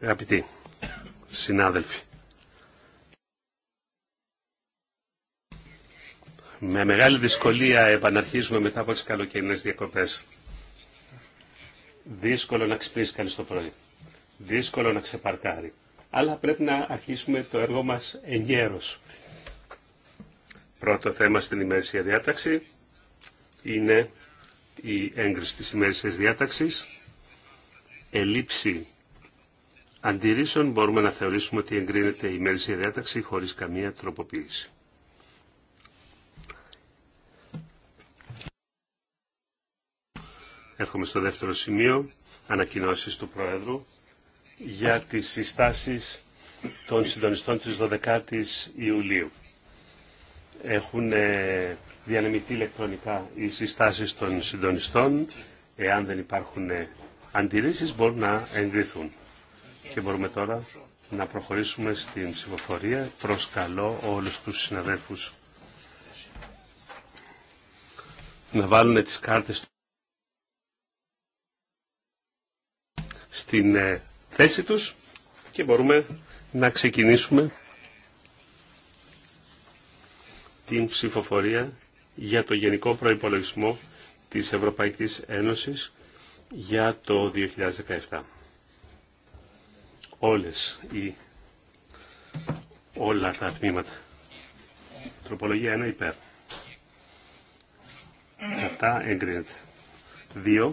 Αγαπητοί συνάδελφοι, με μεγάλη δυσκολία επαναρχίζουμε μετά από τις καλοκαιρινές διακοπές. Δύσκολο να ξυπνήσει κανείς το πρωί. Δύσκολο να ξεπαρκάρει. Αλλά πρέπει να αρχίσουμε το έργο μας γέρος. Πρώτο θέμα στην ημέρησια διάταξη είναι η έγκριση τη ημέρησιας διάταξης ελήψη αντιρρήσεων μπορούμε να θεωρήσουμε ότι εγκρίνεται η μέρηση διάταξη χωρίς καμία τροποποίηση. Έρχομαι στο δεύτερο σημείο, ανακοινώσεις του Πρόεδρου για τις συστάσεις των συντονιστών της 12ης Ιουλίου. Έχουν ε, διανεμηθεί ηλεκτρονικά οι συστάσεις των συντονιστών, εάν δεν υπάρχουν ε, αντιρρήσεις μπορούν να εγκριθούν. Και μπορούμε τώρα να προχωρήσουμε στην ψηφοφορία. Προσκαλώ όλους τους συναδέλφους να βάλουν τις κάρτες στην ε, θέση τους και μπορούμε να ξεκινήσουμε την ψηφοφορία για το Γενικό Προϋπολογισμό της Ευρωπαϊκής Ένωσης για το 2017. Όλες οι, όλα τα τμήματα. Τροπολογία 1 υπέρ. Κατά εγκρίνεται. 2.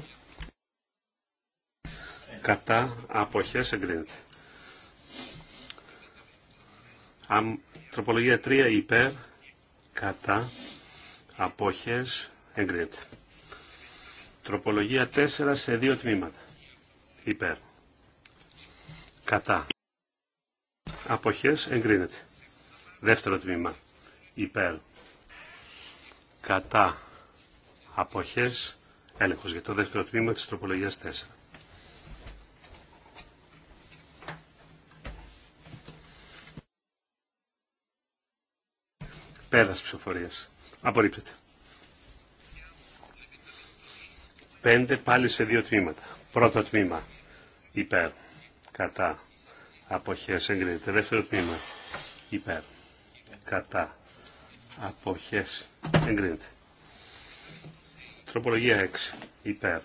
Κατά αποχές εγκρίνεται. Αμ, τροπολογία 3 υπέρ. Κατά αποχές εγκρίνεται. Τροπολογία 4 σε δύο τμήματα. Υπέρ. Κατά. Αποχές εγκρίνεται. Δεύτερο τμήμα. Υπέρ. Κατά. Αποχές. Έλεγχος για το δεύτερο τμήμα της τροπολογίας 4. Πέρας ψηφοφορίας. Απορρίπτεται. πέντε πάλι σε δύο τμήματα. Πρώτο τμήμα υπέρ κατά αποχές εγκρίνεται. Δεύτερο τμήμα υπέρ κατά αποχές εγκρίνεται. Τροπολογία 6 υπέρ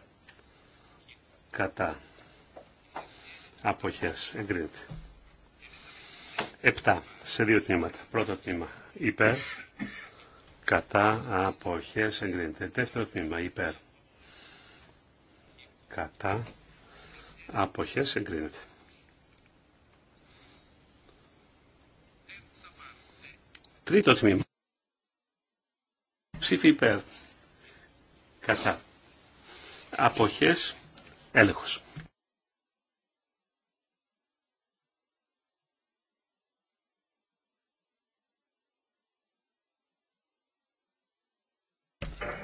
κατά αποχές εγκρίνεται. 7 σε δύο τμήματα. Πρώτο τμήμα υπέρ κατά αποχές εγκρίνεται. Δεύτερο τμήμα υπέρ κατά αποχές εγκρίνεται. Τρίτο τμήμα. Ψήφι υπέρ. Κατά. Αποχές έλεγχος.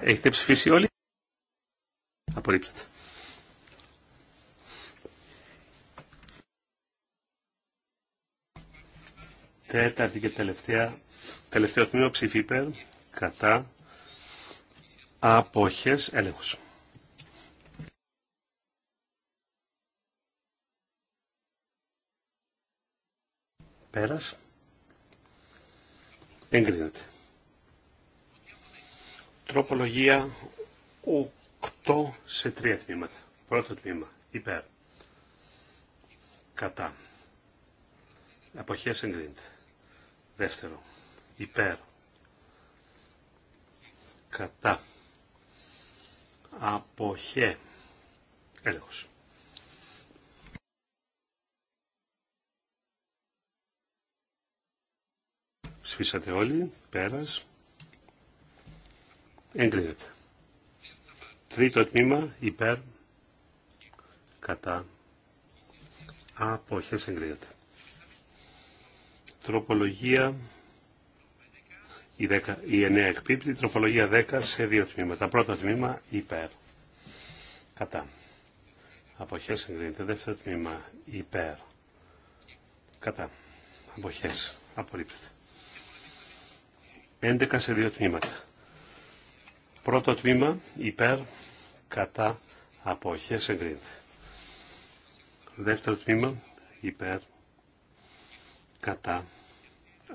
Έχετε ψηφίσει όλοι. Απορρίπτεται. Τέταρτη και τελευταία, τελευταίο τμήμα ψήφι υπέρ, κατά, αποχές, έλεγχος. Πέρας. Εγκρίνεται. Τροπολογία 8 σε τρία τμήματα. Πρώτο τμήμα, υπέρ. Κατά. Αποχές εγκρίνεται. Δεύτερο. Υπέρ. Κατά. Αποχέ. Έλεγχος. Ψηφίσατε όλοι. Πέρας. Εγκρίνεται. Τρίτο τμήμα. Υπέρ. Κατά. Αποχές εγκρίνεται. Τροπολογία η, 9 εκπίπτει, τροπολογία 10 σε δύο τμήματα. Πρώτο τμήμα υπέρ. Κατά. Αποχές εγκρίνεται. Δεύτερο τμήμα υπέρ. Κατά. Αποχές. Απορρίπτεται. 11 σε δύο τμήματα. Πρώτο τμήμα υπέρ. Κατά. Αποχές εγκρίνεται. Δεύτερο τμήμα υπέρ κατά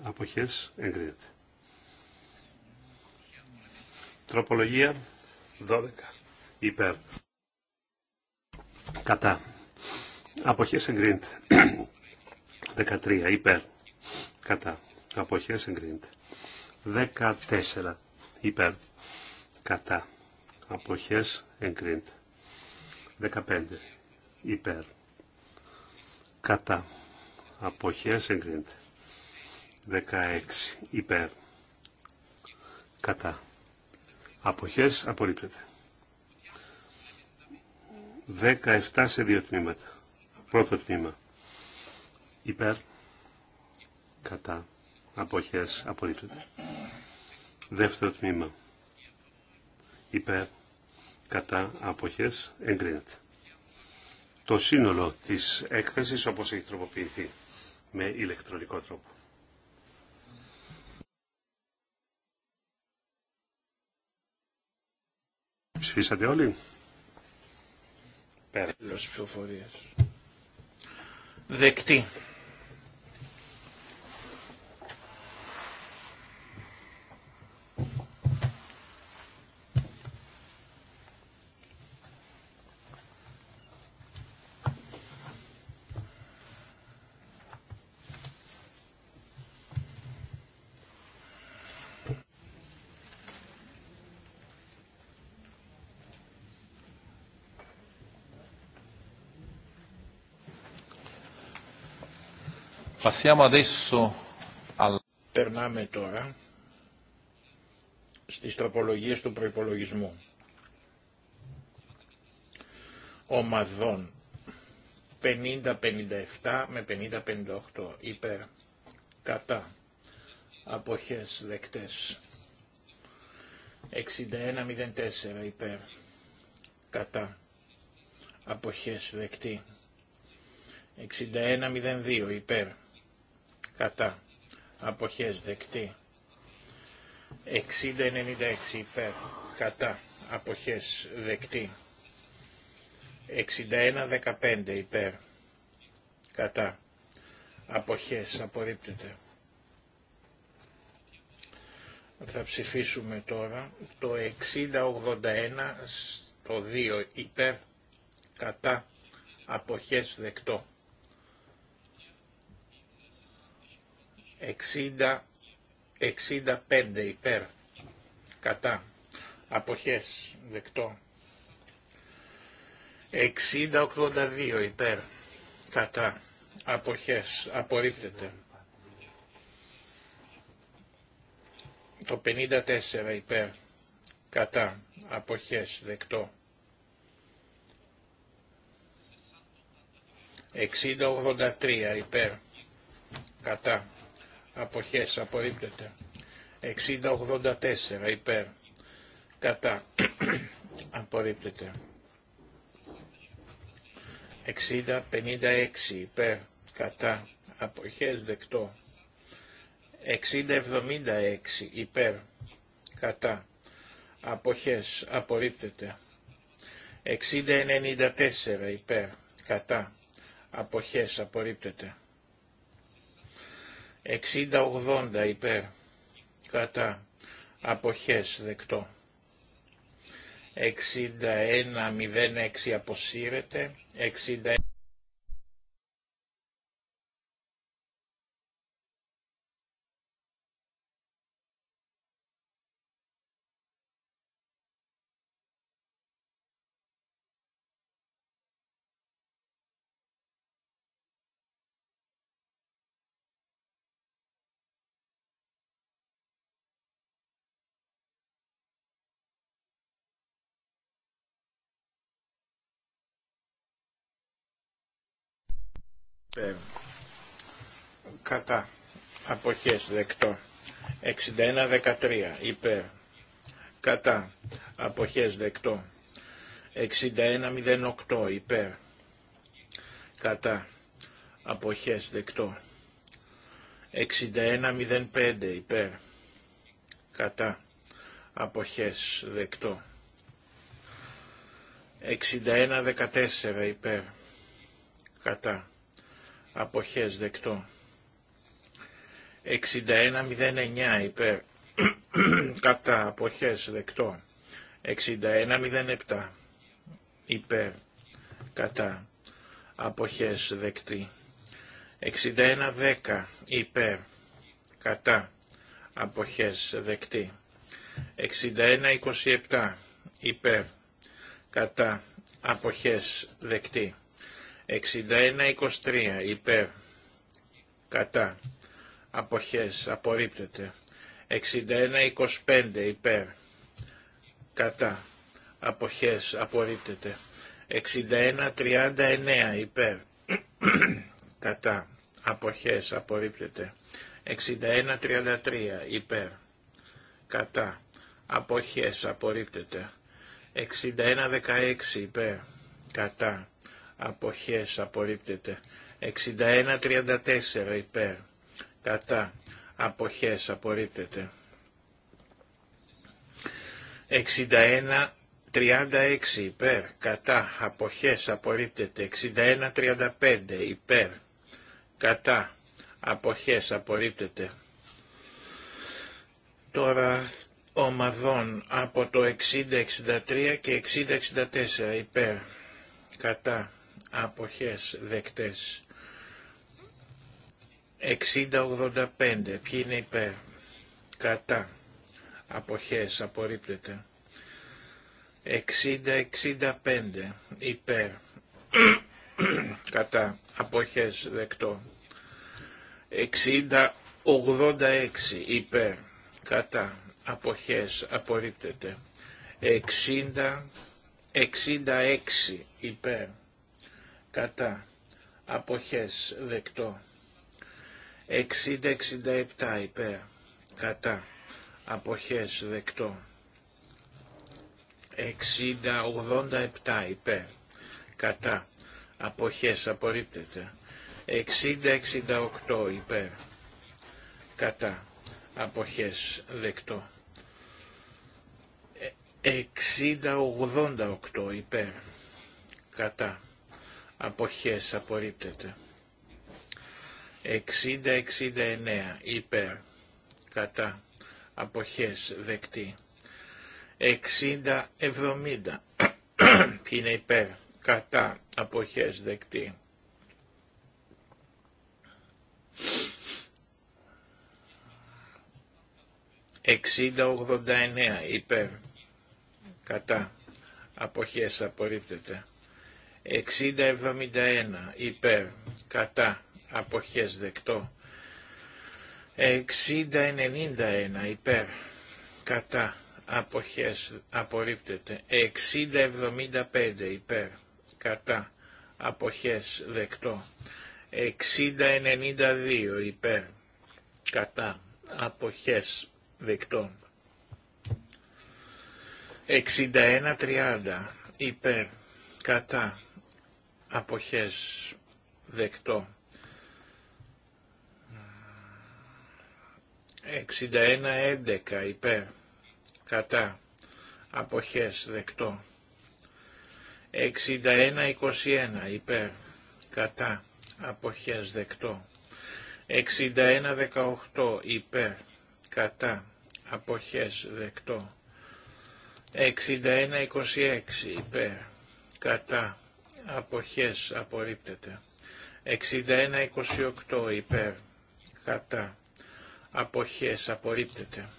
αποχές εγκρίνεται. Τροπολογία 12 υπέρ κατά αποχές εγκρίνεται. 13 υπέρ κατά αποχές εγκρίνεται. 14 υπέρ κατά αποχές εγκρίνεται. 15 υπέρ κατά αποχές εγκρίνεται. 16 υπέρ κατά αποχές απορρίπτεται. 17 σε δύο τμήματα. Πρώτο τμήμα υπέρ κατά αποχές απορρίπτεται. Δεύτερο τμήμα υπέρ κατά αποχές εγκρίνεται. Το σύνολο της έκθεσης όπως έχει τροποποιηθεί με ηλεκτρονικό τρόπο. Ψηφίσατε όλοι. Πέρα. Δεκτή. Περνάμε τώρα στις τροπολογίες του προϋπολογισμού ομαδών 50-57 με 50-58 υπέρ κατά αποχές δεκτές 61-04 υπέρ κατά αποχές δεκτή 61-02 υπέρ κατά αποχές δεκτή 60-96 υπέρ κατά αποχές δεκτή 61-15 υπέρ κατά αποχές απορρίπτεται θα ψηφίσουμε τώρα το 60-81 το 2 υπέρ κατά αποχές δεκτό 60, 65 υπέρ, κατά, αποχές, δεκτό. 60-82 υπέρ, κατά, αποχές, απορρίπτεται. Το 54 υπέρ, κατά, αποχές, δεκτό. 60-83 υπέρ, κατά, αποχές απορρίπτεται. 60-84 υπέρ κατά απορρίπτεται. 60-56 υπέρ κατά αποχές δεκτο 60.76 60-76 υπέρ κατά αποχές απορρίπτεται. 60-94 υπέρ κατά αποχές απορρίπτεται. 60-80 υπέρ κατά αποχές δεκτό. 61-06 αποσύρεται. 61 ε, κατα Κατά. Αποχές δεκτό. 61-13 υπέρ. Κατά. Αποχές δεκτό. 61-08 υπέρ. Κατά. Αποχές δεκτό. 61-05 υπέρ. Κατά. Αποχές δεκτό. 61-14 υπέρ. Κατά αποχές δεκτό. 6109 υπέρ κατά αποχές δεκτό. 6107 υπέρ κατά αποχές δεκτή. 6110 υπέρ κατά αποχές δεκτή. 6127 υπέρ κατά αποχές δεκτή. 61-23 υπέρ κατά αποχές απορρίπτεται 61-25 υπέρ κατά αποχές απορρίπτεται 61-39 υπέρ κατά αποχές απορρίπτεται 61-33 υπέρ κατά αποχές απορρίπτεται 61-16 υπέρ κατά αποχές απορρίπτεται. 61-34 υπέρ κατά αποχές απορρίπτεται. 61-36 υπέρ κατά αποχές απορρίπτεται. 61-35 υπέρ κατά αποχές απορρίπτεται. Τώρα ομαδών από το 60-63 και 60-64 υπέρ κατά αποχές δεκτές. 60-85 ποιοι είναι υπέρ, κατά, αποχές απορρίπτεται. 60-65 υπέρ, κατά, αποχές δεκτό. 60-86 υπέρ, κατά, αποχές απορρίπτεται. 60-66 υπέρ, κατά αποχές δεκτό 60-67 υπέρ κατά αποχές δεκτό 60-87 υπέρ κατά αποχές απορρίπτεται 60-68 υπέρ κατά αποχές δεκτό 60-88 υπέρ κατά αποχές απορρίπτεται. 60-69 υπέρ κατά αποχές δεκτή. 60-70 είναι υπέρ κατά αποχές δεκτή. 60-89 υπέρ κατά αποχές απορρίπτεται. 60-71 υπέρ κατά αποχές δεκτό. 60-91 υπέρ κατά αποχές απορρίπτεται. 60-75 υπέρ κατά αποχές δεκτό. 60-92 υπέρ κατά αποχες απόποχέ δεκτών. 61-30 υπέρ κατά αποχές δεκτό. 61-11 υπέρ κατά αποχές δεκτό. 61-21 υπέρ κατά αποχές δεκτό. 61-18 υπέρ κατά αποχές δεκτό. 61-26 υπέρ κατά αποχές απορρίπτεται. 61-28 υπέρ κατά αποχές απορρίπτεται.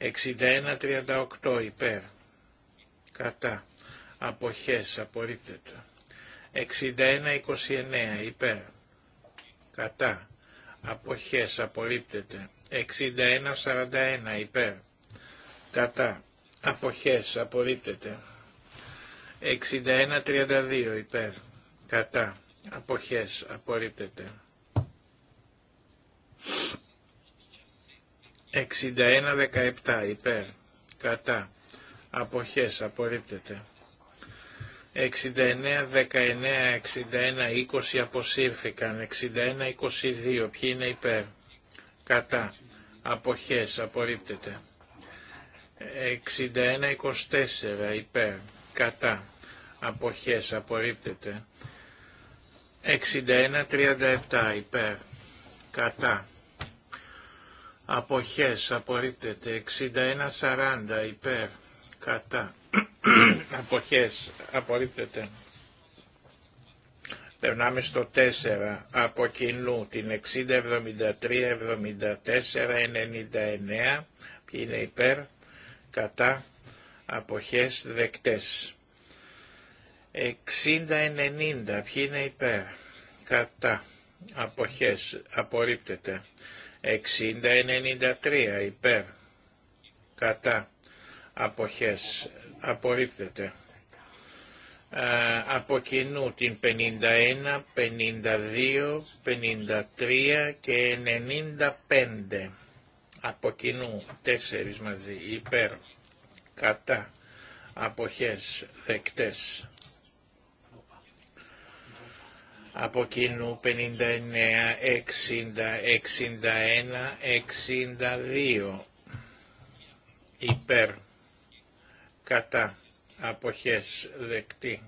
61-38 υπέρ κατά αποχές απορρίπτεται. 61-29 υπέρ κατά αποχές απορρίπτεται. 61-41 υπέρ κατά αποχές απορρίπτεται. 61-32 υπέρ. Κατά. Αποχές. Απορρίπτεται. 61-17 υπέρ. Κατά. Αποχές. Απορρίπτεται. 69, 19, 61, 20 αποσύρθηκαν. 61, 22. Ποιοι είναι υπέρ. Κατά. Αποχές. Απορρίπτεται. 61, 24 υπέρ κατά αποχές απορρίπτεται 61-37 υπέρ κατά αποχές απορρίπτεται 61-40 υπέρ κατά αποχές απορρίπτεται Περνάμε στο 4 από κοινού την 60-73-74-99 ποιοι είναι υπέρ κατά αποχές δεκτές. 60-90 ποιοι είναι υπέρ, κατά, αποχές, απορρίπτεται. 60-93 υπέρ, κατά, αποχές, απορρίπτεται. Ε, από κοινού την 51, 52, 53 και 95 από κοινού τέσσερις μαζί υπέρ κατά αποχές δεκτές. Από κοινού 59, 60, 61, 62 υπέρ κατά αποχές δεκτή.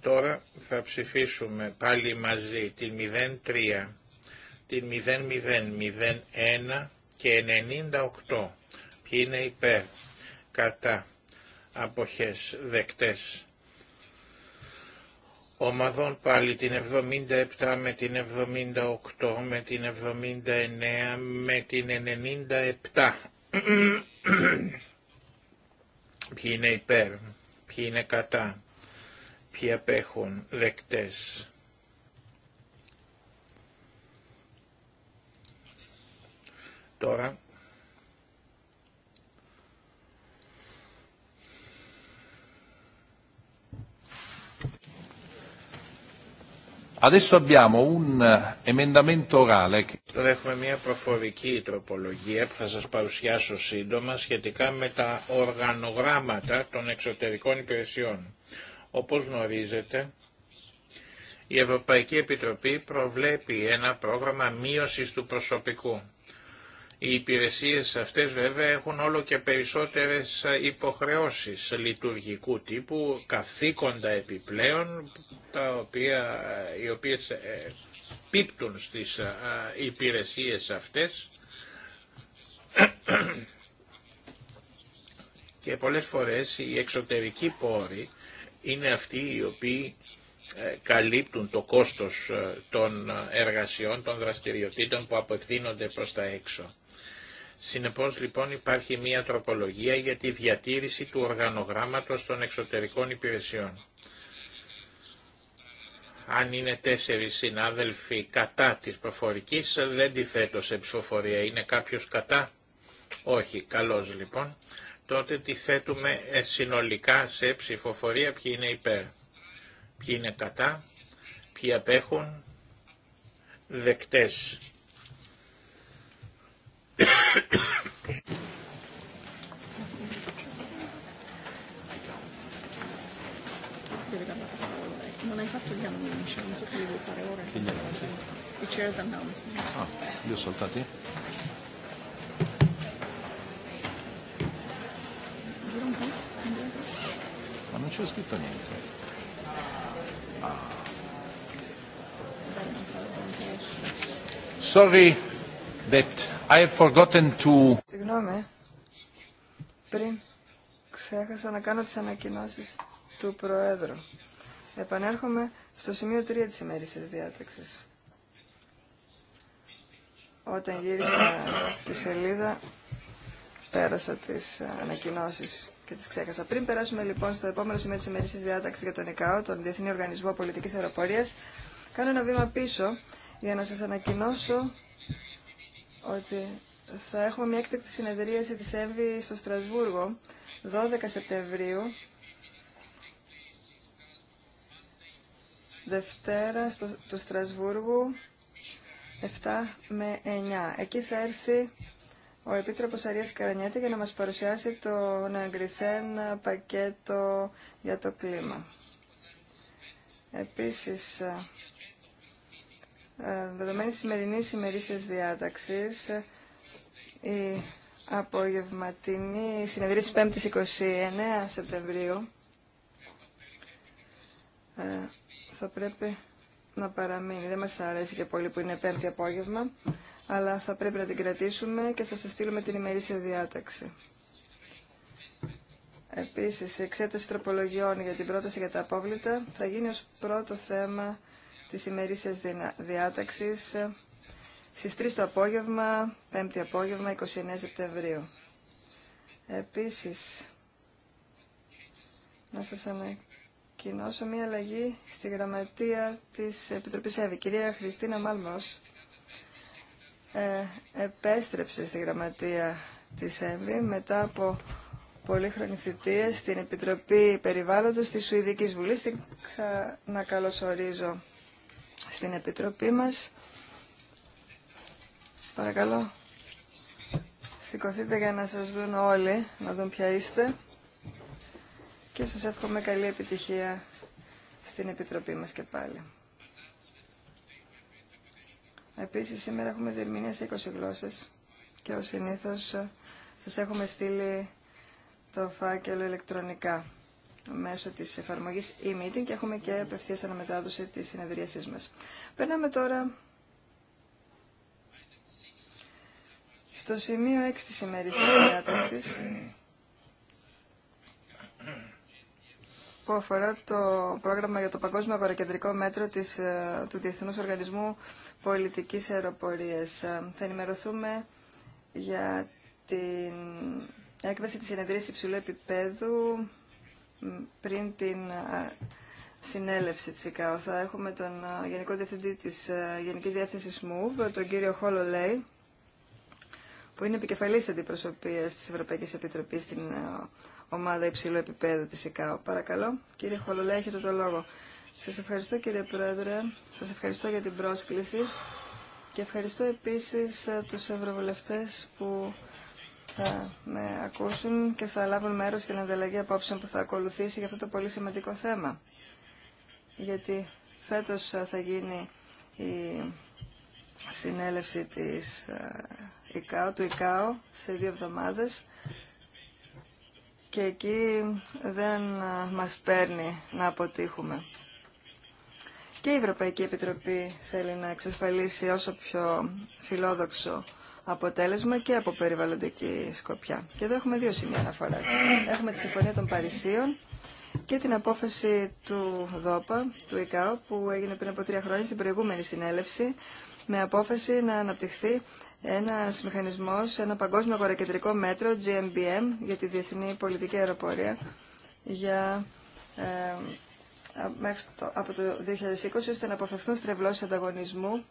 Τώρα θα ψηφίσουμε πάλι μαζί την 03, την 00, 01 και 98. Ποιοι είναι υπέρ κατά αποχές δεκτές. Ομαδών πάλι την 77 με την 78 με την 79 με την 97. ποιοι είναι υπέρ, ποιοι είναι κατά, ποιοι απέχουν δεκτές. Τώρα Adesso abbiamo un eh, emendamento orale. Τώρα έχουμε μια προφορική τροπολογία που θα σας παρουσιάσω σύντομα σχετικά με τα οργανογράμματα των εξωτερικών υπηρεσιών. Όπως γνωρίζετε, η Ευρωπαϊκή Επιτροπή προβλέπει ένα πρόγραμμα μείωσης του προσωπικού. Οι υπηρεσίες αυτές βέβαια έχουν όλο και περισσότερες υποχρεώσεις λειτουργικού τύπου, καθήκοντα επιπλέον, τα οποία, οι οποίες ε, πίπτουν στις ε, υπηρεσίες αυτές και πολλές φορές οι εξωτερικοί πόροι είναι αυτοί οι οποίοι ε, καλύπτουν το κόστος των εργασιών, των δραστηριοτήτων που απευθύνονται προς τα έξω. Συνεπώς λοιπόν υπάρχει μία τροπολογία για τη διατήρηση του οργανογράμματος των εξωτερικών υπηρεσιών. Αν είναι τέσσερις συνάδελφοι κατά της προφορικής, δεν τη θέτω σε ψηφοφορία. Είναι κάποιος κατά? Όχι. Καλώς λοιπόν. Τότε τη θέτουμε ε, συνολικά σε ψηφοφορία ποιοι είναι υπέρ. Ποιοι είναι κατά, ποιοι απέχουν, δεκτές Non hai fatto gli annunci, non che fare ora. Che gli saltati? Ma non scritto niente. Sorry. Συγγνώμη, πριν ξέχασα να κάνω τις ανακοινώσεις του Προέδρου. Επανέρχομαι στο σημείο 3 της ημέρησης διάταξης. Όταν γύρισα τη σελίδα, πέρασα τις ανακοινώσεις και τις ξέχασα. Πριν περάσουμε λοιπόν στο επόμενο σημείο της ημέρησης διάταξης για τον ΕΚΑΟ, τον Διεθνή Οργανισμό Πολιτικής Αεροπορίας, κάνω ένα βήμα πίσω για να σας ανακοινώσω ότι θα έχουμε μια έκτακτη συνεδρίαση της ΕΜΒΗ στο Στρασβούργο 12 Σεπτεμβρίου Δευτέρα στο, του Στρασβούργου 7 με 9. Εκεί θα έρθει ο Επίτροπος Αρίας Καρανιέτη για να μας παρουσιάσει το Ναγκριθέν πακέτο για το κλίμα. Επίσης, ε, Δεδομένη της σημερινής ημερήσιας διάταξης, η απογευματινή συνεδρίαση 5η 29 Σεπτεμβρίου ε, θα πρέπει να παραμείνει. Δεν μας αρέσει και πολύ που είναι 5η απόγευμα, αλλά θα πρέπει να την κρατήσουμε και θα σας στείλουμε την ημερήσια διάταξη. Επίσης, η εξέταση τροπολογιών για την πρόταση για τα απόβλητα θα γίνει ως πρώτο θέμα της ημερήσιας διάταξης ε, στις 3 το απόγευμα, 5η απόγευμα, 29 Σεπτεμβρίου. Επίσης, να σας ανακοινώσω μια αλλαγή στη γραμματεία της Επιτροπής ΕΒΗ. Κυρία Χριστίνα Μάλμος ε, επέστρεψε στη γραμματεία της ΕΒΗ μετά από πολύχρονη θητεία στην Επιτροπή Περιβάλλοντος της Σουηδικής Βουλής. Την ξανακαλωσορίζω στην Επιτροπή μας. Παρακαλώ, σηκωθείτε για να σας δουν όλοι, να δουν ποια είστε και σας εύχομαι καλή επιτυχία στην Επιτροπή μας και πάλι. Επίσης, σήμερα έχουμε διερμηνία σε 20 γλώσσες και ως συνήθως ε, σας έχουμε στείλει το φάκελο ηλεκτρονικά μέσω της εφαρμογής e-meeting και έχουμε και απευθείας αναμετάδοση της συνεδρίασής μας. Περνάμε τώρα στο σημείο 6 της ημέρης της διάταξης που αφορά το πρόγραμμα για το Παγκόσμιο Αγορακεντρικό Μέτρο της, ε, του Διεθνούς Οργανισμού Πολιτικής Αεροπορίας. Ε, θα ενημερωθούμε για την έκβαση της συνεδρίας υψηλού επίπεδου πριν την συνέλευση της ΕΚΑΟ. Θα έχουμε τον Γενικό Διευθυντή της Γενικής Διεύθυνσης ΜΟΥΒ, τον κύριο Χόλο Λέι, που είναι επικεφαλής αντιπροσωπείας της Ευρωπαϊκής Επιτροπής στην ομάδα υψηλού επίπεδου της ΕΚΑΟ. Παρακαλώ, κύριε Λέι, έχετε το λόγο. Σας ευχαριστώ κύριε Πρόεδρε, σας ευχαριστώ για την πρόσκληση και ευχαριστώ επίσης τους ευρωβουλευτές που θα με ακούσουν και θα λάβουν μέρος στην ανταλλαγή απόψεων που θα ακολουθήσει για αυτό το πολύ σημαντικό θέμα. Γιατί φέτος ε, θα γίνει η συνέλευση της ε, ΙΚΑΟ, του ΙΚΑΟ σε δύο εβδομάδες και εκεί δεν ε, μας παίρνει να αποτύχουμε. Και η Ευρωπαϊκή Επιτροπή θέλει να εξασφαλίσει όσο πιο φιλόδοξο αποτέλεσμα και από περιβαλλοντική σκοπιά. Και εδώ έχουμε δύο σημεία αναφορά. Έχουμε τη Συμφωνία των Παρισίων και την απόφαση του ΔΟΠΑ, του ΙΚΑΟ, που έγινε πριν από τρία χρόνια στην προηγούμενη συνέλευση, με απόφαση να αναπτυχθεί ένα μηχανισμό, ένα παγκόσμιο αγορακεντρικό μέτρο, GMBM, για τη διεθνή πολιτική αεροπορία, για, ε, το, από το 2020, ώστε να αποφευθούν στρεβλώσεις ανταγωνισμού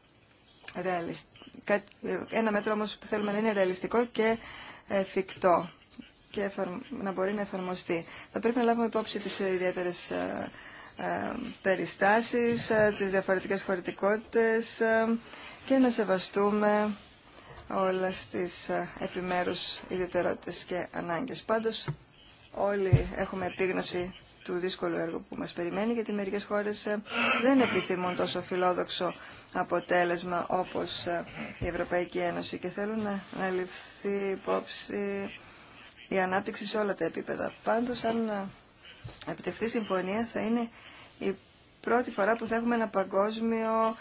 ένα μέτρο όμως που θέλουμε να είναι ρεαλιστικό και εφικτό και να μπορεί να εφαρμοστεί. Θα πρέπει να λάβουμε υπόψη τις ιδιαίτερες ε, ε, περιστάσεις, ε, τις διαφορετικές χωρητικότητες και να σεβαστούμε όλα τις επιμέρους ιδιαιτερότητες και ανάγκες. Πάντως όλοι έχουμε επίγνωση του δύσκολου έργου που μας περιμένει, γιατί μερικές χώρες ε, δεν επιθυμούν τόσο φιλόδοξο αποτέλεσμα όπως ε, η Ευρωπαϊκή Ένωση και θέλουν να, ε, να ληφθεί υπόψη η ανάπτυξη σε όλα τα επίπεδα. Πάντως, αν επιτευχθεί συμφωνία, θα είναι η πρώτη φορά που θα έχουμε ένα παγκόσμιο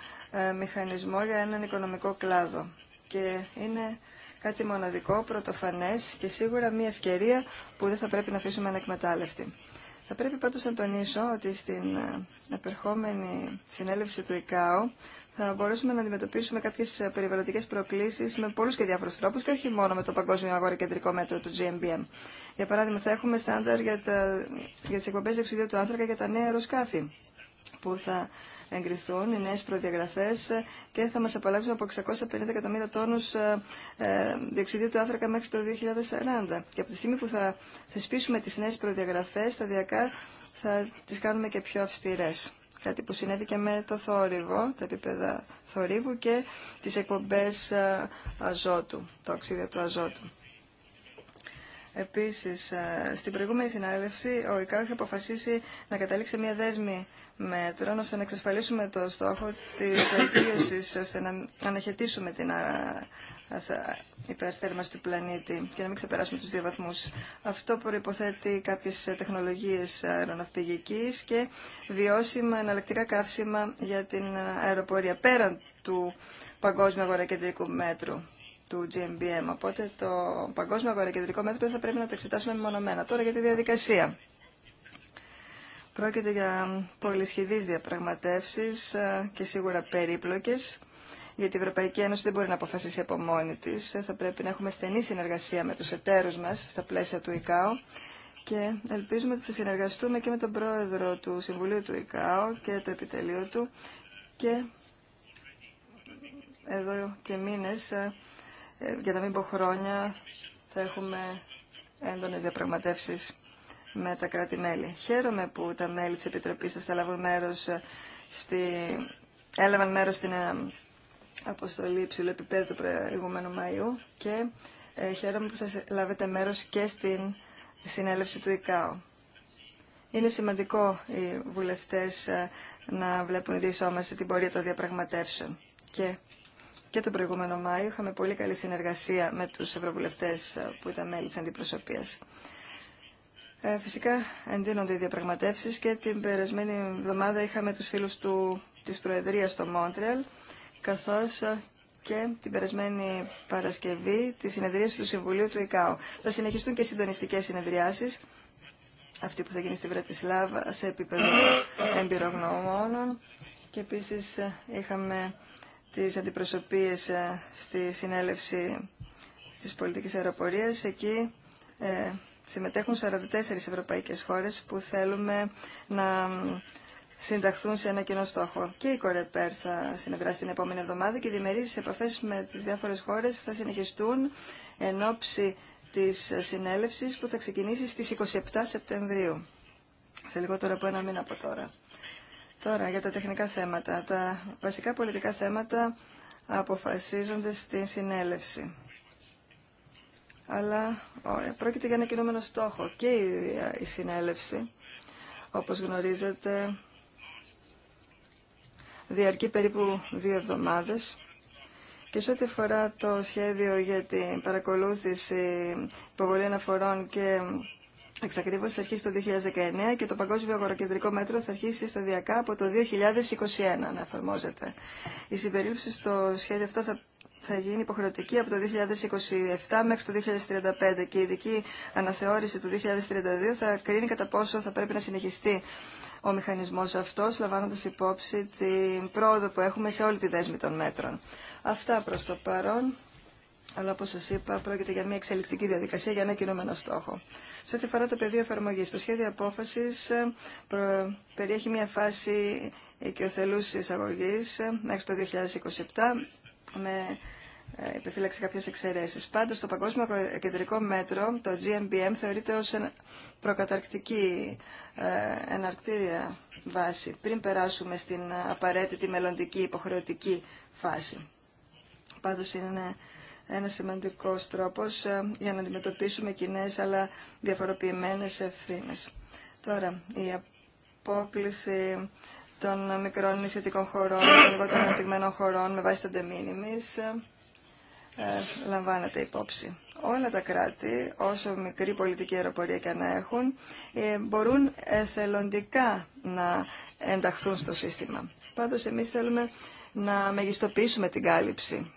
μηχανισμό για έναν οικονομικό κλάδο. Και είναι κάτι μοναδικό, πρωτοφανές και σίγουρα μια ευκαιρία που δεν θα πρέπει να αφήσουμε ανεκμετάλλευτη. Θα πρέπει πάντως να τονίσω ότι στην ε, επερχόμενη συνέλευση του ΙΚΑΟ θα μπορέσουμε να αντιμετωπίσουμε κάποιες ε, περιβαλλοντικές προκλήσεις με πολλούς και διάφορους τρόπους και όχι μόνο με το παγκόσμιο Κεντρικό μέτρο του GMBM. Για παράδειγμα θα έχουμε στάνταρ για, τα, για τις εκπομπές του άνθρακα για τα νέα αεροσκάφη που θα εγκριθούν οι νέες προδιαγραφές και θα μας απαλλάξουν από 650 εκατομμύρια τόνους ε, ε, διοξιδίου του άνθρακα μέχρι το 2040. Και από τη στιγμή που θα θεσπίσουμε τις νέες προδιαγραφές, σταδιακά θα τις κάνουμε και πιο αυστηρές. Κάτι που συνέβη και με το θόρυβο, τα επίπεδα θορύβου και τις εκπομπές ε, αζότου, τα οξύδια του αζότου. Επίσης, ε, στην προηγούμενη συνάδελφη, ο ΙΚΑΟ είχε αποφασίσει να καταλήξει μια δέσμη μέτρων ώστε να εξασφαλίσουμε το στόχο της βελτίωση ώστε να αναχαιτήσουμε την υπερθέρμανση του πλανήτη και να μην ξεπεράσουμε τους δύο βαθμούς. Αυτό προϋποθέτει κάποιες τεχνολογίες αεροναυπηγικής και βιώσιμα εναλλακτικά καύσιμα για την αεροπορία πέραν του παγκόσμιου αγορακεντρικού μέτρου του GMBM. Οπότε το παγκόσμιο αγορακεντρικό μέτρο θα πρέπει να το εξετάσουμε μονομένα. Τώρα για τη διαδικασία. Πρόκειται για πολυσχηδείς διαπραγματεύσεις ε, και σίγουρα περίπλοκες, γιατί η Ευρωπαϊκή Ένωση δεν μπορεί να αποφασίσει από μόνη της. Ε, θα πρέπει να έχουμε στενή συνεργασία με τους εταίρους μας στα πλαίσια του ΙΚΑΟ και ελπίζουμε ότι θα συνεργαστούμε και με τον πρόεδρο του Συμβουλίου του ΙΚΑΟ και το επιτελείο του και εδώ και μήνες ε, ε, για να μην πω χρόνια, θα έχουμε έντονες διαπραγματεύσεις με τα κράτη-μέλη. Χαίρομαι που τα μέλη της Επιτροπής σας ε, στη... έλαβαν μέρος στην ε, αποστολή υψηλού επίπεδου του προηγούμενου Μαΐου και χαίρομαι που θα λάβετε μέρος και στην συνέλευση του ΙΚΑΟ. Είναι σημαντικό οι βουλευτές να βλέπουν διεισόμαση την πορεία των διαπραγματεύσεων και και τον προηγούμενο Μάιο. Είχαμε πολύ καλή συνεργασία με τους ευρωβουλευτές που ήταν μέλη της αντιπροσωπείας. Ε, φυσικά εντείνονται οι διαπραγματεύσεις και την περασμένη εβδομάδα είχαμε τους φίλους του, της Προεδρίας στο Μόντρελ, καθώς ε, και την περασμένη Παρασκευή τη συνεδρίαση του Συμβουλίου του ΙΚΑΟ. Θα συνεχιστούν και συντονιστικές συνεδριάσεις, αυτή που θα γίνει στη Βρατισλάβα σε επίπεδο εμπειρογνωμόνων και επίσης ε, είχαμε τις αντιπροσωπείες ε, στη συνέλευση της πολιτικής αεροπορίας. Εκεί ε, συμμετέχουν 44 ευρωπαϊκές χώρες που θέλουμε να συνταχθούν σε ένα κοινό στόχο. Και η Κορεπέρ θα συνεδράσει την επόμενη εβδομάδα και οι διμερείς επαφές με τις διάφορες χώρες θα συνεχιστούν εν ώψη της συνέλευσης που θα ξεκινήσει στις 27 Σεπτεμβρίου, σε λιγότερο από ένα μήνα από τώρα. Τώρα για τα τεχνικά θέματα. Τα βασικά πολιτικά θέματα αποφασίζονται στην συνέλευση. Αλλά πρόκειται για ένα κινούμενο στόχο και η, συνέλευση, όπως γνωρίζετε, διαρκεί περίπου δύο εβδομάδες. Και σε ό,τι αφορά το σχέδιο για την παρακολούθηση, υποβολή αναφορών και εξακρίβωση θα αρχίσει το 2019 και το Παγκόσμιο Αγοροκεντρικό Μέτρο θα αρχίσει σταδιακά από το 2021 να εφαρμόζεται. Η συμπερίληψη στο σχέδιο αυτό θα θα γίνει υποχρεωτική από το 2027 μέχρι το 2035 και η ειδική αναθεώρηση του 2032 θα κρίνει κατά πόσο θα πρέπει να συνεχιστεί ο μηχανισμός αυτός, λαμβάνοντας υπόψη την πρόοδο που έχουμε σε όλη τη δέσμη των μέτρων. Αυτά προς το παρόν αλλά όπω σα είπα, πρόκειται για μια εξελικτική διαδικασία για ένα κινούμενο στόχο. Σε ό,τι αφορά το πεδίο εφαρμογή, το σχέδιο απόφαση ε, περιέχει μια φάση οικειοθελού εισαγωγή ε, μέχρι το 2027 με ε, επιφύλαξη κάποιε εξαιρέσει. Πάντω, το Παγκόσμιο Κεντρικό Μέτρο, το GMBM, θεωρείται ω προκαταρκτική εναρκτήρια βάση πριν περάσουμε στην απαραίτητη μελλοντική υποχρεωτική φάση. είναι ένα σημαντικός τρόπος ε, για να αντιμετωπίσουμε κοινέ αλλά διαφοροποιημένες ευθύνες. Τώρα, η απόκληση των μικρών νησιωτικών χωρών, των λιγότερων αναπτυγμένων χωρών με βάση τα ντεμίνιμις ε, λαμβάνεται υπόψη. Όλα τα κράτη, όσο μικρή πολιτική αεροπορία και να έχουν, ε, μπορούν εθελοντικά να ενταχθούν στο σύστημα. Πάντως εμείς θέλουμε να μεγιστοποιήσουμε την κάλυψη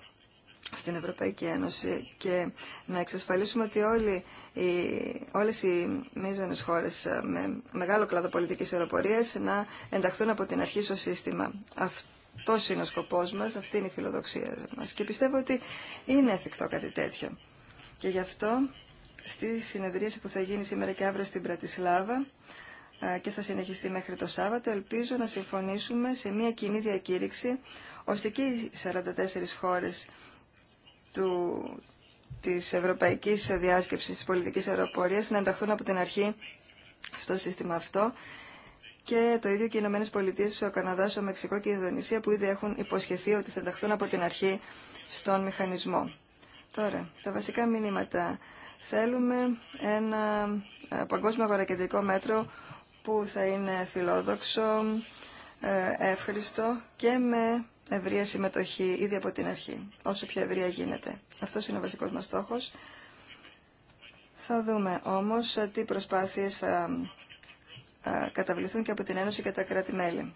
στην Ευρωπαϊκή Ένωση και να εξασφαλίσουμε ότι όλοι οι, όλες οι μείζονες χώρες ε, με μεγάλο κλάδο πολιτικής αεροπορίας να ενταχθούν από την αρχή στο σύστημα. Αυτό είναι ο σκοπός μας, αυτή είναι η φιλοδοξία μας και πιστεύω ότι είναι εφικτό κάτι τέτοιο. Και γι' αυτό στη συνεδρίαση που θα γίνει σήμερα και αύριο στην Πρατισλάβα ε, και θα συνεχιστεί μέχρι το Σάββατο, ελπίζω να συμφωνήσουμε σε μια κοινή διακήρυξη ώστε και οι 44 χώρες του, της Ευρωπαϊκής Διάσκεψης της Πολιτικής Αεροπορίας να ενταχθούν από την αρχή στο σύστημα αυτό και το ίδιο και οι Ηνωμένε Πολιτείες ο Καναδά, ο Μεξικό και η Ινδονησία που ήδη έχουν υποσχεθεί ότι θα ενταχθούν από την αρχή στον μηχανισμό. Τώρα, τα βασικά μηνύματα. Θέλουμε ένα ε, παγκόσμιο αγορακεντρικό μέτρο που θα είναι φιλόδοξο, ε, εύχριστο και με ευρεία συμμετοχή ήδη από την αρχή, όσο πιο ευρεία γίνεται. Αυτός είναι ο βασικός μας στόχος. Θα δούμε όμως τι προσπάθειες θα καταβληθούν και από την Ένωση και τα κράτη-μέλη.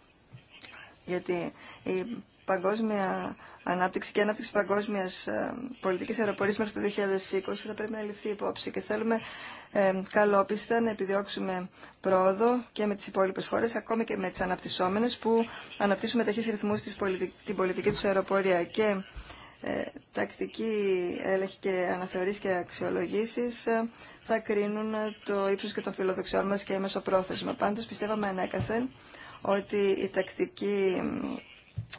Γιατί η παγκόσμια ανάπτυξη και η ανάπτυξη παγκόσμιας πολιτικής αεροπορίας μέχρι το 2020 θα πρέπει να ληφθεί υπόψη και θέλουμε καλόπιστα να επιδιώξουμε πρόοδο και με τις υπόλοιπες χώρες, ακόμη και με τις αναπτυσσόμενες που αναπτύσσουμε ταχύς ρυθμούς την πολιτική τους αεροπορία και ε, τακτική έλεγχη και αναθεωρήσεις και αξιολογήσεις ε, θα κρίνουν το ύψος και των φιλοδοξιών μας και πρόθεσμα. Πάντως πιστεύαμε ανέκαθεν ότι η τακτική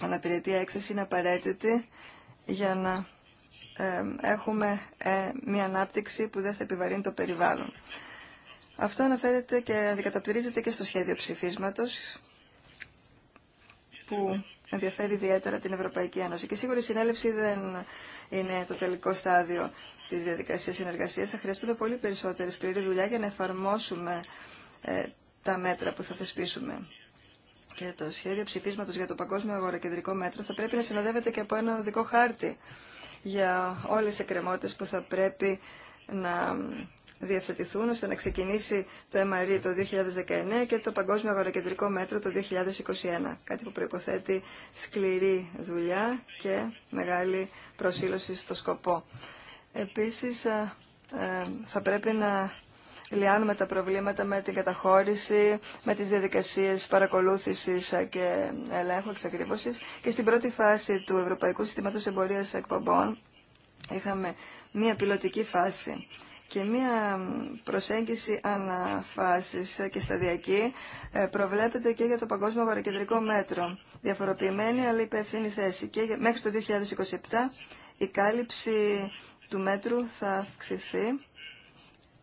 αναπηρετή έκθεση είναι απαραίτητη για να έχουμε ε, μια ανάπτυξη που δεν θα επιβαρύνει το περιβάλλον. Αυτό αναφέρεται και αντικαταπτυρίζεται και στο σχέδιο ψηφίσματος που ενδιαφέρει ιδιαίτερα την Ευρωπαϊκή Ένωση. Και σίγουρα η συνέλευση δεν είναι το τελικό στάδιο της διαδικασίας συνεργασίας. Θα χρειαστούμε πολύ περισσότερη σκληρή δουλειά για να εφαρμόσουμε ε, τα μέτρα που θα θεσπίσουμε. Και το σχέδιο ψηφίσματος για το Παγκόσμιο Αγοροκεντρικό Μέτρο θα πρέπει να συνοδεύεται και από ένα οδικό χάρτη για όλες τις εκκρεμότητες που θα πρέπει να διαθετηθούν ώστε να ξεκινήσει το MRE το 2019 και το Παγκόσμιο Αγοροκεντρικό Μέτρο το 2021. Κάτι που προϋποθέτει σκληρή δουλειά και μεγάλη προσήλωση στο σκοπό. Επίσης, ε, ε, θα πρέπει να λιάνουμε τα προβλήματα με την καταχώρηση, με τις διαδικασίες παρακολούθησης και ελέγχου εξακρίβωσης και στην πρώτη φάση του Ευρωπαϊκού Συστήματος Εμπορίας Εκπομπών είχαμε μία πιλωτική φάση και μία προσέγγιση αναφάσης και σταδιακή ε, προβλέπεται και για το Παγκόσμιο Αγορακεντρικό Μέτρο. Διαφοροποιημένη αλλά υπεύθυνη θέση. Και μέχρι το 2027 η κάλυψη του μέτρου θα αυξηθεί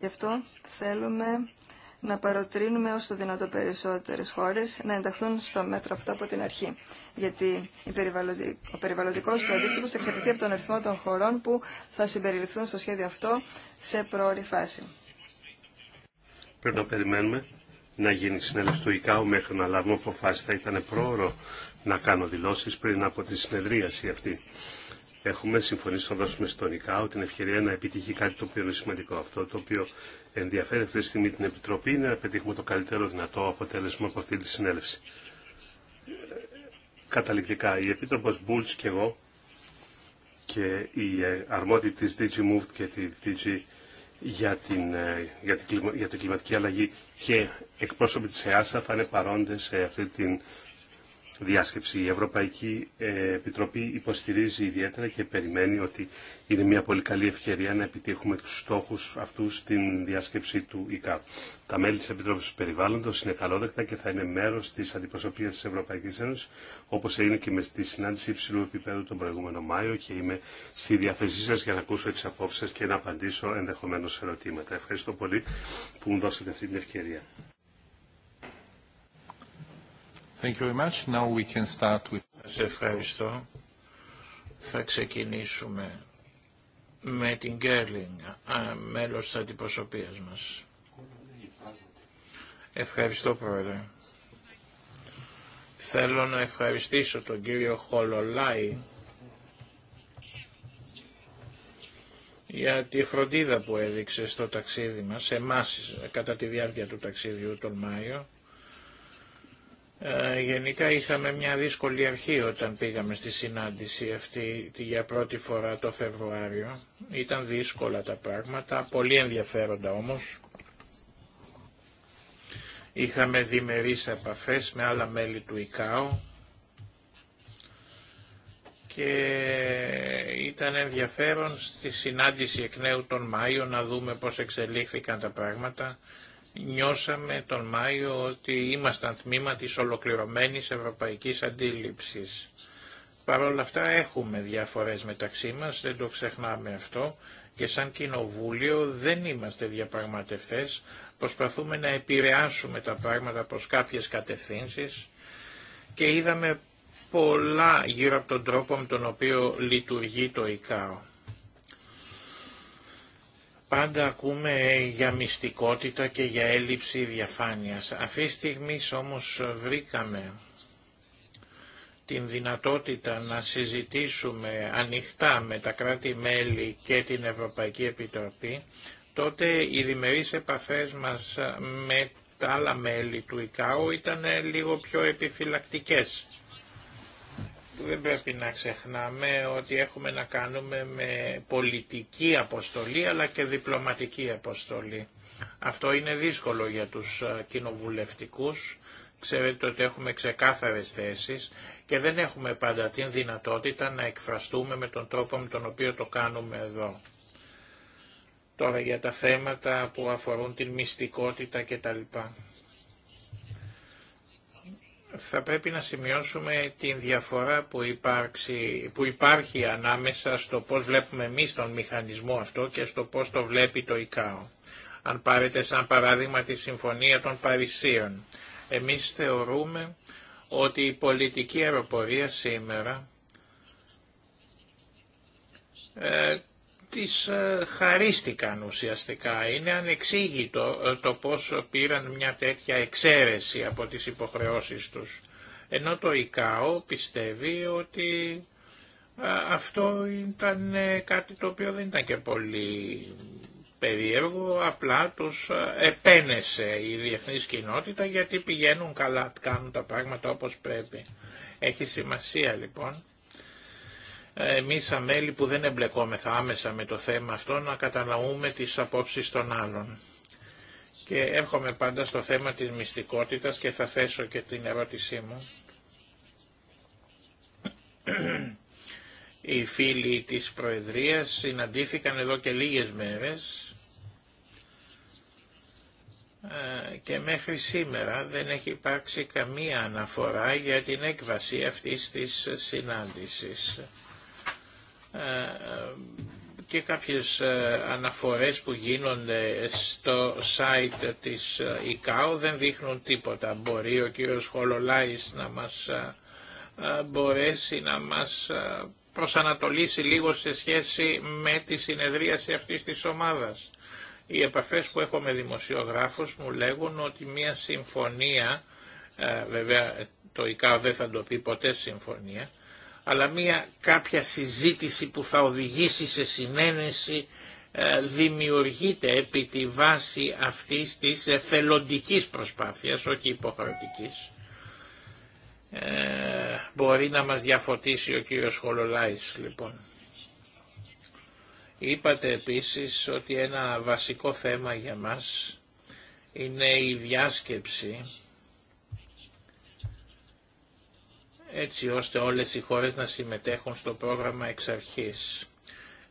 Γι' αυτό θέλουμε να παροτρύνουμε όσο δυνατό περισσότερες χώρες να ενταχθούν στο μέτρο αυτό από την αρχή. Γιατί ο περιβαλλοντικός του αντίκτυπος θα εξαρτηθεί από τον αριθμό των χωρών που θα συμπεριληφθούν στο σχέδιο αυτό σε προώρη φάση. Πρέπει να περιμένουμε να γίνει συνέλευση του ΙΚΑΟ μέχρι να λάβουμε αποφάσει. Θα ήταν πρόωρο να κάνω δηλώσεις πριν από τη συνεδρίαση αυτή έχουμε συμφωνήσει να δώσουμε στον ΙΚΑΟ την ευκαιρία να επιτύχει κάτι το οποίο είναι σημαντικό. Αυτό το οποίο ενδιαφέρει αυτή τη στιγμή την Επιτροπή είναι να πετύχουμε το καλύτερο δυνατό αποτέλεσμα από αυτή τη συνέλευση. Καταληκτικά, η Επίτροπος Μπούλτ και εγώ και οι ε, αρμόδιοι τη DG Move και τη DG για την, ε, για την, κλιματική αλλαγή και εκπρόσωποι τη ΕΑΣΑ θα είναι παρόντες σε αυτή την διάσκεψη. Η Ευρωπαϊκή ε, Επιτροπή υποστηρίζει ιδιαίτερα και περιμένει ότι είναι μια πολύ καλή ευκαιρία να επιτύχουμε τους στόχους αυτούς στην διάσκεψη του ΙΚΑ. Τα μέλη της Επιτροπής Περιβάλλοντος είναι καλόδεκτα και θα είναι μέρος της αντιπροσωπείας της Ευρωπαϊκής Ένωσης, όπως έγινε και με τη συνάντηση υψηλού επίπεδου τον προηγούμενο Μάιο και είμαι στη διαθεσή σας για να ακούσω τις απόψεις και να απαντήσω ενδεχομένως σε ερωτήματα. Ευχαριστώ πολύ που μου δώσετε αυτή την ευκαιρία. Thank ευχαριστώ. Θα ξεκινήσουμε με την Γκέρλινγκ, μέλος της αντιπροσωπείας μας. Ευχαριστώ Πρόεδρε. Θέλω να ευχαριστήσω τον κύριο Χολολάη για τη φροντίδα που έδειξε στο ταξίδι μας, εμάς κατά τη διάρκεια του ταξίδιου τον Μάιο ε, γενικά είχαμε μια δύσκολη αρχή όταν πήγαμε στη συνάντηση αυτή για πρώτη φορά το Φεβρουάριο. Ήταν δύσκολα τα πράγματα, πολύ ενδιαφέροντα όμως. Είχαμε διμερείς επαφές με άλλα μέλη του ΙΚΑΟ και ήταν ενδιαφέρον στη συνάντηση εκ νέου τον Μάιο να δούμε πώς εξελίχθηκαν τα πράγματα νιώσαμε τον Μάιο ότι ήμασταν τμήμα της ολοκληρωμένης ευρωπαϊκής αντίληψης. Παρ' όλα αυτά έχουμε διαφορές μεταξύ μας, δεν το ξεχνάμε αυτό, και σαν κοινοβούλιο δεν είμαστε διαπραγματευτές, προσπαθούμε να επηρεάσουμε τα πράγματα προς κάποιες κατευθύνσεις και είδαμε πολλά γύρω από τον τρόπο με τον οποίο λειτουργεί το ΙΚΑΟ. Πάντα ακούμε για μυστικότητα και για έλλειψη διαφάνειας. Αυτή τη στιγμή όμως βρήκαμε την δυνατότητα να συζητήσουμε ανοιχτά με τα κράτη-μέλη και την Ευρωπαϊκή Επιτροπή, τότε οι διμερείς επαφές μας με τα άλλα μέλη του ΙΚΑΟ ήταν λίγο πιο επιφυλακτικές. Δεν πρέπει να ξεχνάμε ότι έχουμε να κάνουμε με πολιτική αποστολή αλλά και διπλωματική αποστολή. Αυτό είναι δύσκολο για τους κοινοβουλευτικούς. Ξέρετε ότι έχουμε ξεκάθαρες θέσεις και δεν έχουμε πάντα την δυνατότητα να εκφραστούμε με τον τρόπο με τον οποίο το κάνουμε εδώ. Τώρα για τα θέματα που αφορούν την μυστικότητα κτλ θα πρέπει να σημειώσουμε την διαφορά που, που υπάρχει ανάμεσα στο πώς βλέπουμε εμείς τον μηχανισμό αυτό και στο πώς το βλέπει το ΙΚΑΟ. Αν πάρετε σαν παράδειγμα τη Συμφωνία των Παρισίων, εμείς θεωρούμε ότι η πολιτική αεροπορία σήμερα ε, τις ε, χαρίστηκαν ουσιαστικά. Είναι ανεξήγητο ε, το πώς πήραν μια τέτοια εξαίρεση από τις υποχρεώσεις τους. Ενώ το ΙΚΑΟ πιστεύει ότι ε, αυτό ήταν κάτι το οποίο δεν ήταν και πολύ περίεργο, απλά τους επένεσε η διεθνής κοινότητα γιατί πηγαίνουν καλά, κάνουν τα πράγματα όπως πρέπει. Έχει σημασία λοιπόν Εμεί σαν μέλη που δεν εμπλεκόμεθα άμεσα με το θέμα αυτό να καταλαούμε τις απόψεις των άλλων. Και έρχομαι πάντα στο θέμα της μυστικότητας και θα θέσω και την ερώτησή μου. Οι φίλοι της Προεδρίας συναντήθηκαν εδώ και λίγες μέρες ε, και μέχρι σήμερα δεν έχει υπάρξει καμία αναφορά για την έκβαση αυτής της συνάντησης. Ε, ε, και κάποιες ε, αναφορές που γίνονται στο site της ΙΚΑΟ δεν δείχνουν τίποτα. Μπορεί ο κύριος Χολολάης να μας μπορέσει να μας προσανατολίσει λίγο σε σχέση με τη συνεδρίαση αυτής της ομάδας. Οι επαφές που έχω με δημοσιογράφους μου λέγουν ότι μια συμφωνία, βέβαια το ΙΚΑΟ δεν θα το πει ποτέ συμφωνία, αλλά μια κάποια συζήτηση που θα οδηγήσει σε συνένεση ε, δημιουργείται επί τη βάση αυτής της εθελοντικής προσπάθειας, όχι υποχρεωτικής. Ε, μπορεί να μας διαφωτίσει ο κύριος Χολολάης λοιπόν. Είπατε επίσης ότι ένα βασικό θέμα για μας είναι η διάσκεψη έτσι ώστε όλες οι χώρες να συμμετέχουν στο πρόγραμμα εξ αρχής.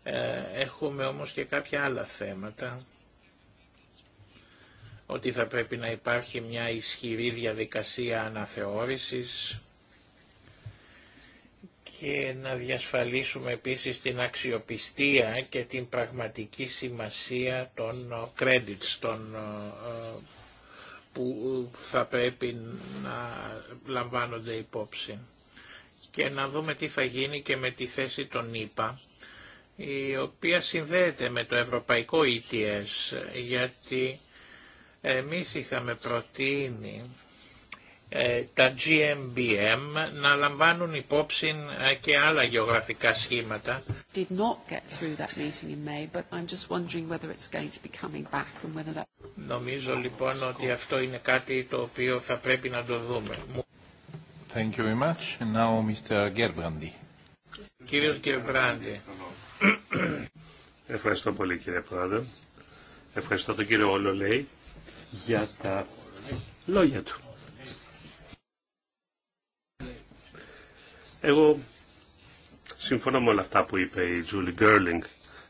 Ε, έχουμε όμως και κάποια άλλα θέματα, ότι θα πρέπει να υπάρχει μια ισχυρή διαδικασία αναθεώρησης και να διασφαλίσουμε επίσης την αξιοπιστία και την πραγματική σημασία των ε, credits, των ε, που ε, θα πρέπει να λαμβάνονται υπόψη. Και να δούμε τι θα γίνει και με τη θέση των ΙΠΑ, η οποία συνδέεται με το ευρωπαϊκό ETS, γιατί εμείς είχαμε προτείνει ε, τα GMBM να λαμβάνουν υπόψη ε, και άλλα γεωγραφικά σχήματα. Νομίζω λοιπόν ότι αυτό είναι κάτι το οποίο θα πρέπει να το δούμε. Thank you very much. And now Mr. Gerbrandi. Κύριος Ευχαριστώ πολύ κύριε Πρόεδρε. Ευχαριστώ τον κύριο Ολολέη για τα λόγια του. Εγώ συμφωνώ με όλα αυτά που είπε η Τζούλι Γκέρλινγκ.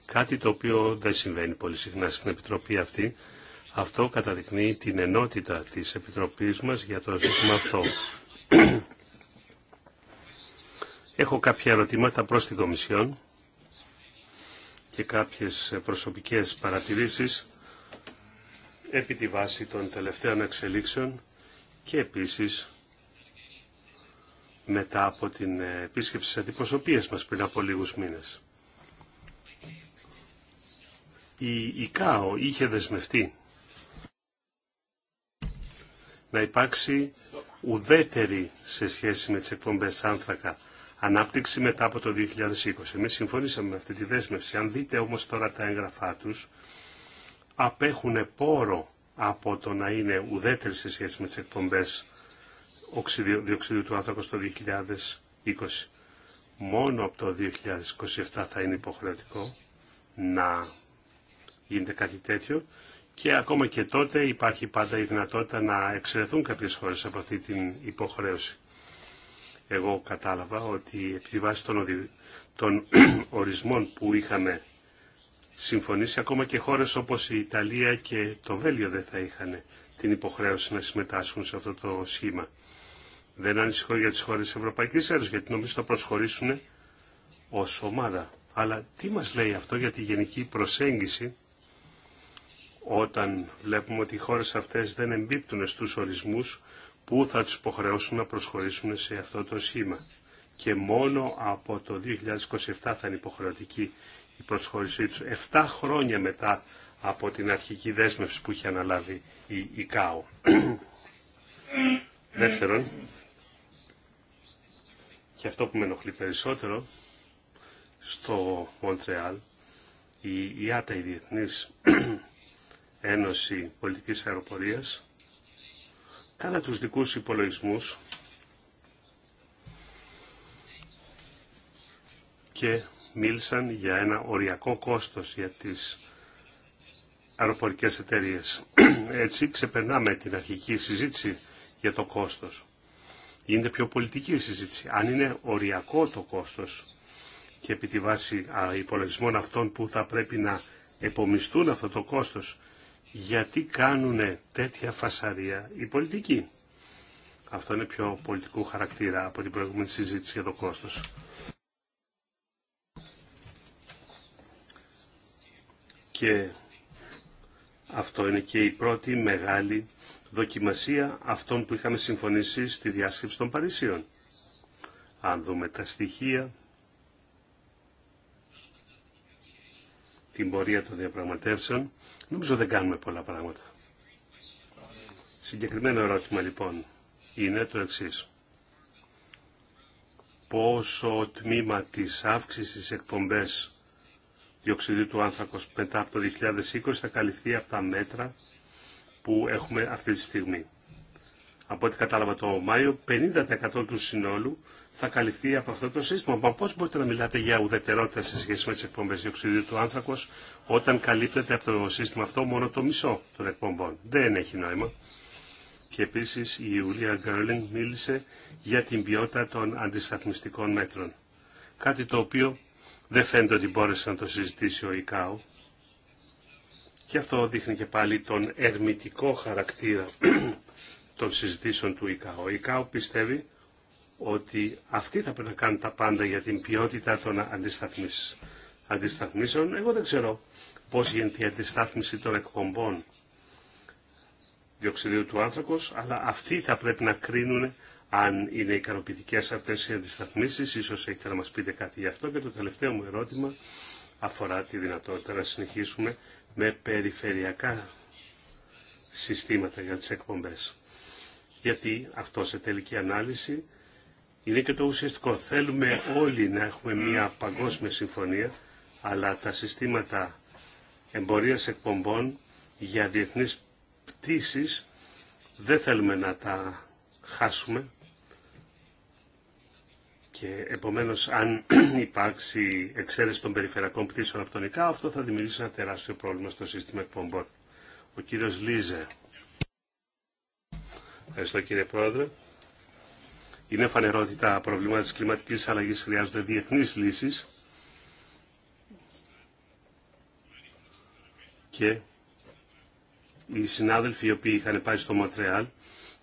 Κάτι το οποίο δεν συμβαίνει πολύ συχνά στην Επιτροπή αυτή. Αυτό καταδεικνύει την ενότητα της Επιτροπής μας για το ζήτημα αυτό. Έχω κάποια ερωτήματα προς την Κομισιόν και κάποιες προσωπικές παρατηρήσεις επί τη βάση των τελευταίων εξελίξεων και επίσης μετά από την ε, επίσκεψη της αντιπροσωπείας μας πριν από λίγους μήνες. Η ΙΚΑΟ είχε δεσμευτεί να υπάρξει ουδέτερη σε σχέση με τις εκπομπές άνθρακα ανάπτυξη μετά από το 2020. Εμείς συμφωνήσαμε με αυτή τη δέσμευση. Αν δείτε όμως τώρα τα έγγραφά τους, απέχουν πόρο από το να είναι ουδέτερη σε σχέση με τις εκπομπές διοξιδίου του άνθρακος το 2020. Μόνο από το 2027 θα είναι υποχρεωτικό να γίνεται κάτι τέτοιο και ακόμα και τότε υπάρχει πάντα η δυνατότητα να εξαιρεθούν κάποιες χώρες από αυτή την υποχρέωση. Εγώ κατάλαβα ότι επί βάση των ορισμών που είχαμε συμφωνήσει, ακόμα και χώρες όπως η Ιταλία και το Βέλιο δεν θα είχαν την υποχρέωση να συμμετάσχουν σε αυτό το σχήμα. Δεν ανησυχώ για τις χώρες της Ευρωπαϊκής Ένωσης, γιατί νομίζω θα προσχωρήσουν ως ομάδα. Αλλά τι μας λέει αυτό για τη γενική προσέγγιση όταν βλέπουμε ότι οι χώρες αυτές δεν εμπίπτουν στους ορισμούς που θα τους υποχρεώσουν να προσχωρήσουν σε αυτό το σχήμα. Και μόνο από το 2027 θα είναι υποχρεωτική η προσχώρησή τους, 7 χρόνια μετά από την αρχική δέσμευση που είχε αναλάβει η ΚΑΟ. Δεύτερον, και αυτό που με ενοχλεί περισσότερο στο Μοντρεάλ, η ΙΑΤΑ, η Διεθνής Ένωση Πολιτικής Αεροπορίας, κάνα τους δικούς υπολογισμούς και μίλησαν για ένα οριακό κόστος για τις αεροπορικές εταιρείες. Έτσι ξεπερνάμε την αρχική συζήτηση για το κόστος γίνεται πιο πολιτική η συζήτηση. Αν είναι οριακό το κόστος και επί τη βάση υπολογισμών αυτών που θα πρέπει να επομιστούν αυτό το κόστος, γιατί κάνουν τέτοια φασαρία οι πολιτικοί. Αυτό είναι πιο πολιτικού χαρακτήρα από την προηγούμενη συζήτηση για το κόστος. Και αυτό είναι και η πρώτη μεγάλη δοκιμασία αυτών που είχαμε συμφωνήσει στη διάσκεψη των Παρισίων. Αν δούμε τα στοιχεία, την πορεία των διαπραγματεύσεων, νομίζω δεν κάνουμε πολλά πράγματα. Συγκεκριμένο ερώτημα λοιπόν είναι το εξής. Πόσο τμήμα της αύξησης της εκπομπές διοξιδίου του άνθρακος μετά από το 2020 θα καλυφθεί από τα μέτρα που έχουμε αυτή τη στιγμή. Από ό,τι κατάλαβα το Μάιο, 50% του συνόλου θα καλυφθεί από αυτό το σύστημα. Μα πώς μπορείτε να μιλάτε για ουδετερότητα σε σχέση με τις εκπομπές διοξιδίου του άνθρακος όταν καλύπτεται από το σύστημα αυτό μόνο το μισό των εκπομπών. Δεν έχει νόημα. Και επίσης η Ιουλία Γκέρλινγκ μίλησε για την ποιότητα των αντισταθμιστικών μέτρων. Κάτι το οποίο δεν φαίνεται ότι μπόρεσε να το συζητήσει ο ΙΚΑΟ και αυτό δείχνει και πάλι τον ερμητικό χαρακτήρα των συζητήσεων του ΙΚΑΟ. Ο ΙΚΑΟ πιστεύει ότι αυτοί θα πρέπει να κάνουν τα πάντα για την ποιότητα των αντισταθμίσεων. Εγώ δεν ξέρω πώς γίνεται η αντιστάθμιση των εκπομπών διοξιδίου του άνθρακος, αλλά αυτοί θα πρέπει να κρίνουν αν είναι ικανοποιητικέ αυτέ οι αντισταθμίσει, Ίσως έχετε να μα πείτε κάτι γι' αυτό. Και το τελευταίο μου ερώτημα αφορά τη δυνατότητα να συνεχίσουμε με περιφερειακά συστήματα για τις εκπομπές. Γιατί αυτό σε τελική ανάλυση είναι και το ουσιαστικό. Θέλουμε όλοι να έχουμε μια παγκόσμια συμφωνία, αλλά τα συστήματα εμπορίας εκπομπών για διεθνείς πτήσεις δεν θέλουμε να τα χάσουμε και επομένως αν υπάρξει εξαίρεση των περιφερειακών πτήσεων από τον ΙΚΑ, αυτό θα δημιουργήσει ένα τεράστιο πρόβλημα στο σύστημα εκπομπών. Ο κύριος Λίζε. Ευχαριστώ κύριε Πρόεδρε. Είναι φανερό ότι τα προβλήματα της κλιματικής αλλαγής χρειάζονται διεθνεί λύσης και οι συνάδελφοι οι οποίοι είχαν πάει στο Μοτρεάλ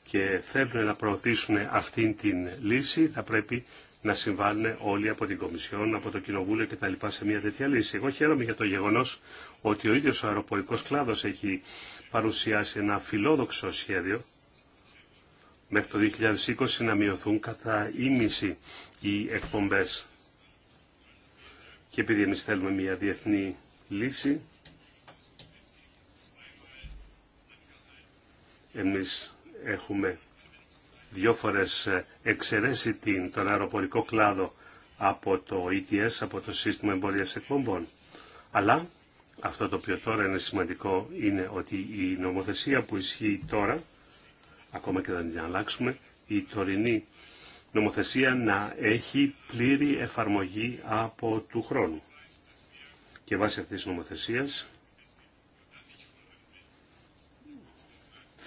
και θέλουν να προωθήσουν αυτήν την λύση θα πρέπει να συμβάλλουν όλοι από την Κομισιόν, από το Κοινοβούλιο κτλ. σε μια τέτοια λύση. Εγώ χαίρομαι για το γεγονό ότι ο ίδιο ο αεροπορικό κλάδο έχει παρουσιάσει ένα φιλόδοξο σχέδιο μέχρι το 2020 να μειωθούν κατά ίμιση οι εκπομπές. Και επειδή εμείς θέλουμε μια διεθνή λύση, εμείς έχουμε δύο φορές ε, εξαιρέσει την, τον αεροπορικό κλάδο από το ETS, από το σύστημα εμπορίας εκπομπών. Αλλά αυτό το οποίο τώρα είναι σημαντικό είναι ότι η νομοθεσία που ισχύει τώρα, ακόμα και δεν την αλλάξουμε, η τωρινή νομοθεσία να έχει πλήρη εφαρμογή από του χρόνου. Και βάσει αυτής της νομοθεσίας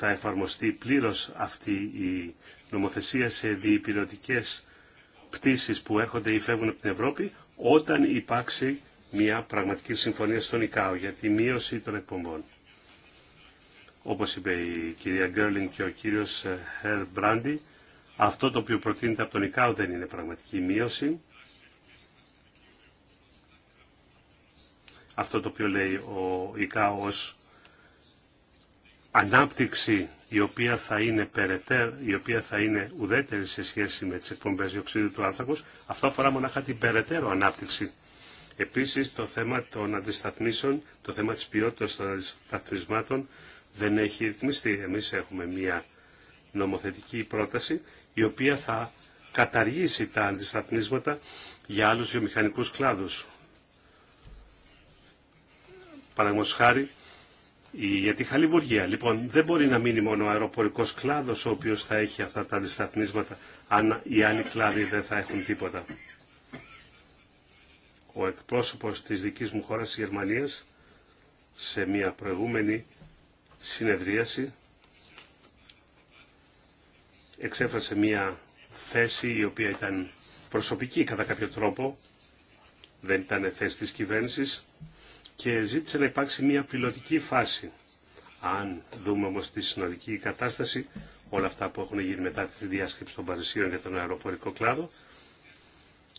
θα εφαρμοστεί πλήρως αυτή η νομοθεσία σε διυπηρετικές πτήσεις που έρχονται ή φεύγουν από την Ευρώπη όταν υπάρξει μια πραγματική συμφωνία στον ΙΚΑΟ για τη μείωση των εκπομπών. Όπως είπε η κυρία Γκέρλιν και ο κύριος Χερ Μπράντι, αυτό το οποίο προτείνεται από τον ΙΚΑΟ δεν είναι πραγματική μείωση. Αυτό το οποίο λέει ο ΙΚΑΟ ως ανάπτυξη η οποία θα είναι η οποία θα είναι ουδέτερη σε σχέση με τι εκπομπέ διοξιδίου του άνθρακο, αυτό αφορά μονάχα την περαιτέρω ανάπτυξη. Επίση, το θέμα των αντισταθμίσεων, το θέμα τη ποιότητα των αντισταθμισμάτων δεν έχει ρυθμιστεί. Εμείς έχουμε μία νομοθετική πρόταση η οποία θα καταργήσει τα αντισταθμίσματα για άλλους βιομηχανικούς κλάδους. Παραδείγματος χάρη, για τη χαλιβουργία. Λοιπόν, δεν μπορεί να μείνει μόνο ο αεροπορικό κλάδο ο οποίο θα έχει αυτά τα αντισταθμίσματα, αν οι άλλοι κλάδοι δεν θα έχουν τίποτα. Ο εκπρόσωπο τη δική μου χώρα, τη Γερμανία, σε μια προηγούμενη συνεδρίαση, εξέφρασε μια θέση η οποία ήταν προσωπική κατά κάποιο τρόπο, δεν ήταν θέση της κυβέρνησης, και ζήτησε να υπάρξει μια πιλωτική φάση. Αν δούμε όμως τη συνολική κατάσταση, όλα αυτά που έχουν γίνει μετά τη διάσκεψη των Παρισίων για τον αεροπορικό κλάδο,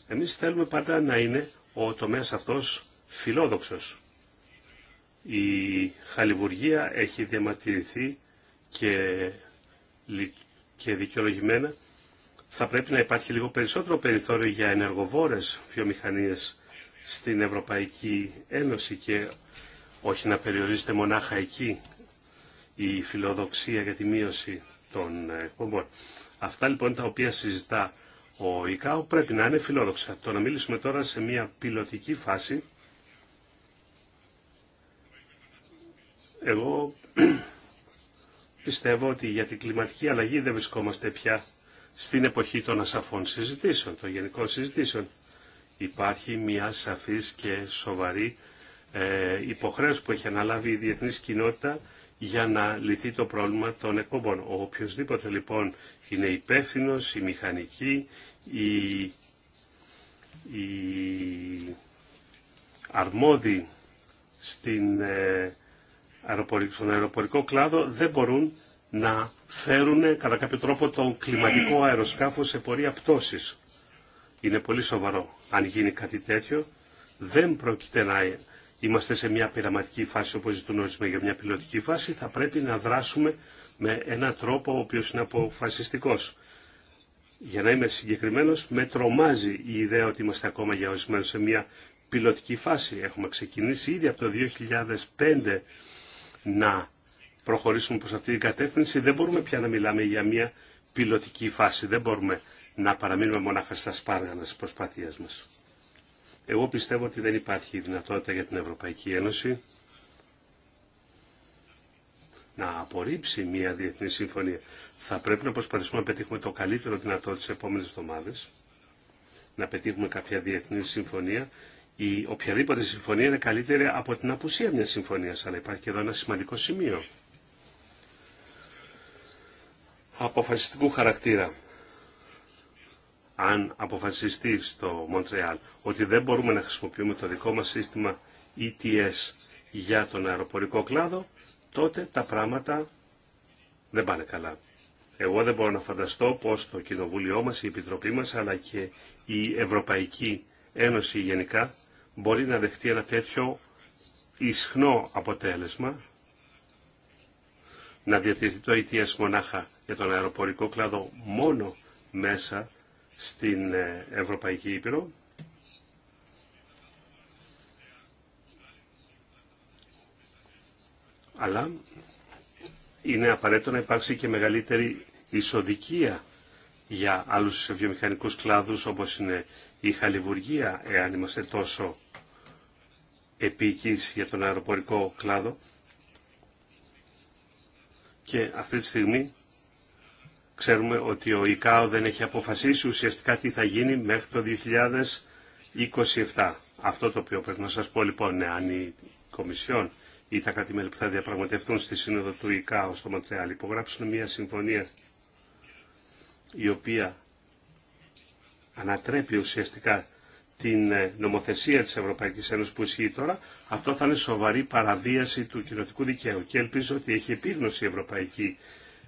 εμείς θέλουμε πάντα να είναι ο τομέας αυτός φιλόδοξος. Η χαλιβουργία έχει διαμαρτυρηθεί και, και δικαιολογημένα. Θα πρέπει να υπάρχει λίγο περισσότερο περιθώριο για ενεργοβόρες βιομηχανίες στην Ευρωπαϊκή Ένωση και όχι να περιορίζεται μονάχα εκεί η φιλοδοξία για τη μείωση των εκπομπών. Αυτά λοιπόν τα οποία συζητά ο ΙΚΑΟ πρέπει να είναι φιλόδοξα. Το να μιλήσουμε τώρα σε μια πιλωτική φάση, εγώ πιστεύω ότι για την κλιματική αλλαγή δεν βρισκόμαστε πια στην εποχή των ασαφών συζητήσεων, των γενικών συζητήσεων υπάρχει μια σαφής και σοβαρή ε, υποχρέωση που έχει αναλάβει η διεθνής κοινότητα για να λυθεί το πρόβλημα των εκπομπών. Ο οποιοδήποτε λοιπόν είναι υπεύθυνο, η μηχανική, η, η αρμόδιοι στην, ε, στον αεροπορικό κλάδο δεν μπορούν να φέρουν κατά κάποιο τρόπο τον κλιματικό αεροσκάφος σε πορεία πτώσης. Είναι πολύ σοβαρό αν γίνει κάτι τέτοιο. Δεν πρόκειται να είμαστε σε μια πειραματική φάση όπως ζητούν ορισμένοι για μια πιλωτική φάση. Θα πρέπει να δράσουμε με έναν τρόπο ο οποίος είναι αποφασιστικός. Για να είμαι συγκεκριμένος, με τρομάζει η ιδέα ότι είμαστε ακόμα για ορισμένους σε μια πιλωτική φάση. Έχουμε ξεκινήσει ήδη από το 2005 να προχωρήσουμε προς αυτή την κατεύθυνση. Δεν μπορούμε πια να μιλάμε για μια πιλωτική φάση. Δεν μπορούμε να παραμείνουμε μονάχα στα σπάργανα στις προσπάθειές μα. Εγώ πιστεύω ότι δεν υπάρχει δυνατότητα για την Ευρωπαϊκή Ένωση να απορρίψει μια διεθνή συμφωνία. Θα πρέπει να προσπαθήσουμε να πετύχουμε το καλύτερο δυνατό τις επόμενες εβδομάδες, να πετύχουμε κάποια διεθνή συμφωνία. Η οποιαδήποτε συμφωνία είναι καλύτερη από την απουσία μιας συμφωνίας, αλλά υπάρχει και εδώ ένα σημαντικό σημείο αποφασιστικού χαρακτήρα αν αποφασιστεί στο Μοντρεάλ ότι δεν μπορούμε να χρησιμοποιούμε το δικό μας σύστημα ETS για τον αεροπορικό κλάδο, τότε τα πράγματα δεν πάνε καλά. Εγώ δεν μπορώ να φανταστώ πως το Κοινοβούλιο μας, η Επιτροπή μας, αλλά και η Ευρωπαϊκή Ένωση γενικά μπορεί να δεχτεί ένα τέτοιο ισχνό αποτέλεσμα να διατηρηθεί το ETS μονάχα για τον αεροπορικό κλάδο μόνο μέσα στην ε, Ευρωπαϊκή Ήπειρο. Αλλά είναι απαραίτητο να υπάρξει και μεγαλύτερη ισοδικία για άλλους βιομηχανικούς κλάδους όπως είναι η χαλιβουργία, εάν είμαστε τόσο επίκης για τον αεροπορικό κλάδο. Και αυτή τη στιγμή Ξέρουμε ότι ο ΙΚΑΟ δεν έχει αποφασίσει ουσιαστικά τι θα γίνει μέχρι το 2027. Αυτό το οποίο πρέπει να σας πω λοιπόν είναι αν η Κομισιόν ή τα κάτι μελη που θα διαπραγματευτούν στη Σύνοδο του ΙΚΑΟ στο Μαντρεάλ υπογράψουν μια συμφωνία η οποία ανατρέπει ουσιαστικά την ε, νομοθεσία της Ευρωπαϊκής Ένωσης που ισχύει τώρα, αυτό θα είναι σοβαρή παραβίαση του κοινοτικού δικαίου. Και ελπίζω ότι έχει επίγνωση η Ευρωπαϊκή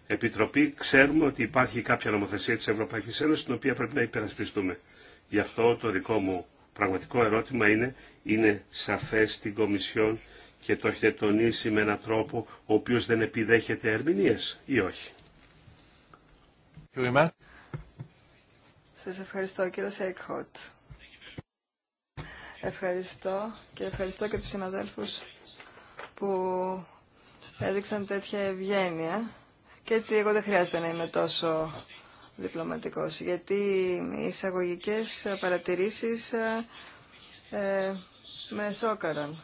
Επιτροπή ξέρουμε ότι υπάρχει κάποια νομοθεσία της Ευρωπαϊκής Ένωσης την οποία πρέπει να υπερασπιστούμε. Γι' αυτό το δικό μου πραγματικό ερώτημα είναι, είναι σαφές στην Κομισιόν και το έχετε τονίσει με έναν τρόπο ο οποίος δεν επιδέχεται ερμηνείες ή όχι. Σας ευχαριστώ κύριε Σέικχοτ. Ευχαριστώ και ευχαριστώ και τους συναδέλφους που έδειξαν τέτοια ευγένεια και έτσι εγώ δεν χρειάζεται να είμαι τόσο διπλωματικός, γιατί οι εισαγωγικέ παρατηρήσεις ε, ε, με σόκαραν.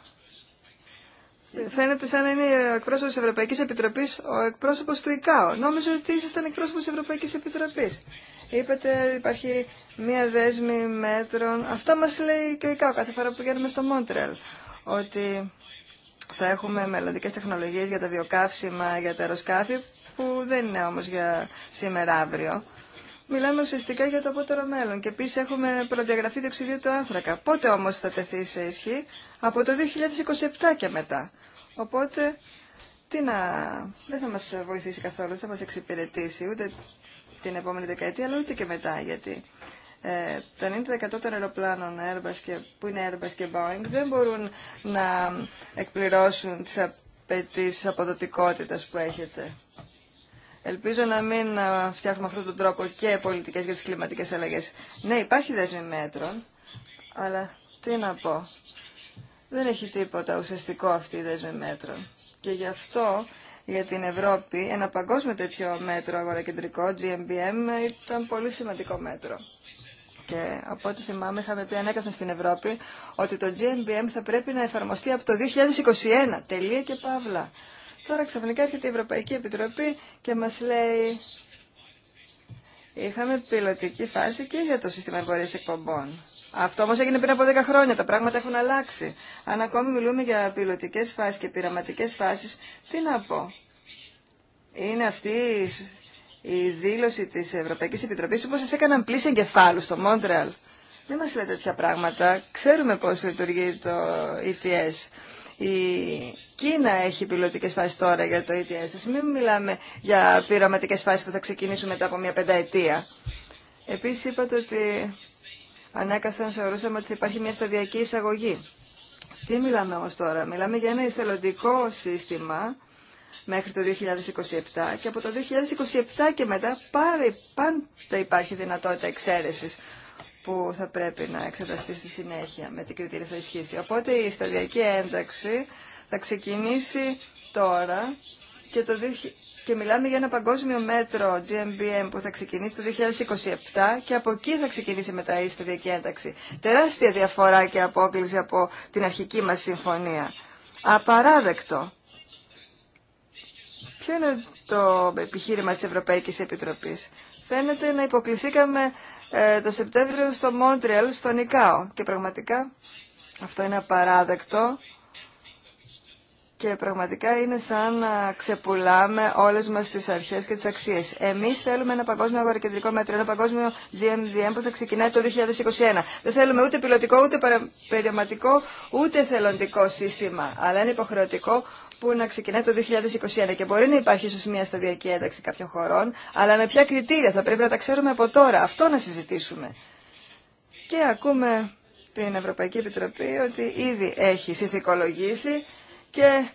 Φαίνεται σαν να είναι ο εκπρόσωπος της Ευρωπαϊκής Επιτροπής ο εκπρόσωπος του ΙΚΑΟ. Νόμιζα ότι ήσασταν εκπρόσωπος της Ευρωπαϊκής Επιτροπής. Είπατε υπάρχει μία δέσμη μέτρων. Αυτά μας λέει και ο ΙΚΑΟ κάθε φορά που πηγαίνουμε στο Μόντρελ. Ότι θα έχουμε μελλοντικέ τεχνολογίες για τα βιοκαύσιμα, για τα αεροσκάφη που δεν είναι όμως για σήμερα αύριο. Μιλάμε ουσιαστικά για το απότερο μέλλον και επίση έχουμε προδιαγραφή διοξιδίου του άνθρακα. Πότε όμως θα τεθεί σε ισχύ? Από το 2027 και μετά. Οπότε τι να... δεν θα μας βοηθήσει καθόλου, δεν θα μας εξυπηρετήσει ούτε την επόμενη δεκαετία αλλά ούτε και μετά γιατί ε, το 90% των αεροπλάνων Airbus και, που είναι Airbus και Boeing δεν μπορούν να εκπληρώσουν τις απαιτήσεις αποδοτικότητας που έχετε. Ελπίζω να μην φτιάχνουμε αυτόν τον τρόπο και πολιτικές για τις κλιματικές αλλαγές. Ναι, υπάρχει δέσμη μέτρων, αλλά τι να πω. Δεν έχει τίποτα ουσιαστικό αυτή η δέσμη μέτρων. Και γι' αυτό για την Ευρώπη ένα παγκόσμιο τέτοιο μέτρο αγορακεντρικό, GMBM, ήταν πολύ σημαντικό μέτρο. Και από ό,τι θυμάμαι είχαμε πει ανέκαθεν στην Ευρώπη ότι το GMBM θα πρέπει να εφαρμοστεί από το 2021. Τελεία και παύλα. Τώρα ξαφνικά έρχεται η Ευρωπαϊκή Επιτροπή και μας λέει είχαμε πιλωτική φάση και για το σύστημα εμπορίας εκπομπών. Αυτό όμω έγινε πριν από 10 χρόνια. Τα πράγματα έχουν αλλάξει. Αν ακόμη μιλούμε για πιλωτικές φάσεις και πειραματικές φάσεις, τι να πω. Είναι αυτή η δήλωση της Ευρωπαϊκής Επιτροπής που σα έκαναν πλήση εγκεφάλου στο Μόντρεαλ. Μην μας λέτε τέτοια πράγματα. Ξέρουμε πώς λειτουργεί το ETS. Η Κίνα έχει πιλωτικέ φάσει τώρα για το ETS. Μην μιλάμε για πειραματικέ φάσει που θα ξεκινήσουν μετά από μια πενταετία. Επίση, είπατε ότι ανέκαθεν θεωρούσαμε ότι θα υπάρχει μια σταδιακή εισαγωγή. Τι μιλάμε όμω τώρα. Μιλάμε για ένα εθελοντικό σύστημα μέχρι το 2027 και από το 2027 και μετά πάρει, πάντα υπάρχει δυνατότητα εξαίρεσης που θα πρέπει να εξεταστεί στη συνέχεια με την κριτήρια θα ισχύσει. Οπότε η σταδιακή ένταξη θα ξεκινήσει τώρα και, το, και μιλάμε για ένα παγκόσμιο μέτρο GMBM που θα ξεκινήσει το 2027 και από εκεί θα ξεκινήσει μετά η σταδιακή ένταξη. Τεράστια διαφορά και απόκληση από την αρχική μας συμφωνία. Απαράδεκτο. Ποιο είναι το επιχείρημα της Ευρωπαϊκής Επιτροπής. Φαίνεται να υποκληθήκαμε ε, το Σεπτέμβριο στο Μόντριελ, στο Νικάο. Και πραγματικά αυτό είναι απαράδεκτο και πραγματικά είναι σαν να ξεπουλάμε όλες μας τις αρχές και τις αξίες. Εμείς θέλουμε ένα παγκόσμιο αγορακεντρικό μέτρο, ένα παγκόσμιο GMDM που θα ξεκινάει το 2021. Δεν θέλουμε ούτε πιλωτικό, ούτε περιοματικό, ούτε θελοντικό σύστημα, αλλά είναι υποχρεωτικό που να ξεκινάει το 2021 και μπορεί να υπάρχει ίσως μια σταδιακή ένταξη κάποιων χωρών, αλλά με ποια κριτήρια θα πρέπει να τα ξέρουμε από τώρα. Αυτό να συζητήσουμε. Και ακούμε την Ευρωπαϊκή Επιτροπή ότι ήδη έχει συνθηκολογήσει και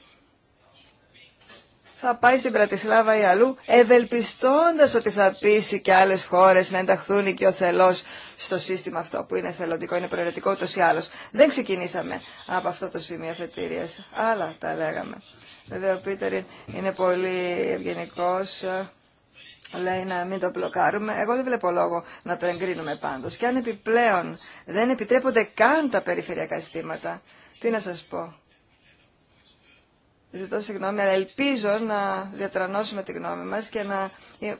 θα πάει στην Πρατισλάβα ή αλλού, ευελπιστώντας ότι θα πείσει και άλλες χώρες να ενταχθούν και ο θελός στο σύστημα αυτό που είναι θελοντικό, είναι προαιρετικό ούτως ή άλλως. Δεν ξεκινήσαμε από αυτό το σημείο αφετηρίας, αλλά τα λέγαμε. Βέβαια ο Πίτερ είναι πολύ ευγενικό. λέει να μην το μπλοκάρουμε. Εγώ δεν βλέπω λόγο να το εγκρίνουμε πάντω. Και αν επιπλέον δεν επιτρέπονται καν τα περιφερειακά συστήματα, τι να σα πω. Ζητώ συγγνώμη, αλλά ελπίζω να διατρανώσουμε τη γνώμη μας και να ε,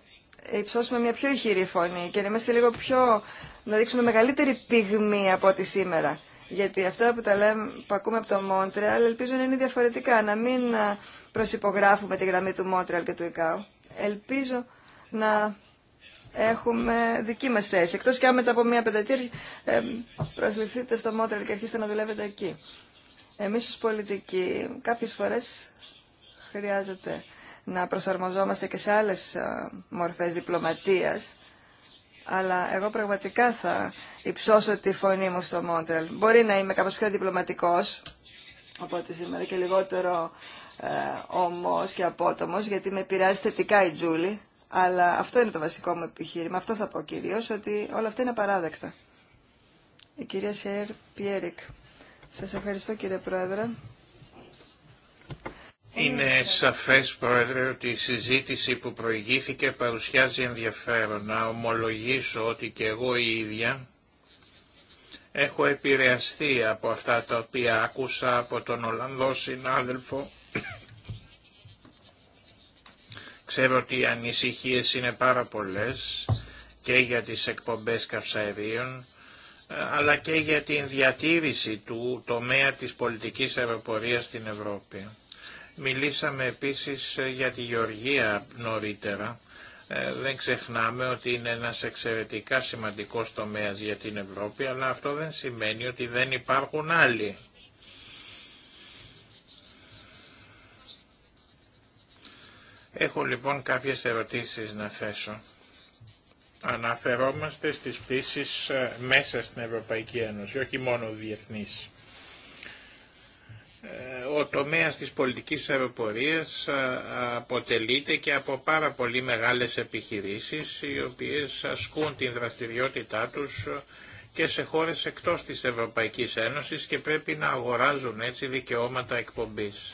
υψώσουμε μια πιο ηχηρή φωνή και να είμαστε λίγο πιο, να δείξουμε μεγαλύτερη πυγμή από ό,τι σήμερα. Γιατί αυτά που τα λέμε, που ακούμε από το Μόντρεαλ, ελπίζω να είναι διαφορετικά, να μην ε, προσυπογράφουμε τη γραμμή του Μόντρεαλ και του ΙΚΑΟ. Ελπίζω να έχουμε δική μας θέση. Εκτός και αν μετά από μια πενταετία ε, προσληφθείτε στο Μόντρεαλ και αρχίσετε να δουλεύετε εκεί. Εμείς ως πολιτικοί κάποιες φορές χρειάζεται να προσαρμοζόμαστε και σε άλλες ε, μορφές διπλωματίας, αλλά εγώ πραγματικά θα υψώσω τη φωνή μου στο Μόντρελ. Μπορεί να είμαι κάπως πιο διπλωματικός, ό,τι σήμερα και λιγότερο ε, ομός και απότομος, γιατί με επηρεάζει θετικά η Τζούλη, αλλά αυτό είναι το βασικό μου επιχείρημα, αυτό θα πω κυρίως, ότι όλα αυτά είναι απαράδεκτα. Η κυρία Σερ Πιέρικ. Σας ευχαριστώ κύριε Πρόεδρε. Είναι σαφές, Πρόεδρε, ότι η συζήτηση που προηγήθηκε παρουσιάζει ενδιαφέρον. Να ομολογήσω ότι και εγώ η ίδια έχω επηρεαστεί από αυτά τα οποία άκουσα από τον Ολλανδό συνάδελφο. Ξέρω ότι οι ανησυχίες είναι πάρα πολλές και για τις εκπομπές καυσαερίων αλλά και για την διατήρηση του τομέα της πολιτικής αεροπορίας στην Ευρώπη. Μιλήσαμε επίσης ε, για τη Γεωργία νωρίτερα. Ε, δεν ξεχνάμε ότι είναι ένας εξαιρετικά σημαντικός τομέας για την Ευρώπη, αλλά αυτό δεν σημαίνει ότι δεν υπάρχουν άλλοι. Έχω λοιπόν κάποιες ερωτήσεις να θέσω. Αναφερόμαστε στις πτήσεις ε, μέσα στην Ευρωπαϊκή Ένωση, όχι μόνο διεθνής. Ε, ο τομέας της πολιτικής αεροπορίας ε, αποτελείται και από πάρα πολύ μεγάλες επιχειρήσεις οι οποίες ασκούν την δραστηριότητά τους και σε χώρες εκτός της Ευρωπαϊκής Ένωσης και πρέπει να αγοράζουν έτσι δικαιώματα εκπομπής.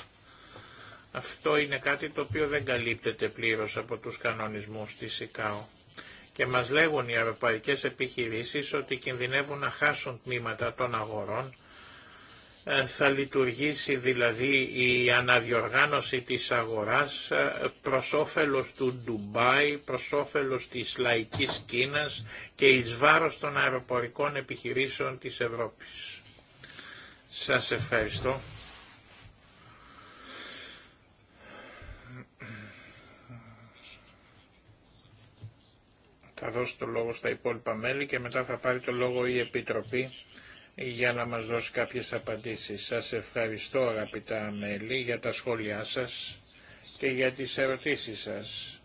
Αυτό είναι κάτι το οποίο δεν καλύπτεται πλήρως από τους κανονισμούς της ΕΚΑΟ και μας λέγουν οι ευρωπαϊκές επιχειρήσεις ότι κινδυνεύουν να χάσουν τμήματα των αγορών. Ε, θα λειτουργήσει δηλαδή η αναδιοργάνωση της αγοράς ε, προς όφελος του Ντουμπάι, προς όφελος της λαϊκής Κίνας και εις βάρος των αεροπορικών επιχειρήσεων της Ευρώπης. Σας ευχαριστώ. Θα δώσω το λόγο στα υπόλοιπα μέλη και μετά θα πάρει το λόγο η Επιτροπή για να μας δώσει κάποιες απαντήσεις. Σας ευχαριστώ αγαπητά μέλη για τα σχόλιά σας και για τις ερωτήσεις σας.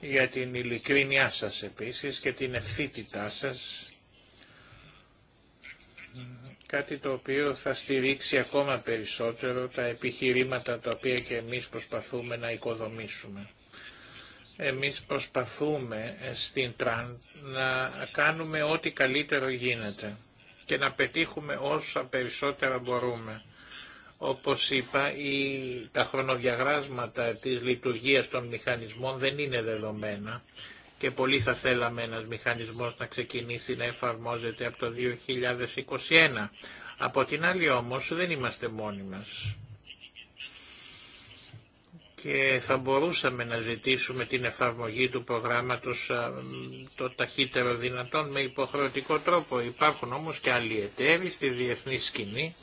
Για την ειλικρίνειά σας επίσης και την ευθύτητά σας. Κάτι το οποίο θα στηρίξει ακόμα περισσότερο τα επιχειρήματα τα οποία και εμείς προσπαθούμε να οικοδομήσουμε. Εμείς προσπαθούμε ε, στην Τραν να κάνουμε ό,τι καλύτερο γίνεται και να πετύχουμε όσα περισσότερα μπορούμε. Όπως είπα, η, τα χρονοδιαγράσματα της λειτουργίας των μηχανισμών δεν είναι δεδομένα και πολύ θα θέλαμε ένας μηχανισμός να ξεκινήσει να εφαρμόζεται από το 2021. Από την άλλη όμως δεν είμαστε μόνοι μας και θα μπορούσαμε να ζητήσουμε την εφαρμογή του προγράμματος το ταχύτερο δυνατόν με υποχρεωτικό τρόπο. Υπάρχουν όμως και άλλοι εταίροι στη διεθνή σκηνή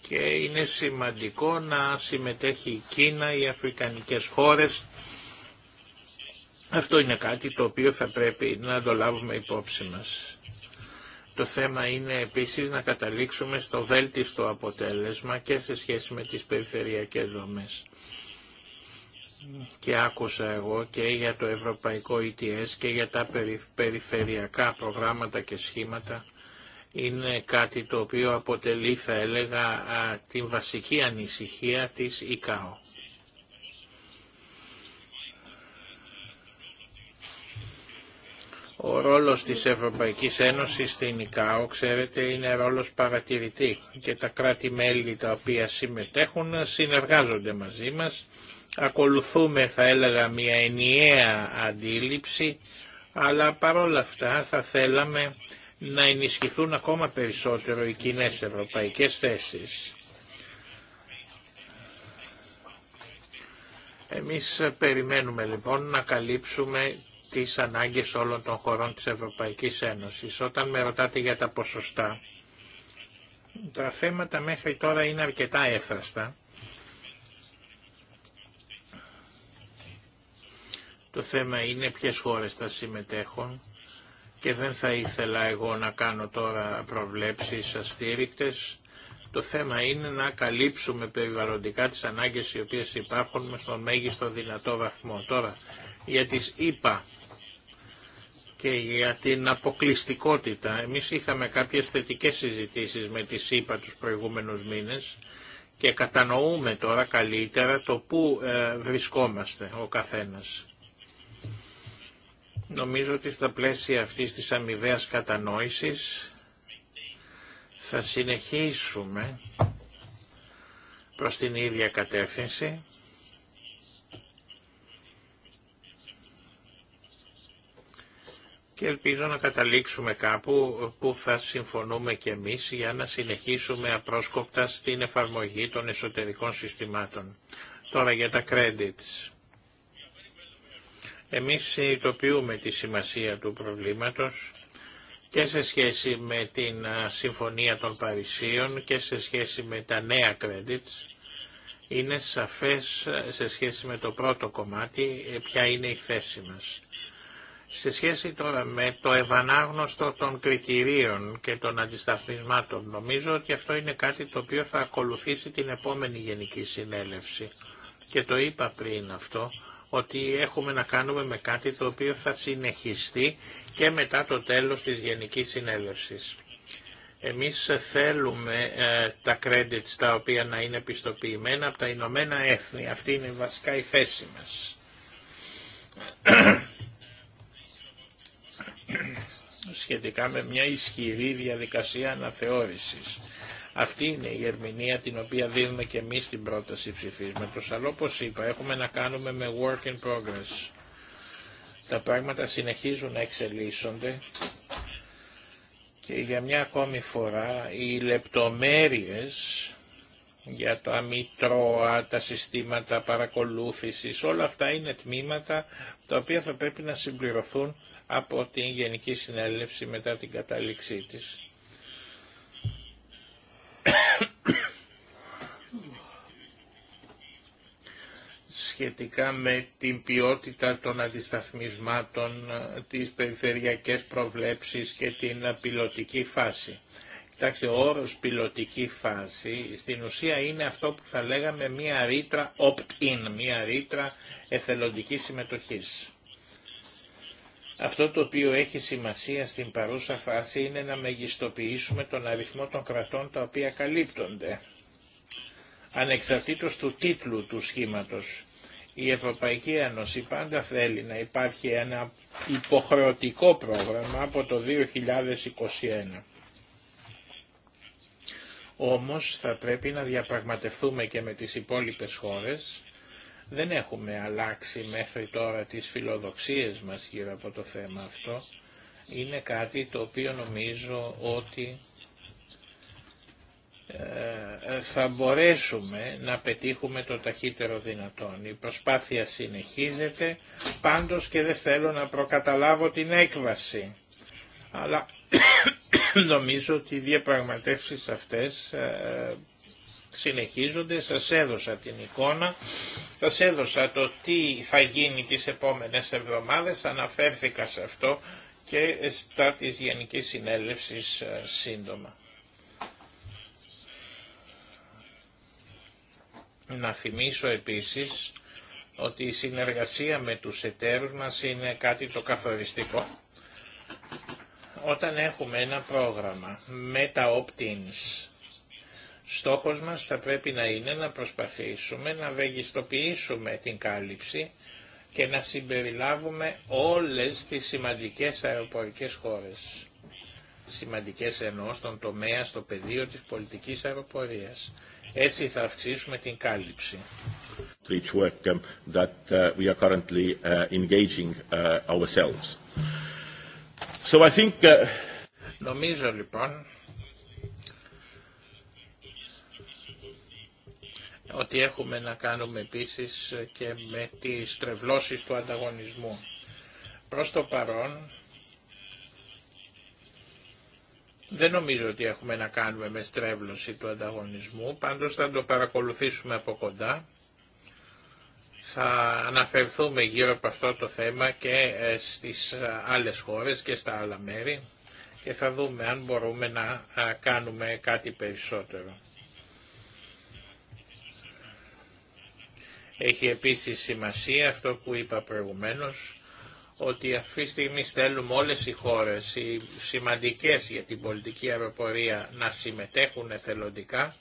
και είναι σημαντικό να συμμετέχει η Κίνα, οι αφρικανικές χώρες. Αυτό είναι κάτι το οποίο θα πρέπει να το λάβουμε υπόψη μας. Το θέμα είναι επίσης να καταλήξουμε στο βέλτιστο αποτέλεσμα και σε σχέση με τις περιφερειακές δομές και άκουσα εγώ και για το Ευρωπαϊκό ETS και για τα περιφερειακά προγράμματα και σχήματα είναι κάτι το οποίο αποτελεί θα έλεγα την βασική ανησυχία της ΙΚΑΟ. Ο ρόλος της Ευρωπαϊκής Ένωσης στην ΙΚΑΟ, ξέρετε, είναι ρόλος παρατηρητή και τα κράτη-μέλη τα οποία συμμετέχουν συνεργάζονται μαζί μας ακολουθούμε θα έλεγα μια ενιαία αντίληψη, αλλά παρόλα αυτά θα θέλαμε να ενισχυθούν ακόμα περισσότερο οι κοινέ ευρωπαϊκές θέσεις. Εμείς περιμένουμε λοιπόν να καλύψουμε τις ανάγκες όλων των χωρών της Ευρωπαϊκής Ένωσης. Όταν με ρωτάτε για τα ποσοστά, τα θέματα μέχρι τώρα είναι αρκετά έφραστα Το θέμα είναι ποιες χώρες θα συμμετέχουν και δεν θα ήθελα εγώ να κάνω τώρα προβλέψεις αστήρικτες. Το θέμα είναι να καλύψουμε περιβαλλοντικά τις ανάγκες οι οποίες υπάρχουν στο μέγιστο δυνατό βαθμό. Τώρα, για τις ΙΠΑ και για την αποκλειστικότητα. Εμείς είχαμε κάποιες θετικές συζητήσεις με τις ΕΠΑ τους προηγούμενους μήνες και κατανοούμε τώρα καλύτερα το πού ε, βρισκόμαστε ο καθένας. Νομίζω ότι στα πλαίσια αυτής της αμοιβαία κατανόησης θα συνεχίσουμε προς την ίδια κατεύθυνση και ελπίζω να καταλήξουμε κάπου που θα συμφωνούμε και εμείς για να συνεχίσουμε απρόσκοπτα στην εφαρμογή των εσωτερικών συστημάτων. Τώρα για τα credits. Εμείς συνειδητοποιούμε τη σημασία του προβλήματος και σε σχέση με την Συμφωνία των Παρισίων και σε σχέση με τα νέα credits. Είναι σαφές σε σχέση με το πρώτο κομμάτι ε, ποια είναι η θέση μας. Σε σχέση τώρα με το ευανάγνωστο των κριτηρίων και των αντισταθμισμάτων, νομίζω ότι αυτό είναι κάτι το οποίο θα ακολουθήσει την επόμενη Γενική Συνέλευση. Και το είπα πριν αυτό, ότι έχουμε να κάνουμε με κάτι το οποίο θα συνεχιστεί και μετά το τέλος της Γενικής Συνέλευσης. Εμείς θέλουμε ε, τα credits τα οποία να είναι πιστοποιημένα από τα Ηνωμένα Έθνη. Αυτή είναι βασικά η θέση μας. Σχετικά με μια ισχυρή διαδικασία αναθεώρησης. Αυτή είναι η ερμηνεία την οποία δίνουμε και εμείς στην πρόταση ψηφίσματος. Αλλά όπως είπα έχουμε να κάνουμε με work in progress. Τα πράγματα συνεχίζουν να εξελίσσονται και για μια ακόμη φορά οι λεπτομέρειες για τα μητρώα, τα συστήματα παρακολούθησης, όλα αυτά είναι τμήματα τα οποία θα πρέπει να συμπληρωθούν από την Γενική Συνέλευση μετά την κατάληξή της σχετικά με την ποιότητα των αντισταθμισμάτων, ε, τις περιφερειακές προβλέψεις και την πιλωτική φάση. Κοιτάξτε, ο όρος πιλωτική φάση στην ουσία είναι αυτό που θα λέγαμε μία ρήτρα opt-in, μία ρήτρα εθελοντικής συμμετοχής. Αυτό το οποίο έχει σημασία στην παρούσα φάση είναι να μεγιστοποιήσουμε τον αριθμό των κρατών τα οποία καλύπτονται, ανεξαρτήτως του τίτλου του σχήματος. Η Ευρωπαϊκή Ένωση πάντα θέλει να υπάρχει ένα υποχρεωτικό πρόγραμμα από το 2021. Όμως θα πρέπει να διαπραγματευτούμε και με τις υπόλοιπες χώρες δεν έχουμε αλλάξει μέχρι τώρα τις φιλοδοξίες μας γύρω από το θέμα αυτό. Είναι κάτι το οποίο νομίζω ότι ε, θα μπορέσουμε να πετύχουμε το ταχύτερο δυνατόν. Η προσπάθεια συνεχίζεται, πάντως και δεν θέλω να προκαταλάβω την έκβαση. Αλλά νομίζω ότι οι διαπραγματεύσεις αυτές ε, συνεχίζονται. Σας έδωσα την εικόνα, σας έδωσα το τι θα γίνει τις επόμενες εβδομάδες, αναφέρθηκα σε αυτό και στα της Γενικής Συνέλευσης ε, σύντομα. Να θυμίσω επίσης ότι η συνεργασία με τους εταίρους μας είναι κάτι το καθοριστικό. Όταν έχουμε ένα πρόγραμμα με τα opt Στόχος μας θα πρέπει να είναι να προσπαθήσουμε να βεγιστοποιήσουμε την κάλυψη και να συμπεριλάβουμε όλες τις σημαντικές αεροπορικές χώρες. Σημαντικές ενώ στον τομέα, στο πεδίο της πολιτικής αεροπορίας. Έτσι θα αυξήσουμε την κάλυψη. Νομίζω λοιπόν ότι έχουμε να κάνουμε επίσης και με τις τρευλώσεις του ανταγωνισμού. Προς το παρόν δεν νομίζω ότι έχουμε να κάνουμε με στρέβλωση του ανταγωνισμού, πάντως θα το παρακολουθήσουμε από κοντά. Θα αναφερθούμε γύρω από αυτό το θέμα και ε, στις ε, άλλες χώρες και στα άλλα μέρη και θα δούμε αν μπορούμε να ε, κάνουμε κάτι περισσότερο. Έχει επίσης σημασία αυτό που είπα προηγουμένως, ότι αυτή τη στιγμή θέλουμε όλες οι χώρες, οι σημαντικές για την πολιτική αεροπορία, να συμμετέχουν εθελοντικά,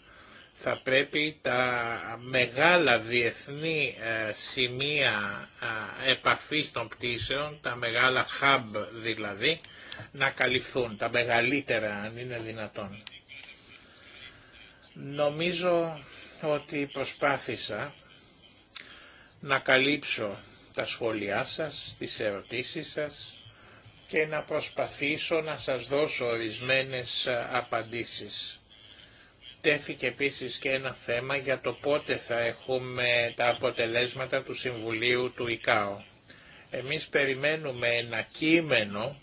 θα πρέπει τα μεγάλα διεθνή ε, σημεία ε, επαφής των πτήσεων, τα μεγάλα hub δηλαδή, να καλυφθούν, τα μεγαλύτερα αν είναι δυνατόν. Νομίζω ότι προσπάθησα να καλύψω τα σχόλιά σας, τις ερωτήσεις σας και να προσπαθήσω να σας δώσω ορισμένες απαντήσεις. Τέθηκε επίσης και ένα θέμα για το πότε θα έχουμε τα αποτελέσματα του Συμβουλίου του ΙΚΑΟ. Εμείς περιμένουμε ένα κείμενο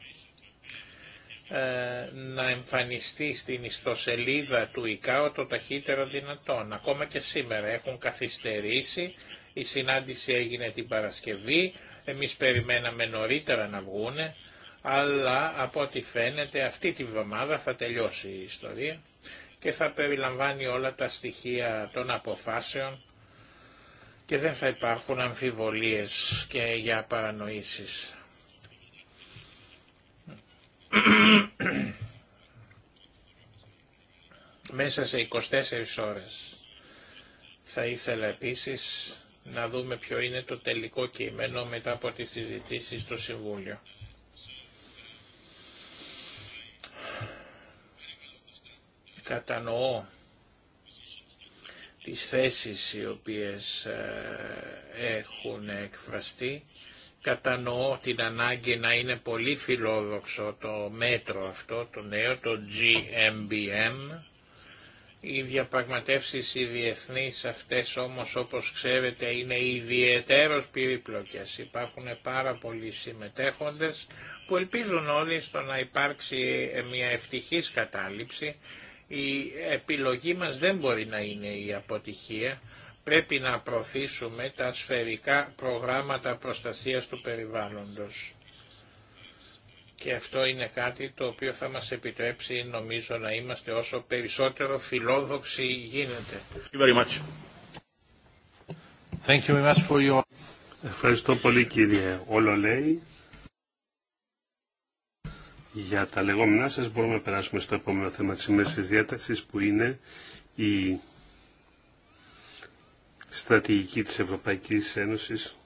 ε, να εμφανιστεί στην ιστοσελίδα του ΙΚΑΟ το ταχύτερο δυνατόν. Ακόμα και σήμερα έχουν καθυστερήσει η συνάντηση έγινε την Παρασκευή, εμείς περιμέναμε νωρίτερα να βγούνε, αλλά από ό,τι φαίνεται αυτή τη βδομάδα θα τελειώσει η ιστορία και θα περιλαμβάνει όλα τα στοιχεία των αποφάσεων και δεν θα υπάρχουν αμφιβολίες και για παρανοήσεις. Μέσα σε 24 ώρες. Θα ήθελα επίσης να δούμε ποιο είναι το τελικό κείμενο μετά από τις συζητήσεις στο Συμβούλιο. Κατανοώ τις θέσεις οι οποίες ε, έχουν εκφραστεί. Κατανοώ την ανάγκη να είναι πολύ φιλόδοξο το μέτρο αυτό, το νέο, το GMBM, οι διαπραγματεύσεις οι διεθνείς αυτές όμως όπως ξέρετε είναι ιδιαίτερος περίπλοκες. Υπάρχουν πάρα πολλοί συμμετέχοντες που ελπίζουν όλοι στο να υπάρξει μια ευτυχής κατάληψη. Η επιλογή μας δεν μπορεί να είναι η αποτυχία. Πρέπει να προωθήσουμε τα σφαιρικά προγράμματα προστασίας του περιβάλλοντος και αυτό είναι κάτι το οποίο θα μας επιτρέψει νομίζω να είμαστε όσο περισσότερο φιλόδοξοι γίνεται. Thank you very much for your... Ευχαριστώ πολύ κύριε Ολολέη. Για τα λεγόμενά σας μπορούμε να περάσουμε στο επόμενο θέμα της ημέρας διάταξης που είναι η στρατηγική της Ευρωπαϊκής Ένωσης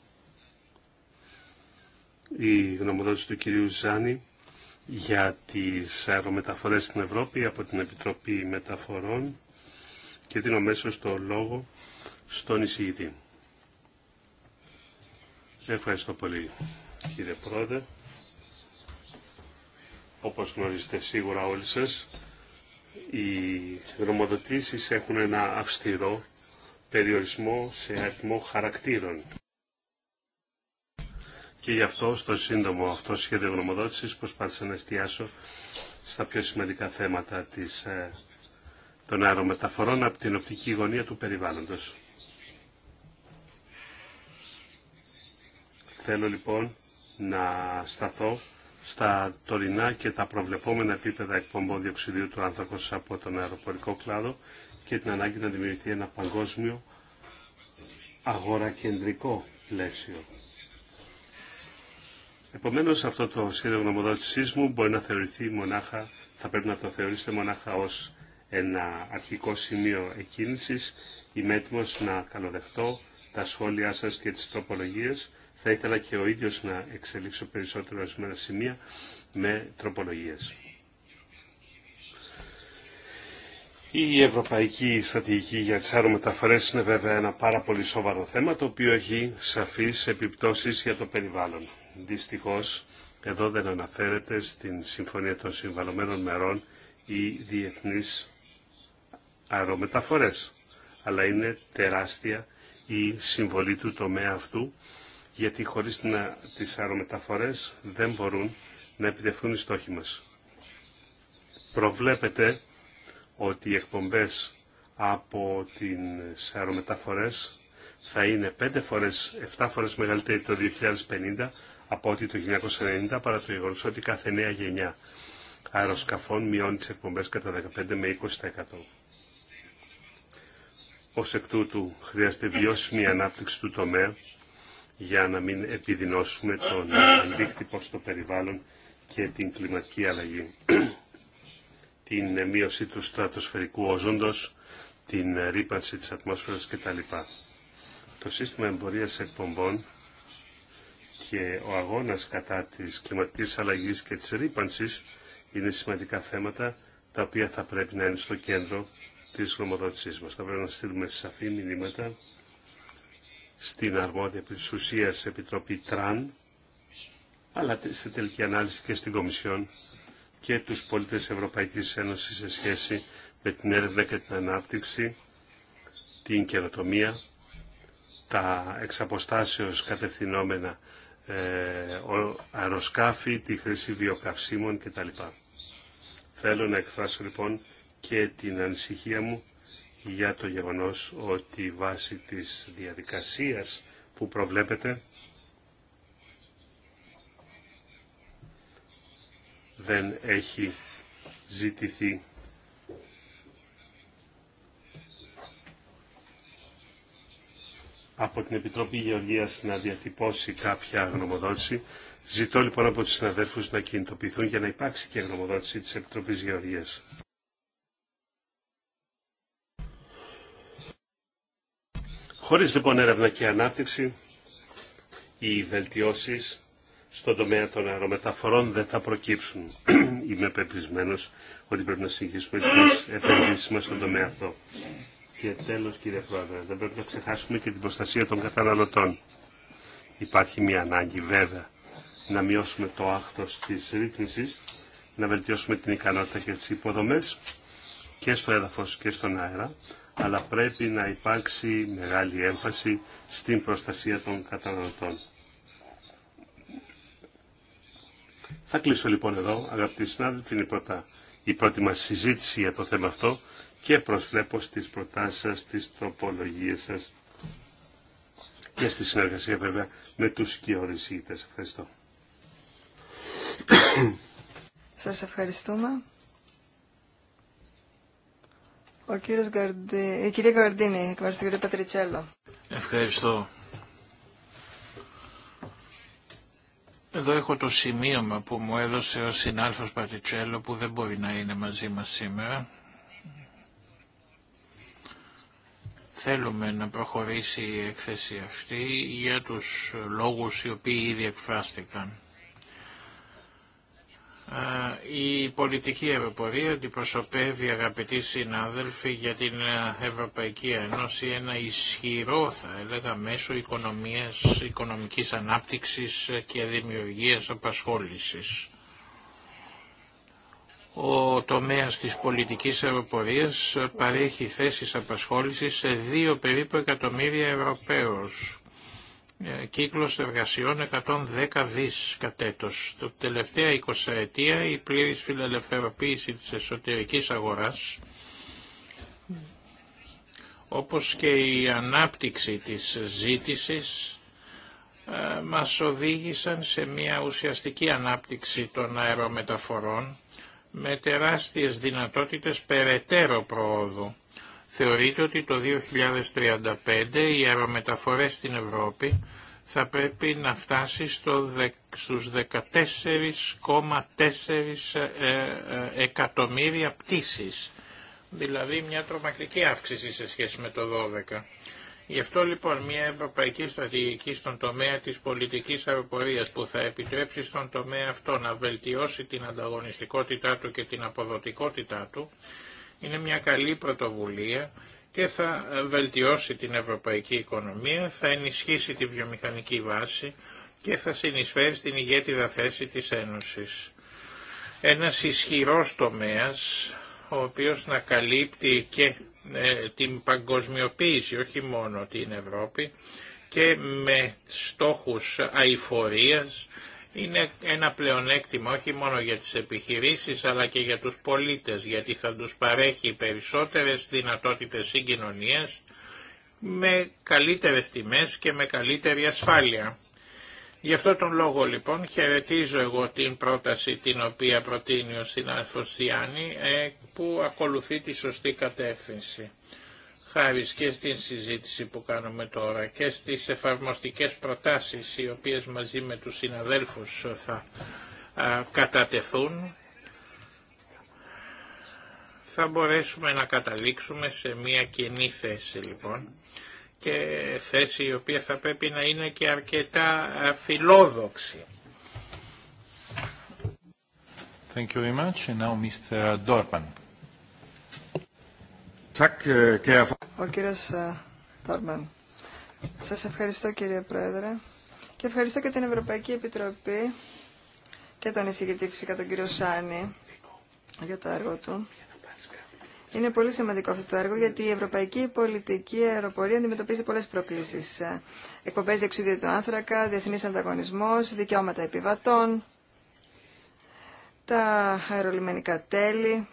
η γνωμοδότηση του κυρίου Ζάνη για τις αερομεταφορές στην Ευρώπη από την Επιτροπή Μεταφορών και δίνω μέσω στο λόγο στον εισηγητή. Ευχαριστώ πολύ κύριε Πρόεδρε. Όπως γνωρίζετε σίγουρα όλοι σας, οι δρομοδοτήσεις έχουν ένα αυστηρό περιορισμό σε αριθμό χαρακτήρων. Και γι' αυτό στο σύντομο αυτό σχέδιο γνωμοδότησης προσπάθησα να εστιάσω στα πιο σημαντικά θέματα της, ε, των αερομεταφορών από την οπτική γωνία του περιβάλλοντος. Θέλω λοιπόν να σταθώ στα τωρινά και τα προβλεπόμενα επίπεδα εκπομπών διοξιδίου του άνθρακος από τον αεροπορικό κλάδο και την ανάγκη να δημιουργηθεί ένα παγκόσμιο αγορακεντρικό πλαίσιο Επομένω, αυτό το σχέδιο γνωμοδότησή μου μπορεί να θεωρηθεί μονάχα, θα πρέπει να το θεωρήσετε μονάχα ω ένα αρχικό σημείο εκκίνησης. Είμαι έτοιμο να καλοδεχτώ τα σχόλιά σα και τι τροπολογίε. Θα ήθελα και ο ίδιο να εξελίξω περισσότερο ορισμένα σημεία με τροπολογίες. Η Ευρωπαϊκή Στρατηγική για τις Αερομεταφορές είναι βέβαια ένα πάρα πολύ σοβαρό θέμα, το οποίο έχει σαφείς επιπτώσεις για το περιβάλλον. Δυστυχώς, εδώ δεν αναφέρεται στην Συμφωνία των Συμβαλωμένων Μερών ή διεθνείς αερομεταφορές, αλλά είναι τεράστια η συμβολή του τομέα αυτού, γιατί χωρίς να, τις αερομεταφορές δεν μπορούν να επιτευχθούν οι στόχοι μας. Προβλέπετε ότι οι εκπομπές από τις αερομεταφορές θα είναι 5 φορές, 7 φορές μεγαλύτερη το 2050 από ότι το 1990 παρά το ότι κάθε νέα γενιά αεροσκαφών μειώνει τις εκπομπές κατά 15 με 20%. Ω εκ τούτου χρειάζεται βιώσιμη ανάπτυξη του τομέα για να μην επιδεινώσουμε τον αντίκτυπο στο περιβάλλον και την κλιματική αλλαγή. την μείωση του στρατοσφαιρικού όζοντος, την ρήπανση της ατμόσφαιρας κτλ. Το σύστημα εμπορίας εκπομπών και ο αγώνας κατά της κλιματικής αλλαγής και της ρήπανσης είναι σημαντικά θέματα τα οποία θα πρέπει να είναι στο κέντρο της γνωμοδότησής μας. Θα πρέπει να στείλουμε σαφή μηνύματα στην αρμόδια τη της ουσίας Επιτροπή Τραν, αλλά σε τελική ανάλυση και στην Κομισιόν και τους πολίτες Ευρωπαϊκής Ένωσης σε σχέση με την έρευνα και την ανάπτυξη, την καινοτομία, τα εξαποστάσεως κατευθυνόμενα ε, αεροσκάφη, τη χρήση βιοκαυσίμων κτλ. Θέλω να εκφράσω λοιπόν και την ανησυχία μου για το γεγονός ότι βάσει της διαδικασίας που προβλέπεται δεν έχει ζητηθεί από την Επιτροπή Γεωργίας να διατυπώσει κάποια γνωμοδότηση. Ζητώ λοιπόν από τους συναδέλφους να κινητοποιηθούν για να υπάρξει και γνωμοδότηση της Επιτροπής Γεωργίας. Χωρίς λοιπόν έρευνα και ανάπτυξη, οι βελτιώσεις στον τομέα των αερομεταφορών δεν θα προκύψουν. Είμαι πεπισμένο ότι πρέπει να συνεχίσουμε τις επενδύσεις μας στον τομέα αυτό. Και τέλος κύριε Πρόεδρε, δεν πρέπει να ξεχάσουμε και την προστασία των καταναλωτών. Υπάρχει μια ανάγκη βέβαια να μειώσουμε το άχθος της ρύθμισης, να βελτιώσουμε την ικανότητα και τις υποδομές και στο έδαφος και στον αέρα, αλλά πρέπει να υπάρξει μεγάλη έμφαση στην προστασία των καταναλωτών. Θα κλείσω λοιπόν εδώ, αγαπητοί συνάδελφοι, είναι η πρώτη μας συζήτηση για το θέμα αυτό και προσβλέπω στις προτάσεις σας, στις τροπολογίες σας και στη συνεργασία βέβαια με τους σκιώδεις Ευχαριστώ. Σας ευχαριστούμε. Ο κύριος Γκαρντί, Η κυρία Γκαρντίνη, εκ Πατριτσέλο. Ευχαριστώ. Εδώ έχω το σημείωμα που μου έδωσε ο συνάλφος Πατριτσέλο που δεν μπορεί να είναι μαζί μας σήμερα. Θέλουμε να προχωρήσει η έκθεση αυτή για τους λόγους οι οποίοι ήδη εκφράστηκαν. Ε, η πολιτική αεροπορία αντιπροσωπεύει αγαπητοί συνάδελφοι για την Ευρωπαϊκή Ένωση ένα ισχυρό θα έλεγα μέσο οικονομίας, οικονομικής ανάπτυξης και δημιουργίας απασχόλησης. Ο τομέας της πολιτικής αεροπορίας παρέχει θέσεις απασχόλησης σε δύο περίπου εκατομμύρια Ευρωπαίους. Ε, κύκλος εργασιών 110 δις κατέτος. Το τελευταία 20 ετία η πλήρης φιλελευθεροποίηση της εσωτερικής αγοράς όπως και η ανάπτυξη της ζήτησης ε, μας οδήγησαν σε μια ουσιαστική ανάπτυξη των αερομεταφορών με τεράστιες δυνατότητες περαιτέρω προόδου. Θεωρείται ότι το 2035 οι αερομεταφορές στην Ευρώπη θα πρέπει να φτάσει στο, στους 14,4 ε, ε, εκατομμύρια πτήσεις, δηλαδή μια τρομακτική αύξηση σε σχέση με το 12. Γι' αυτό λοιπόν μια ευρωπαϊκή στρατηγική στον τομέα της πολιτικής αεροπορίας που θα επιτρέψει στον τομέα αυτό να βελτιώσει την ανταγωνιστικότητά του και την αποδοτικότητά του είναι μια καλή πρωτοβουλία και θα βελτιώσει την ευρωπαϊκή οικονομία, θα ενισχύσει τη βιομηχανική βάση και θα συνεισφέρει στην ηγέτιδα θέση της Ένωσης. Ένας ισχυρός τομέας ο οποίος να καλύπτει και ε, την παγκοσμιοποίηση, όχι μόνο την Ευρώπη, και με στόχους αηφορίας είναι ένα πλεονέκτημα όχι μόνο για τις επιχειρήσεις αλλά και για τους πολίτες γιατί θα τους παρέχει περισσότερες δυνατότητες συγκοινωνίας με καλύτερες τιμές και με καλύτερη ασφάλεια. Γι' αυτό τον λόγο λοιπόν χαιρετίζω εγώ την πρόταση την οποία προτείνει ο συνάδελφος ε, που ακολουθεί τη σωστή κατεύθυνση. Χάρη και στην συζήτηση που κάνουμε τώρα και στις εφαρμοστικές προτάσεις οι οποίες μαζί με τους συναδέλφους θα κατατεθούν θα μπορέσουμε να καταλήξουμε σε μια κοινή θέση λοιπόν και θέση η οποία θα πρέπει να είναι και αρκετά ε, φιλόδοξη. Thank you very much. And now Mr. Eh, Ο κύριος Τόρμαν. Ε, Σας ευχαριστώ κύριε Πρόεδρε και ευχαριστώ και την Ευρωπαϊκή Επιτροπή και τον εισηγητή φυσικά τον κύριο Σάνη για το έργο του. Είναι πολύ σημαντικό αυτό το έργο γιατί η ευρωπαϊκή πολιτική αεροπορία αντιμετωπίζει πολλές προκλήσεις. Ε, εκπομπές διεξουδίου του άνθρακα, διεθνή ανταγωνισμό, δικαιώματα επιβατών, τα αερολιμενικά τέλη.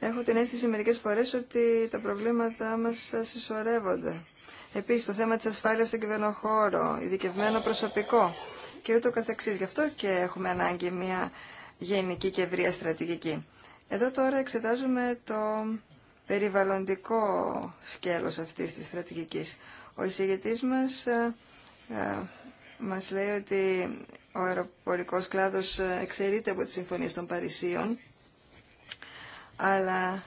Έχω την αίσθηση μερικέ φορές ότι τα προβλήματά μας συσσωρεύονται. Επίσης το θέμα της ασφάλειας στον κυβερνοχώρο, ειδικευμένο προσωπικό και ούτω καθεξής. Γι' αυτό και έχουμε ανάγκη μια γενική και ευρεία στρατηγική. Εδώ τώρα εξετάζουμε το περιβαλλοντικό σκέλος αυτής της στρατηγικής. Ο εισηγητής μας ε, ε, μας λέει ότι ο αεροπορικός κλάδος ε, εξαιρείται από τις συμφωνίες των Παρισίων, αλλά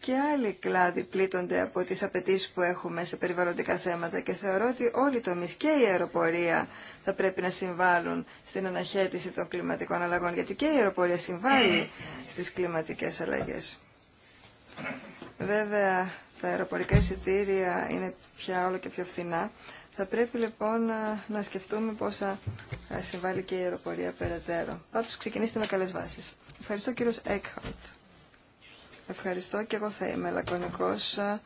και άλλοι κλάδοι πλήττονται από τις απαιτήσει που έχουμε σε περιβαλλοντικά θέματα και θεωρώ ότι όλοι οι τομεί και η αεροπορία θα πρέπει να συμβάλλουν στην αναχέτηση των κλιματικών αλλαγών γιατί και η αεροπορία συμβάλλει ε. στις κλιματικές αλλαγές. Βέβαια, τα αεροπορικά εισιτήρια είναι πια όλο και πιο φθηνά. Θα πρέπει λοιπόν να, σκεφτούμε πώς θα συμβάλλει και η αεροπορία περαιτέρω. Πάντως ξεκινήστε με καλές βάσεις. Ευχαριστώ κύριος Έκχαουτ. Ευχαριστώ και εγώ θα είμαι λακωνικός ε,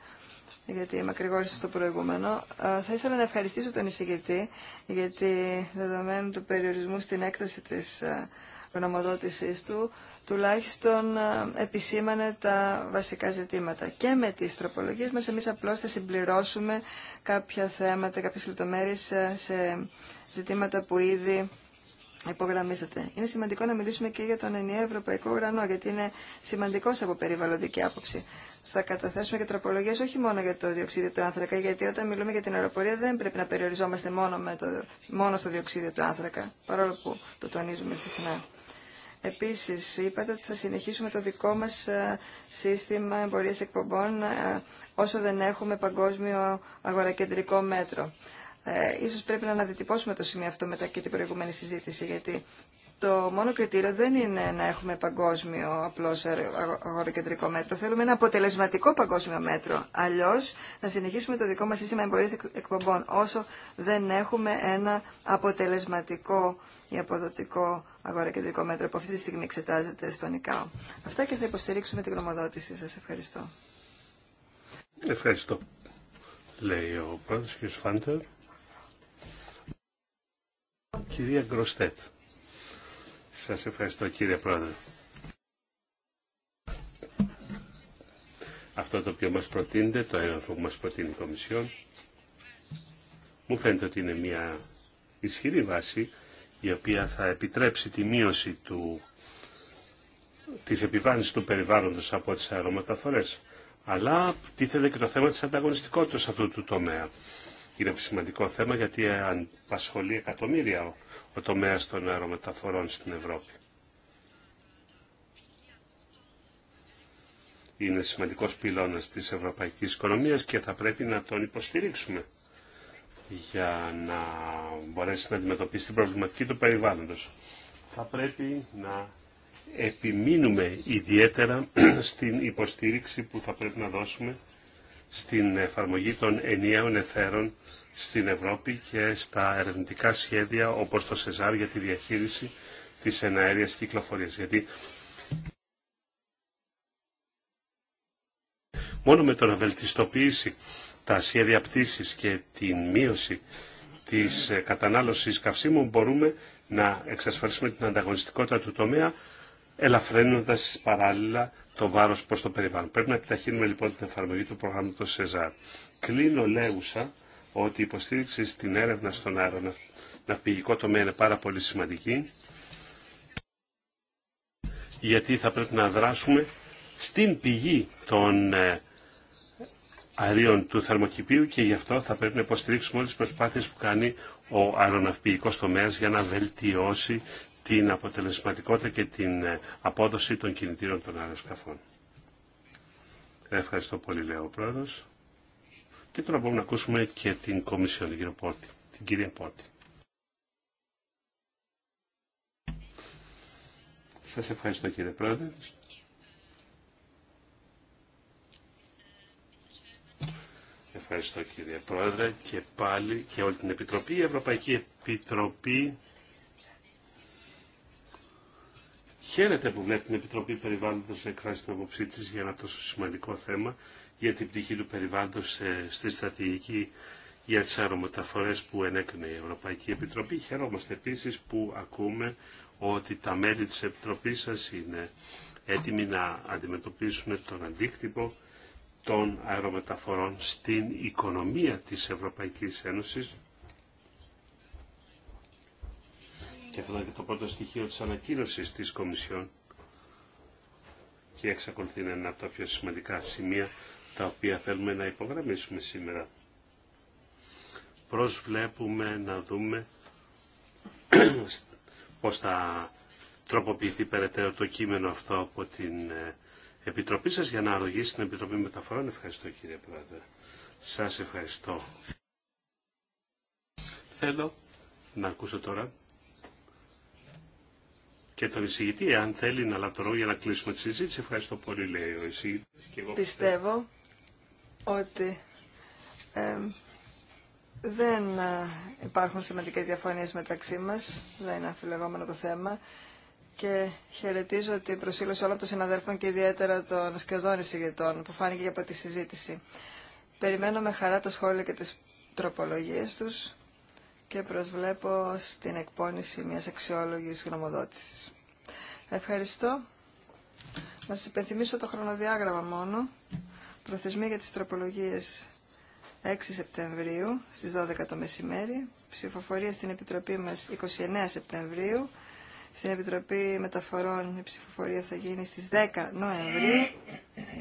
γιατί μακρηγόρησα στο προηγούμενο. Ε, θα ήθελα να ευχαριστήσω τον εισηγητή γιατί δεδομένου του περιορισμού στην έκταση της ε, γνωμοδότησής του τουλάχιστον επισήμανε τα βασικά ζητήματα. Και με τις τροπολογίες μας εμείς απλώς θα συμπληρώσουμε κάποια θέματα, κάποιε λεπτομέρειες σε ζητήματα που ήδη είναι σημαντικό να μιλήσουμε και για τον ενιαίο ευρωπαϊκό ουρανό, γιατί είναι σημαντικό από περιβαλλοντική άποψη. Θα καταθέσουμε και τροπολογίε όχι μόνο για το διοξίδιο του άνθρακα, γιατί όταν μιλούμε για την αεροπορία δεν πρέπει να περιοριζόμαστε μόνο, με το, μόνο στο διοξίδιο του άνθρακα, παρόλο που το τονίζουμε συχνά. Επίση, είπατε ότι θα συνεχίσουμε το δικό μα ε, σύστημα εμπορία εκπομπών ε, όσο δεν έχουμε παγκόσμιο αγορακεντρικό μέτρο. Ε, ίσως πρέπει να αναδιτυπώσουμε το σημείο αυτό μετά και την προηγούμενη συζήτηση, γιατί το μόνο κριτήριο δεν είναι να έχουμε παγκόσμιο απλώς αγοροκεντρικό μέτρο. Θέλουμε ένα αποτελεσματικό παγκόσμιο μέτρο. Αλλιώς να συνεχίσουμε το δικό μας σύστημα εμπορίας εκπομπών όσο δεν έχουμε ένα αποτελεσματικό ή αποδοτικό αγοροκεντρικό μέτρο που αυτή τη στιγμή εξετάζεται στον ΙΚΑΟ. Αυτά και θα υποστηρίξουμε την γνωμοδότηση. Σας ευχαριστώ. Ευχαριστώ. Λέει ο πρόεδρος κ. Φάντερ. Κυρία Γκροστέτ. Σας ευχαριστώ κύριε Πρόεδρε. Αυτό το οποίο μας προτείνεται, το έγγραφο που μας προτείνει η Κομισιόν, μου φαίνεται ότι είναι μια ισχυρή βάση η οποία θα επιτρέψει τη μείωση του, της επιβάρυνσης του περιβάλλοντος από τις αερομεταφορές. Αλλά τίθεται και το θέμα της ανταγωνιστικότητας αυτού του τομέα. Είναι σημαντικό θέμα γιατί απασχολεί εκατομμύρια ο τομέας των αερομεταφορών στην Ευρώπη. Είναι σημαντικός πυλώνας της ευρωπαϊκής οικονομίας και θα πρέπει να τον υποστηρίξουμε για να μπορέσει να αντιμετωπίσει την προβληματική του περιβάλλοντος. Θα πρέπει να επιμείνουμε ιδιαίτερα στην υποστήριξη που θα πρέπει να δώσουμε στην εφαρμογή των ενιαίων εθέρων στην Ευρώπη και στα ερευνητικά σχέδια όπως το ΣΕΖΑΡ για τη διαχείριση της εναέριας κυκλοφορίας. Γιατί μόνο με το να βελτιστοποιήσει τα σχέδια πτήσης και την μείωση της κατανάλωσης καυσίμων μπορούμε να εξασφαλίσουμε την ανταγωνιστικότητα του τομέα ελαφραίνοντας παράλληλα το βάρος προς το περιβάλλον. Πρέπει να επιταχύνουμε λοιπόν την εφαρμογή του προγράμματος ΣΕΖΑΡ. Κλείνω λέγουσα ότι η υποστήριξη στην έρευνα στον αεροναυπηγικό τομέα είναι πάρα πολύ σημαντική γιατί θα πρέπει να δράσουμε στην πηγή των ε, αερίων του θερμοκηπίου και γι' αυτό θα πρέπει να υποστηρίξουμε όλες τις προσπάθειες που κάνει ο αεροναυπηγικός τομέας για να βελτιώσει την αποτελεσματικότητα και την ε, απόδοση των κινητήρων των αεροσκαφών. Ευχαριστώ πολύ, λέω ο Πρόεδρος. Και τώρα μπορούμε να ακούσουμε και την Κομισιόν, την, την κυρία Πόρτη. Σας ευχαριστώ κύριε Πρόεδρε. Ευχαριστώ κύριε Πρόεδρε και πάλι και όλη την Επιτροπή. Η Ευρωπαϊκή Επιτροπή Χαίρεται που βλέπει την Επιτροπή Περιβάλλοντος να εκφράσει την απόψή της για ένα τόσο σημαντικό θέμα για την πτυχή του περιβάλλοντος ε, στη στρατηγική για τις αερομεταφορές που ενέκρινε η Ευρωπαϊκή Επιτροπή. Χαιρόμαστε επίσης που ακούμε ότι τα μέλη της Επιτροπής σας είναι έτοιμοι να αντιμετωπίσουν τον αντίκτυπο των αερομεταφορών στην οικονομία της Ευρωπαϊκής Ένωσης και αυτό ήταν και το πρώτο στοιχείο της ανακοίνωσης της Κομισιόν και εξακολουθεί να είναι από τα πιο σημαντικά σημεία τα οποία θέλουμε να υπογραμμίσουμε σήμερα. Προσβλέπουμε να δούμε πώς θα τροποποιηθεί περαιτέρω το κείμενο αυτό από την ε, Επιτροπή σας για να αρρωγήσει την Επιτροπή Μεταφορών. Ευχαριστώ κύριε Πρόεδρε. Σας ευχαριστώ. Θέλω να ακούσω τώρα και τον εισηγητή, εάν θέλει να λάβει για να κλείσουμε τη συζήτηση. Ευχαριστώ πολύ, λέει ο εισηγητή. Πιστεύω ότι ε, δεν υπάρχουν σημαντικές διαφωνίες μεταξύ μας, δεν είναι αφιλεγόμενο το θέμα και χαιρετίζω την προσήλωση όλων των συναδέλφων και ιδιαίτερα των σχεδόν εισηγητών που φάνηκε από τη συζήτηση. Περιμένω με χαρά τα σχόλια και τις τροπολογίες τους και προσβλέπω στην εκπόνηση μιας αξιόλογης γνωμοδότησης. Ευχαριστώ. Να σας υπενθυμίσω το χρονοδιάγραμμα μόνο. Προθεσμία για τις τροπολογίες 6 Σεπτεμβρίου στις 12 το μεσημέρι. Ψηφοφορία στην Επιτροπή μας 29 Σεπτεμβρίου. Στην Επιτροπή Μεταφορών η ψηφοφορία θα γίνει στις 10 Νοεμβρίου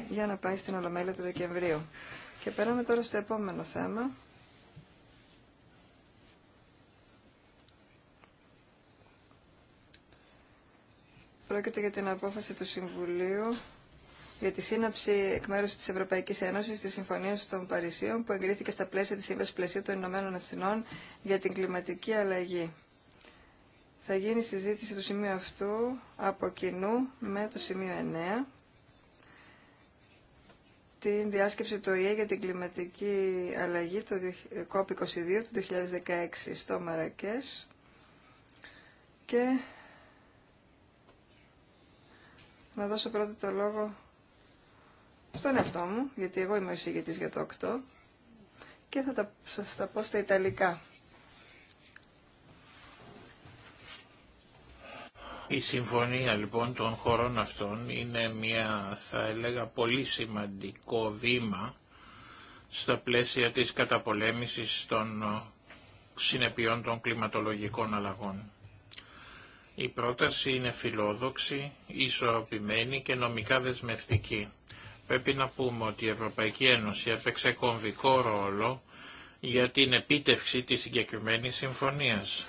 για να πάει στην Ολομέλεια του Δεκεμβρίου. Και περάμε τώρα στο επόμενο θέμα. πρόκειται για την απόφαση του Συμβουλίου για τη σύναψη εκ μέρου τη Ευρωπαϊκή Ένωση τη Συμφωνία των Παρισίων που εγκρίθηκε στα πλαίσια τη Σύμβαση Πλαισίου των Ηνωμένων Εθνών για την κλιματική αλλαγή. Θα γίνει συζήτηση του σημείου αυτού από κοινού με το σημείο 9 την διάσκεψη του ΟΗΕ για την κλιματική αλλαγή το COP22 του 2016 στο Μαρακές και να δώσω πρώτα το λόγο στον εαυτό μου, γιατί εγώ είμαι ο εισηγητής για το 8 και θα τα, σας τα πω στα Ιταλικά. Η συμφωνία λοιπόν των χωρών αυτών είναι μια θα έλεγα πολύ σημαντικό βήμα στα πλαίσια της καταπολέμησης των συνεπειών των κλιματολογικών αλλαγών. Η πρόταση είναι φιλόδοξη, ισορροπημένη και νομικά δεσμευτική. Πρέπει να πούμε ότι η Ευρωπαϊκή Ένωση έπαιξε κομβικό ρόλο για την επίτευξη της συγκεκριμένης συμφωνίας.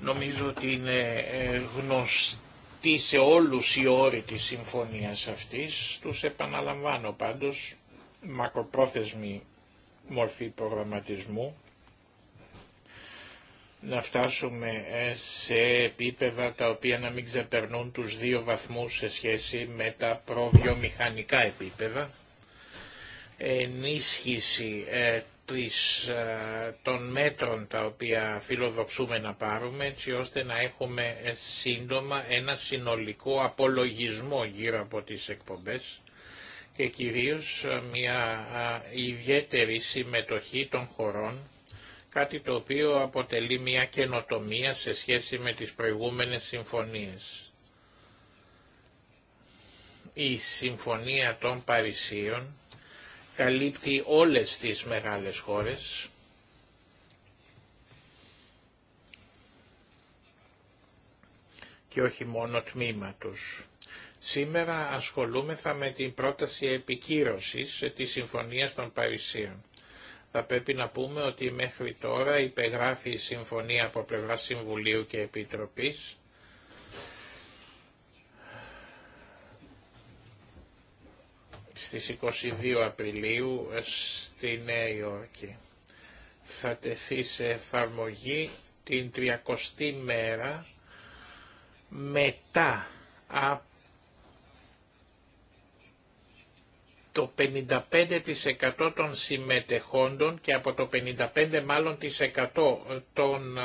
Νομίζω ότι είναι ε, γνωστή σε όλους οι όροι της συμφωνίας αυτής. Τους επαναλαμβάνω πάντως, μακροπρόθεσμη μορφή προγραμματισμού, να φτάσουμε ε, σε επίπεδα τα οποία να μην ξεπερνούν τους δύο βαθμούς σε σχέση με τα προβιομηχανικά επίπεδα. Ενίσχυση ε, της, ε, των μέτρων τα οποία φιλοδοξούμε να πάρουμε έτσι ώστε να έχουμε σύντομα ένα συνολικό απολογισμό γύρω από τις εκπομπές και κυρίως μια ιδιαίτερη συμμετοχή των χωρών κάτι το οποίο αποτελεί μια καινοτομία σε σχέση με τις προηγούμενες συμφωνίες. Η Συμφωνία των Παρισίων καλύπτει όλες τις μεγάλες χώρες, και όχι μόνο τμήμα Σήμερα ασχολούμεθα με την πρόταση επικύρωσης της Συμφωνίας των Παρισίων θα πρέπει να πούμε ότι μέχρι τώρα υπεγράφει η συμφωνία από πλευρά Συμβουλίου και Επιτροπής στις 22 Απριλίου στη Νέα Υόρκη. Θα τεθεί σε εφαρμογή την 30η μέρα μετά από το 55% των συμμετεχόντων και από το 55% μάλλον της 100% των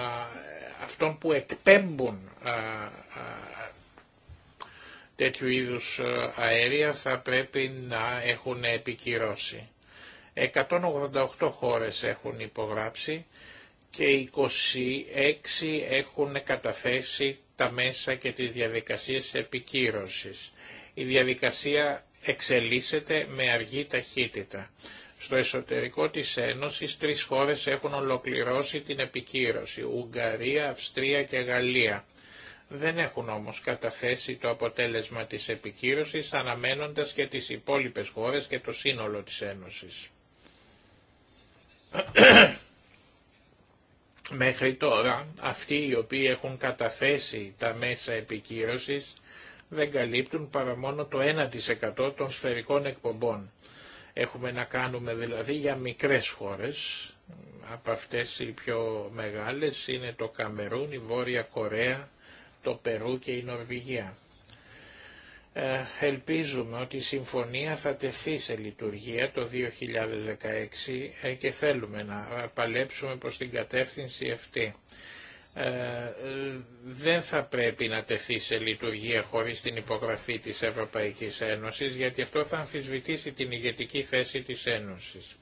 αυτών που εκπέμπουν τέτοιου είδους αέρια θα πρέπει να έχουν επικυρώσει. 188 χώρες έχουν υπογράψει και 26 έχουν καταθέσει τα μέσα και τις διαδικασίες επικύρωσης. Η διαδικασία εξελίσσεται με αργή ταχύτητα. Στο εσωτερικό της Ένωσης τρεις χώρες έχουν ολοκληρώσει την επικύρωση, Ουγγαρία, Αυστρία και Γαλλία. Δεν έχουν όμως καταθέσει το αποτέλεσμα της επικύρωσης αναμένοντας και τις υπόλοιπες χώρες και το σύνολο της Ένωσης. Μέχρι τώρα αυτοί οι οποίοι έχουν καταθέσει τα μέσα επικύρωσης δεν καλύπτουν παρά μόνο το 1% των σφαιρικών εκπομπών. Έχουμε να κάνουμε δηλαδή για μικρές χώρες, από αυτές οι πιο μεγάλες είναι το Καμερούν, η Βόρεια Κορέα, το Περού και η Νορβηγία. Ε, ελπίζουμε ότι η συμφωνία θα τεθεί σε λειτουργία το 2016 ε, και θέλουμε να παλέψουμε προς την κατεύθυνση αυτή. Ε, δεν θα πρέπει να τεθεί σε λειτουργία χωρίς την υπογραφή της Ευρωπαϊκής Ένωσης, γιατί αυτό θα αμφισβητήσει την ηγετική θέση της Ένωσης.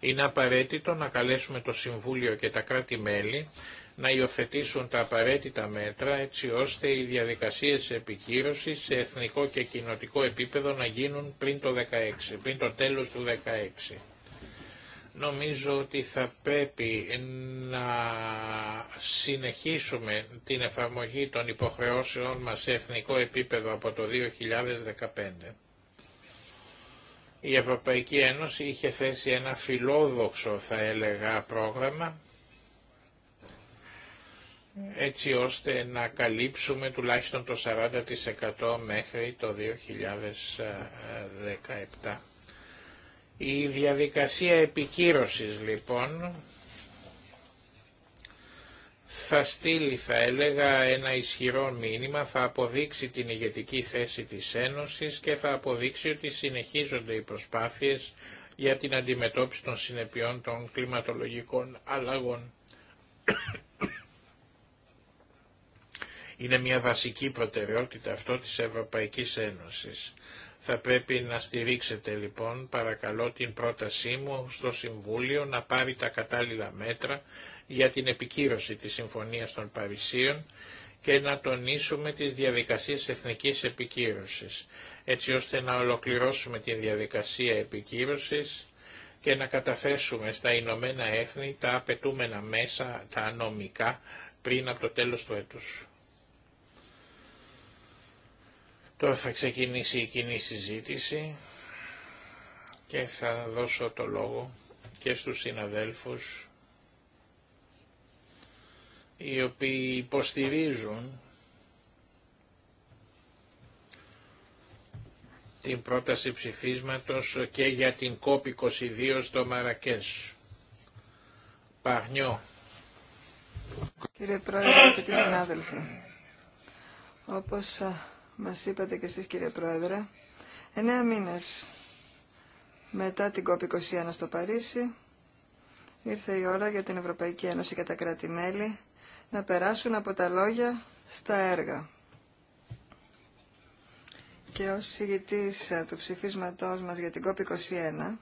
Είναι απαραίτητο να καλέσουμε το Συμβούλιο και τα κράτη-μέλη να υιοθετήσουν τα απαραίτητα μέτρα έτσι ώστε οι διαδικασίες επικύρωσης σε εθνικό και κοινοτικό επίπεδο να γίνουν πριν το, 16, πριν το τέλος του 2016. Νομίζω ότι θα πρέπει να συνεχίσουμε την εφαρμογή των υποχρεώσεων μας σε εθνικό επίπεδο από το 2015. Η Ευρωπαϊκή Ένωση είχε θέσει ένα φιλόδοξο θα έλεγα πρόγραμμα έτσι ώστε να καλύψουμε τουλάχιστον το 40% μέχρι το 2017. Η διαδικασία επικύρωσης λοιπόν θα στείλει θα έλεγα ένα ισχυρό μήνυμα, θα αποδείξει την ηγετική θέση της Ένωσης και θα αποδείξει ότι συνεχίζονται οι προσπάθειες για την αντιμετώπιση των συνεπειών των κλιματολογικών αλλαγών. Είναι μια βασική προτεραιότητα αυτό της Ευρωπαϊκής Ένωσης. Θα πρέπει να στηρίξετε λοιπόν παρακαλώ την πρότασή μου στο Συμβούλιο να πάρει τα κατάλληλα μέτρα για την επικύρωση της Συμφωνίας των Παρισίων και να τονίσουμε τις διαδικασίες εθνικής επικύρωσης, έτσι ώστε να ολοκληρώσουμε τη διαδικασία επικύρωσης και να καταθέσουμε στα Ηνωμένα Έθνη τα απαιτούμενα μέσα, τα νομικά, πριν από το τέλος του έτους. Τώρα θα ξεκινήσει η κοινή συζήτηση και θα δώσω το λόγο και στους συναδέλφους οι οποίοι υποστηρίζουν την πρόταση ψηφίσματος και για την COP22 στο Μαρακές. Παγνιό. Κύριε Πρόεδρε, και συνάδελφοι, όπως μας είπατε και εσείς κύριε Πρόεδρε, εννέα μήνες μετά την COP21 στο Παρίσι, ήρθε η ώρα για την Ευρωπαϊκή Ένωση και τα κράτη-μέλη να περάσουν από τα λόγια στα έργα. Και ως συγητής ε, του ψηφίσματός μας για την COP21,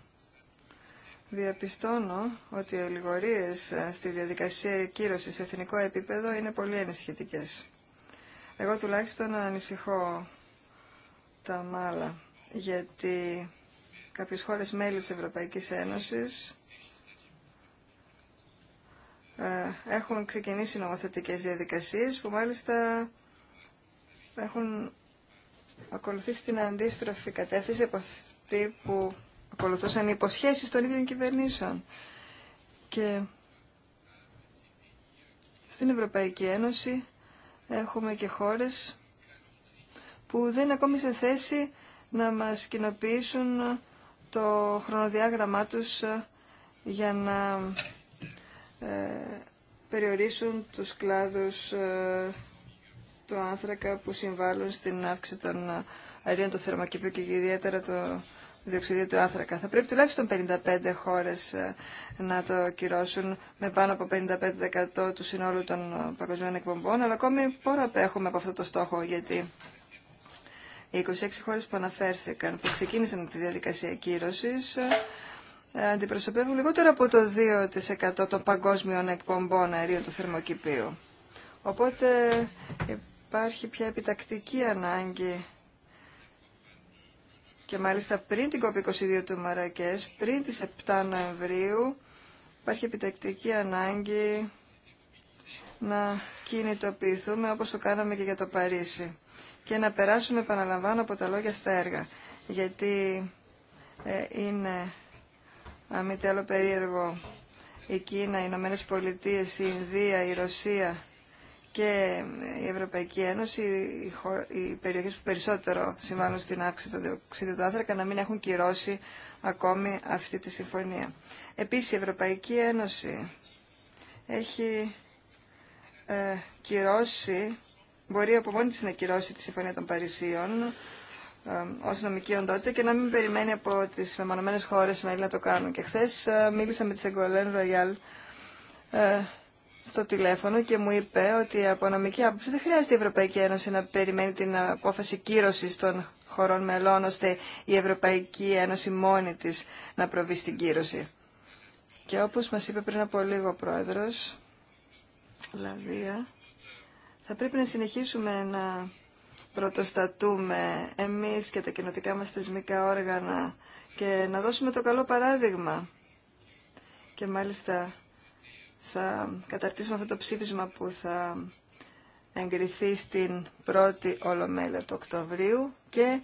διαπιστώνω ότι οι ολιγορίες ε, στη διαδικασία κύρωσης σε εθνικό επίπεδο είναι πολύ ενισχυτικές. Εγώ τουλάχιστον ανησυχώ τα μάλα, γιατί κάποιες χώρες μέλη της Ευρωπαϊκής Ένωσης ε, έχουν ξεκινήσει νομοθετικές διαδικασίες που μάλιστα έχουν ακολουθήσει την αντίστροφη κατεύθυνση από αυτή που ακολουθούσαν οι υποσχέσεις των ίδιων κυβερνήσεων. Και στην Ευρωπαϊκή Ένωση έχουμε και χώρες που δεν είναι ακόμη σε θέση να μας κοινοποιήσουν το χρονοδιάγραμμά τους ε, για να ε, περιορίσουν τους κλάδους ε, του άνθρακα που συμβάλλουν στην αύξηση των αερίων του θερμοκηπίου και ιδιαίτερα το, διοξιδίου του άνθρακα. Θα πρέπει τουλάχιστον 55 χώρες ε, να το κυρώσουν με πάνω από 55% του συνόλου των ε, παγκοσμίων εκπομπών, αλλά ακόμη πόρα απέχουμε από αυτό το στόχο, γιατί οι 26 χώρες που αναφέρθηκαν, που ξεκίνησαν τη διαδικασία κύρωσης, ε, αντιπροσωπεύουν λιγότερο από το 2% των παγκόσμιων εκπομπών αερίων του θερμοκηπίου. Οπότε υπάρχει πια επιτακτική ανάγκη και μάλιστα πριν την COP22 του Μαρακές, πριν τις 7 Νοεμβρίου, υπάρχει επιτακτική ανάγκη να κινητοποιηθούμε όπως το κάναμε και για το Παρίσι και να περάσουμε, επαναλαμβάνω, από τα λόγια στα έργα. Γιατί ε, είναι, αν μη περίεργο, η Κίνα, οι Ηνωμένε Πολιτείε, η Ινδία, η Ρωσία και η Ευρωπαϊκή Ένωση, οι περιοχές που περισσότερο συμβάλλουν στην αύξηση του διοξίδιου του άνθρακα, να μην έχουν κυρώσει ακόμη αυτή τη συμφωνία. Επίσης, η Ευρωπαϊκή Ένωση έχει ε, κυρώσει, μπορεί από μόνη της να κυρώσει τη Συμφωνία των Παρισίων, ε, ως νομική οντότητα και να μην περιμένει από τις μεμονωμένες χώρες μέλη να το κάνουν. Και χθες ε, μίλησα με τη Σεγκολέν Ρογιάλ ε, στο τηλέφωνο και μου είπε ότι από νομική άποψη δεν χρειάζεται η Ευρωπαϊκή Ένωση να περιμένει την απόφαση κύρωση των χωρών μελών, ώστε η Ευρωπαϊκή Ένωση μόνη της να προβεί στην κύρωση. Και όπως μας είπε πριν από λίγο ο Πρόεδρος, δηλαδή, θα πρέπει να συνεχίσουμε να πρωτοστατούμε εμείς και τα κοινοτικά μας θεσμικά όργανα και να δώσουμε το καλό παράδειγμα. Και μάλιστα θα καταρτήσουμε αυτό το ψήφισμα που θα εγκριθεί στην πρώτη Ολομέλεια του Οκτωβρίου και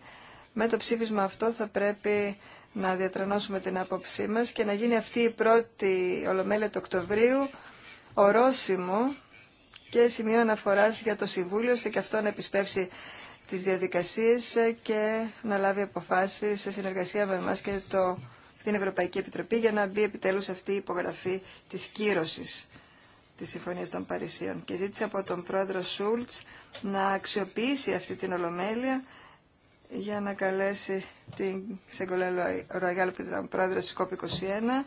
με το ψήφισμα αυτό θα πρέπει να διατρανώσουμε την άποψή μας και να γίνει αυτή η πρώτη Ολομέλεια του Οκτωβρίου ορόσημο και σημείο αναφοράς για το Συμβούλιο, ώστε και αυτό να επισπεύσει τις διαδικασίες και να λάβει αποφάσεις σε συνεργασία με εμάς και το την Ευρωπαϊκή Επιτροπή για να μπει επιτέλους αυτή η υπογραφή της κύρωσης της Συμφωνίας των Παρισίων και ζήτησε από τον πρόεδρο Σούλτς να αξιοποιήσει αυτή την ολομέλεια για να καλέσει την Σεγκολέ Ροαγιάλ που ήταν πρόεδρος της COP21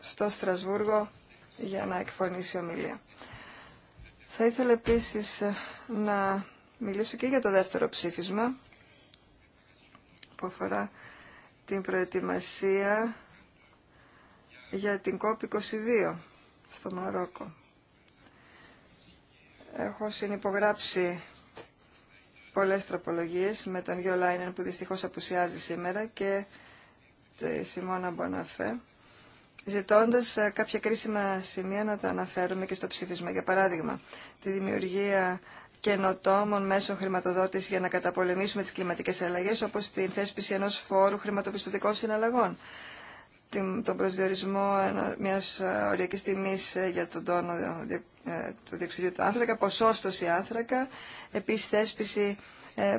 στο Στρασβούργο για να εκφωνήσει ομιλία. Θα ήθελα επίσης να μιλήσω και για το δεύτερο ψήφισμα που αφορά την προετοιμασία για την COP22 στο Μαρόκο. Έχω συνυπογράψει πολλές τροπολογίες με τον Γιώ Λάινεν που δυστυχώς απουσιάζει σήμερα και τη Σιμώνα Μποναφέ ζητώντας ε, κάποια κρίσιμα σημεία να τα αναφέρουμε και στο ψήφισμα. Για παράδειγμα, τη δημιουργία καινοτόμων μέσων χρηματοδότηση για να καταπολεμήσουμε τι κλιματικέ αλλαγέ, όπω την θέσπιση ενό φόρου χρηματοπιστωτικών συναλλαγών, τον προσδιορισμό μια ε, οριακή τιμή ε, για τον τόνο ε, του διοξιδίου του άνθρακα, ποσόστοση άνθρακα, επίση θέσπιση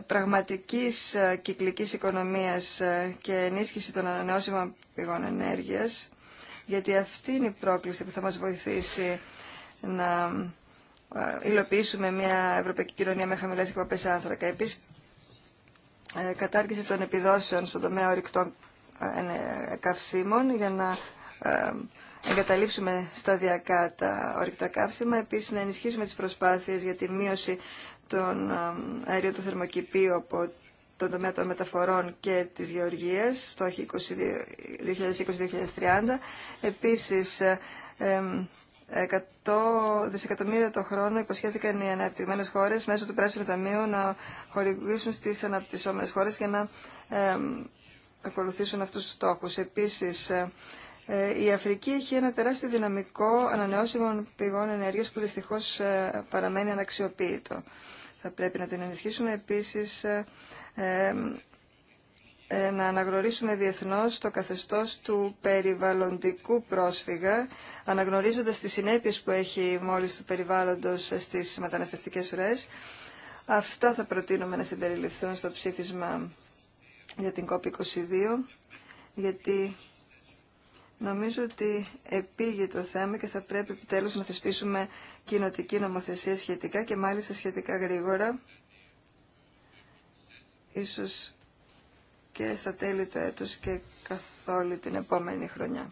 πραγματικής κυκλικής οικονομίας και ενίσχυση των ανανεώσιμων πηγών ενέργειας, γιατί αυτή είναι η πρόκληση που θα μας βοηθήσει να υλοποιήσουμε μια ευρωπαϊκή κοινωνία με χαμηλές εκπομπές άνθρακα. Επίσης, ε, κατάργηση των επιδόσεων στον τομέα ορυκτών ε, ε, καυσίμων για να εγκαταλείψουμε σταδιακά τα ορυκτά καύσιμα. Επίσης, να ενισχύσουμε τις προσπάθειες για τη μείωση των αερίων του θερμοκηπίου από τον τομέα των μεταφορών και της γεωργίας, στόχοι 2020-2030. Επίσης, 100 δισεκατομμύρια το χρόνο υποσχέθηκαν οι αναπτυγμένε χώρες μέσω του Πράσινου Ταμείου να χορηγήσουν στις αναπτυσσόμενες χώρες και να ακολουθήσουν αυτούς τους στόχους. Επίσης, ε, ε, η Αφρική έχει ένα τεράστιο δυναμικό ανανεώσιμων πηγών ενέργειας που δυστυχώς ε, παραμένει αναξιοποιητό. Θα πρέπει να την ενισχύσουμε. Επίσης, ε, να αναγνωρίσουμε διεθνώς το καθεστώς του περιβαλλοντικού πρόσφυγα, αναγνωρίζοντας τις συνέπειες που έχει μόλις του περιβάλλοντος στις μεταναστευτικές ουρές. Αυτά θα προτείνουμε να συμπεριληφθούν στο ψήφισμα για την COP22, γιατί νομίζω ότι επήγει το θέμα και θα πρέπει επιτέλους να θεσπίσουμε κοινοτική νομοθεσία σχετικά και μάλιστα σχετικά γρήγορα και στα τέλη του έτους και καθ' την επόμενη χρονιά.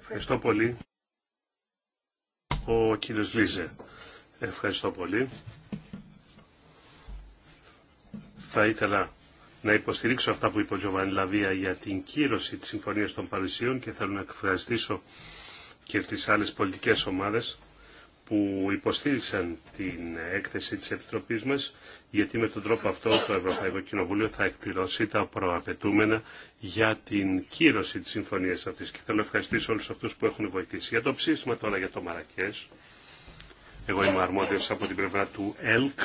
Ευχαριστώ πολύ. Ο κύριος Λίζε. Ευχαριστώ πολύ. Θα ήθελα να υποστηρίξω αυτά που είπε ο Τζοβάνι Λαβία για την κύρωση της Συμφωνίας των Παρισίων και θέλω να ευχαριστήσω και τις άλλες πολιτικές ομάδες που υποστήριξαν την έκθεση της Επιτροπής μας, γιατί με τον τρόπο αυτό το Ευρωπαϊκό Κοινοβούλιο θα εκπληρώσει τα προαπαιτούμενα για την κύρωση της συμφωνίας αυτής. Και θέλω να ευχαριστήσω όλους αυτούς που έχουν βοηθήσει. Για το ψήφισμα τώρα για το Μαρακές, εγώ είμαι αρμόδιος από την πλευρά του ΕΛΚ,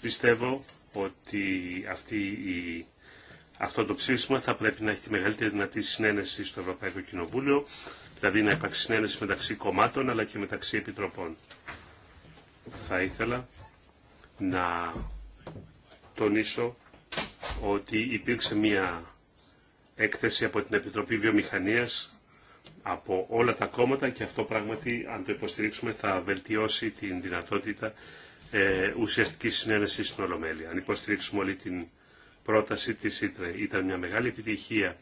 πιστεύω ότι αυτή η αυτό το ψήφισμα θα πρέπει να έχει τη μεγαλύτερη δυνατή συνένεση στο Ευρωπαϊκό Κοινοβούλιο δηλαδή να υπάρξει συνένεση μεταξύ κομμάτων αλλά και μεταξύ επιτροπών. Θα ήθελα να τονίσω ότι υπήρξε μια έκθεση από την Επιτροπή Βιομηχανίας από όλα τα κόμματα και αυτό πράγματι αν το υποστηρίξουμε θα βελτιώσει την δυνατότητα ε, ουσιαστικής συνένεσης στην Ολομέλεια. Αν υποστηρίξουμε όλη την πρόταση της Ήταν μια μεγάλη επιτυχία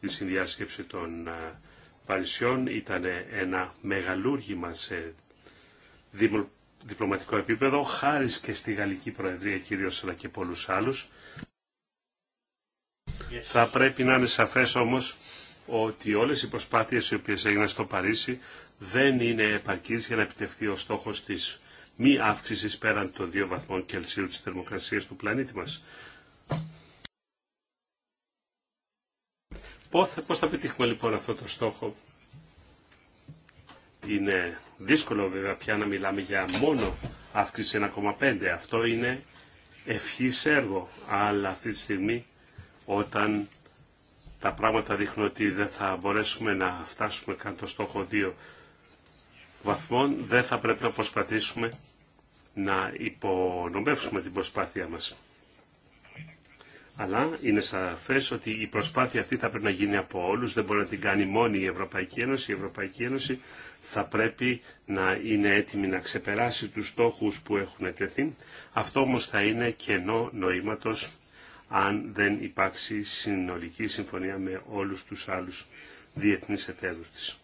η συνδιάσκεψη των ε, Παρισιών ήταν ένα μεγαλούργημα σε διπλωματικό επίπεδο, χάρη και στη Γαλλική Προεδρία κυρίως, αλλά και πολλούς άλλους. Θα πρέπει να είναι σαφέ όμως ότι όλες οι προσπάθειες οι οποίες έγιναν στο Παρίσι δεν είναι επαρκείς για να επιτευχθεί ο στόχος της μη αύξησης πέραν των δύο βαθμών Κελσίου της θερμοκρασίας του πλανήτη μας. Πώς θα πετύχουμε λοιπόν αυτό το στόχο. Είναι δύσκολο βέβαια πια να μιλάμε για μόνο αύξηση 1,5. Αυτό είναι ευχή έργο. Αλλά αυτή τη στιγμή όταν τα πράγματα δείχνουν ότι δεν θα μπορέσουμε να φτάσουμε καν το στόχο 2 βαθμών, δεν θα πρέπει να προσπαθήσουμε να υπονομεύσουμε την προσπάθειά μας. Αλλά είναι σαφές ότι η προσπάθεια αυτή θα πρέπει να γίνει από όλους, δεν μπορεί να την κάνει μόνη η Ευρωπαϊκή Ένωση. Η Ευρωπαϊκή Ένωση θα πρέπει να είναι έτοιμη να ξεπεράσει τους στόχου που έχουν τεθεί. Αυτό όμω θα είναι κενό νοήματος αν δεν υπάρξει συνολική συμφωνία με όλους τους άλλους διεθνείς εταίρους της.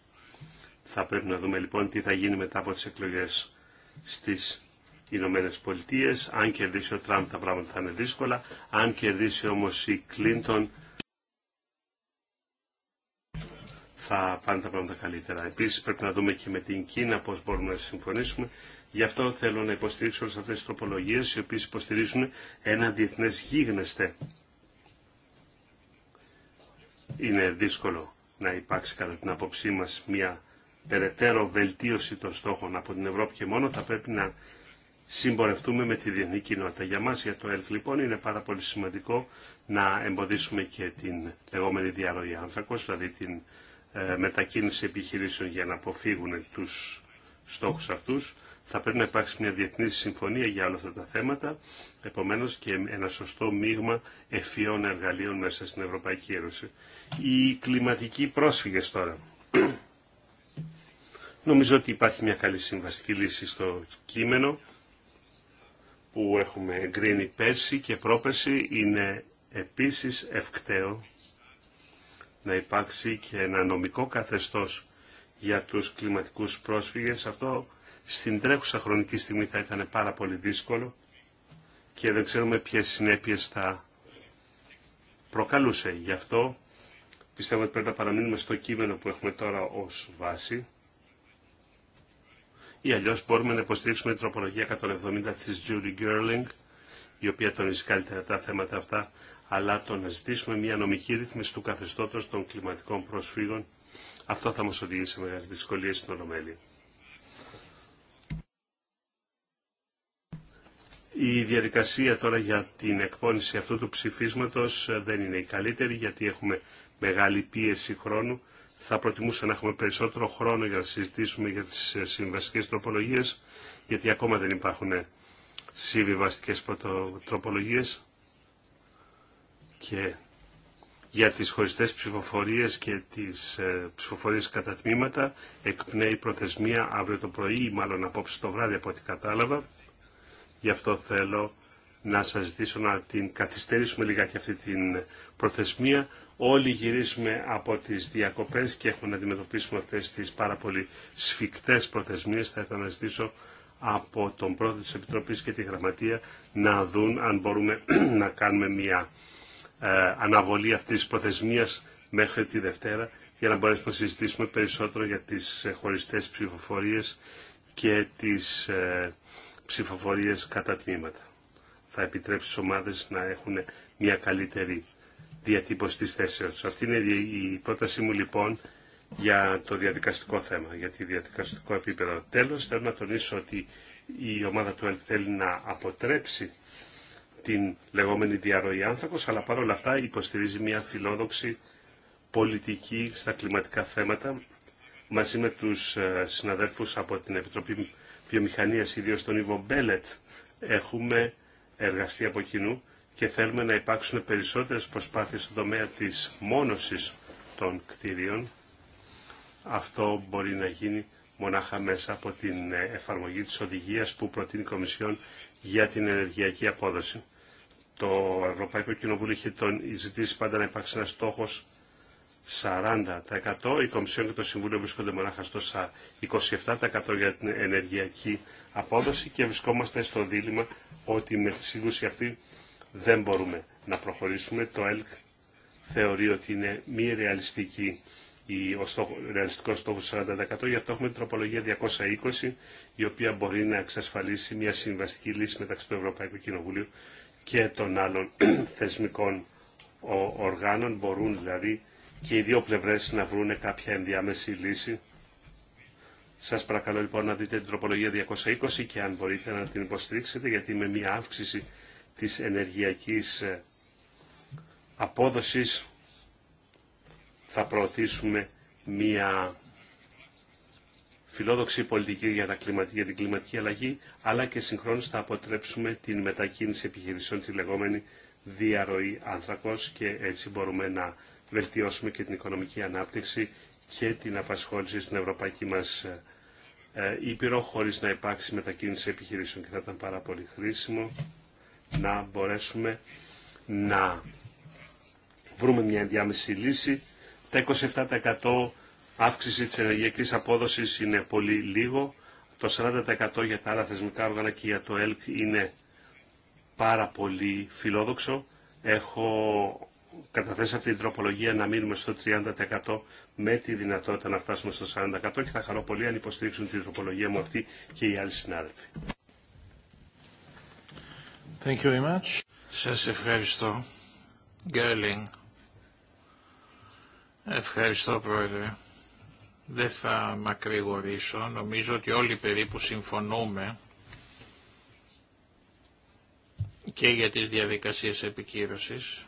Θα πρέπει να δούμε λοιπόν τι θα γίνει μετά από τις εκλογές στις οι Ηνωμένε Πολιτείε. Αν κερδίσει ο Τραμπ τα πράγματα θα είναι δύσκολα. Αν κερδίσει όμω η Κλίντον θα πάνε τα πράγματα καλύτερα. Επίση πρέπει να δούμε και με την Κίνα πώ μπορούμε να συμφωνήσουμε. Γι' αυτό θέλω να υποστηρίξω όλε αυτέ τι τροπολογίε οι οποίε υποστηρίζουν ένα διεθνέ γίγνεσθε. Είναι δύσκολο να υπάρξει κατά την άποψή μας μια περαιτέρω βελτίωση των στόχων από την Ευρώπη και μόνο θα πρέπει να συμπορευτούμε με τη διεθνή κοινότητα. Για μας, για το ΕΛΚ, λοιπόν, είναι πάρα πολύ σημαντικό να εμποδίσουμε και την λεγόμενη διαρροή άνθρακος, δηλαδή την ε, μετακίνηση επιχειρήσεων για να αποφύγουν τους στόχους αυτούς. Θα πρέπει να υπάρξει μια διεθνή συμφωνία για όλα αυτά τα θέματα, επομένως και ένα σωστό μείγμα ευφυών εργαλείων μέσα στην Ευρωπαϊκή Ένωση. Οι κλιματικοί πρόσφυγες τώρα. Νομίζω ότι υπάρχει μια καλή συμβαστική λύση στο κείμενο που έχουμε εγκρίνει πέρσι και πρόπερσι είναι επίσης ευκταίο να υπάρξει και ένα νομικό καθεστώς για τους κλιματικούς πρόσφυγες. Αυτό στην τρέχουσα χρονική στιγμή θα ήταν πάρα πολύ δύσκολο και δεν ξέρουμε ποιες συνέπειες θα προκαλούσε. Γι' αυτό πιστεύω ότι πρέπει να παραμείνουμε στο κείμενο που έχουμε τώρα ως βάση ή αλλιώς μπορούμε να υποστηρίξουμε την τροπολογία 170 της Judy Girling, η οποία τονίζει καλύτερα τα θέματα αυτά, αλλά το να ζητήσουμε μια νομική ρύθμιση του καθεστώτος των κλιματικών προσφύγων, αυτό θα μας οδηγήσει σε μεγάλες δυσκολίες στην Ολομέλεια. Η διαδικασία τώρα για την εκπόνηση αυτού του ψηφίσματος ε, δεν είναι η καλύτερη γιατί έχουμε μεγάλη πίεση χρόνου θα προτιμούσα να έχουμε περισσότερο χρόνο για να συζητήσουμε για τις ε, συμβαστικές τροπολογίες, γιατί ακόμα δεν υπάρχουν ε, συμβιβαστικές τροπολογίες και για τις χωριστές ψηφοφορίες και τις ε, ψηφοφορίες κατά τμήματα εκπνέει προθεσμία αύριο το πρωί ή μάλλον απόψε το βράδυ από ό,τι κατάλαβα. Γι' αυτό θέλω να σας ζητήσω να την καθυστερήσουμε λιγάκι αυτή την προθεσμία Όλοι γυρίσουμε από τις διακοπές και έχουμε να αντιμετωπίσουμε αυτές τις πάρα πολύ σφιχτές προθεσμίες. Θα ήθελα να ζητήσω από τον πρόεδρο της Επιτροπής και τη Γραμματεία να δουν αν μπορούμε να κάνουμε μια ε, αναβολή αυτής της προθεσμίας μέχρι τη Δευτέρα για να μπορέσουμε να συζητήσουμε περισσότερο για τις ε, χωριστές ψηφοφορίες και τις ε, ψηφοφορίες κατά τμήματα. Θα επιτρέψει στις ομάδες να έχουν μια καλύτερη διατύπωση της θέσεως. Αυτή είναι η πρότασή μου λοιπόν για το διαδικαστικό θέμα, για τη διαδικαστικό επίπεδο. Τέλος, θέλω να τονίσω ότι η ομάδα του ΕΛΤ θέλει να αποτρέψει την λεγόμενη διαρροή άνθρακος, αλλά παρόλα αυτά υποστηρίζει μια φιλόδοξη πολιτική στα κλιματικά θέματα, μαζί με τους ε, συναδέλφους από την Επιτροπή Βιομηχανίας, ιδίως τον Ιβο Μπέλετ, έχουμε εργαστεί από κοινού και θέλουμε να υπάρξουν περισσότερες προσπάθειες στον τομέα της μόνωσης των κτίριων. Αυτό μπορεί να γίνει μονάχα μέσα από την ε, εφαρμογή της οδηγίας που προτείνει η Κομισιόν για την ενεργειακή απόδοση. Το Ευρωπαϊκό Κοινοβούλιο είχε τον ζητήσει πάντα να υπάρξει ένα στόχος 40%. Η Κομισιόν και το Συμβούλιο βρίσκονται μονάχα στο 27% για την ενεργειακή απόδοση και βρισκόμαστε στο δίλημα ότι με τη σύγκρουση αυτή δεν μπορούμε να προχωρήσουμε. Το ΕΛΚ θεωρεί ότι είναι μη ρεαλιστική η, ο στόχο, ρεαλιστικός στόχος 40%. Γι' αυτό έχουμε την τροπολογία 220, η οποία μπορεί να εξασφαλίσει μια συμβαστική λύση μεταξύ του Ευρωπαϊκού Κοινοβουλίου και των άλλων θεσμικών οργάνων. Μπορούν δηλαδή και οι δύο πλευρές να βρουν κάποια ενδιάμεση λύση. Σας παρακαλώ λοιπόν να δείτε την τροπολογία 220 και αν μπορείτε να την υποστηρίξετε, γιατί με μια αύξηση της ενεργειακής ε, απόδοσης θα προωθήσουμε μια φιλόδοξη πολιτική για, τα κλιματική, για την κλιματική αλλαγή, αλλά και συγχρόνως θα αποτρέψουμε την μετακίνηση επιχειρήσεων, τη λεγόμενη διαρροή άνθρακος και έτσι μπορούμε να βελτιώσουμε και την οικονομική ανάπτυξη και την απασχόληση στην ευρωπαϊκή μας ε, ε, ήπειρο χωρίς να υπάρξει μετακίνηση επιχειρήσεων και θα ήταν πάρα πολύ χρήσιμο να μπορέσουμε να βρούμε μια ενδιάμεση λύση. Τα 27% αύξηση της ενεργειακής απόδοσης είναι πολύ λίγο. Το 40% για τα άλλα θεσμικά όργανα και για το ΕΛΚ είναι πάρα πολύ φιλόδοξο. Έχω καταθέσει αυτή την τροπολογία να μείνουμε στο 30% με τη δυνατότητα να φτάσουμε στο 40% και θα χαρώ πολύ αν υποστηρίξουν την τροπολογία μου αυτή και οι άλλοι συνάδελφοι. Thank you very much. Σας ευχαριστώ. Ευχαριστώ Πρόεδρε. Δεν θα μακρηγορήσω. Νομίζω ότι όλοι περίπου συμφωνούμε και για τις διαδικασίες επικύρωσης.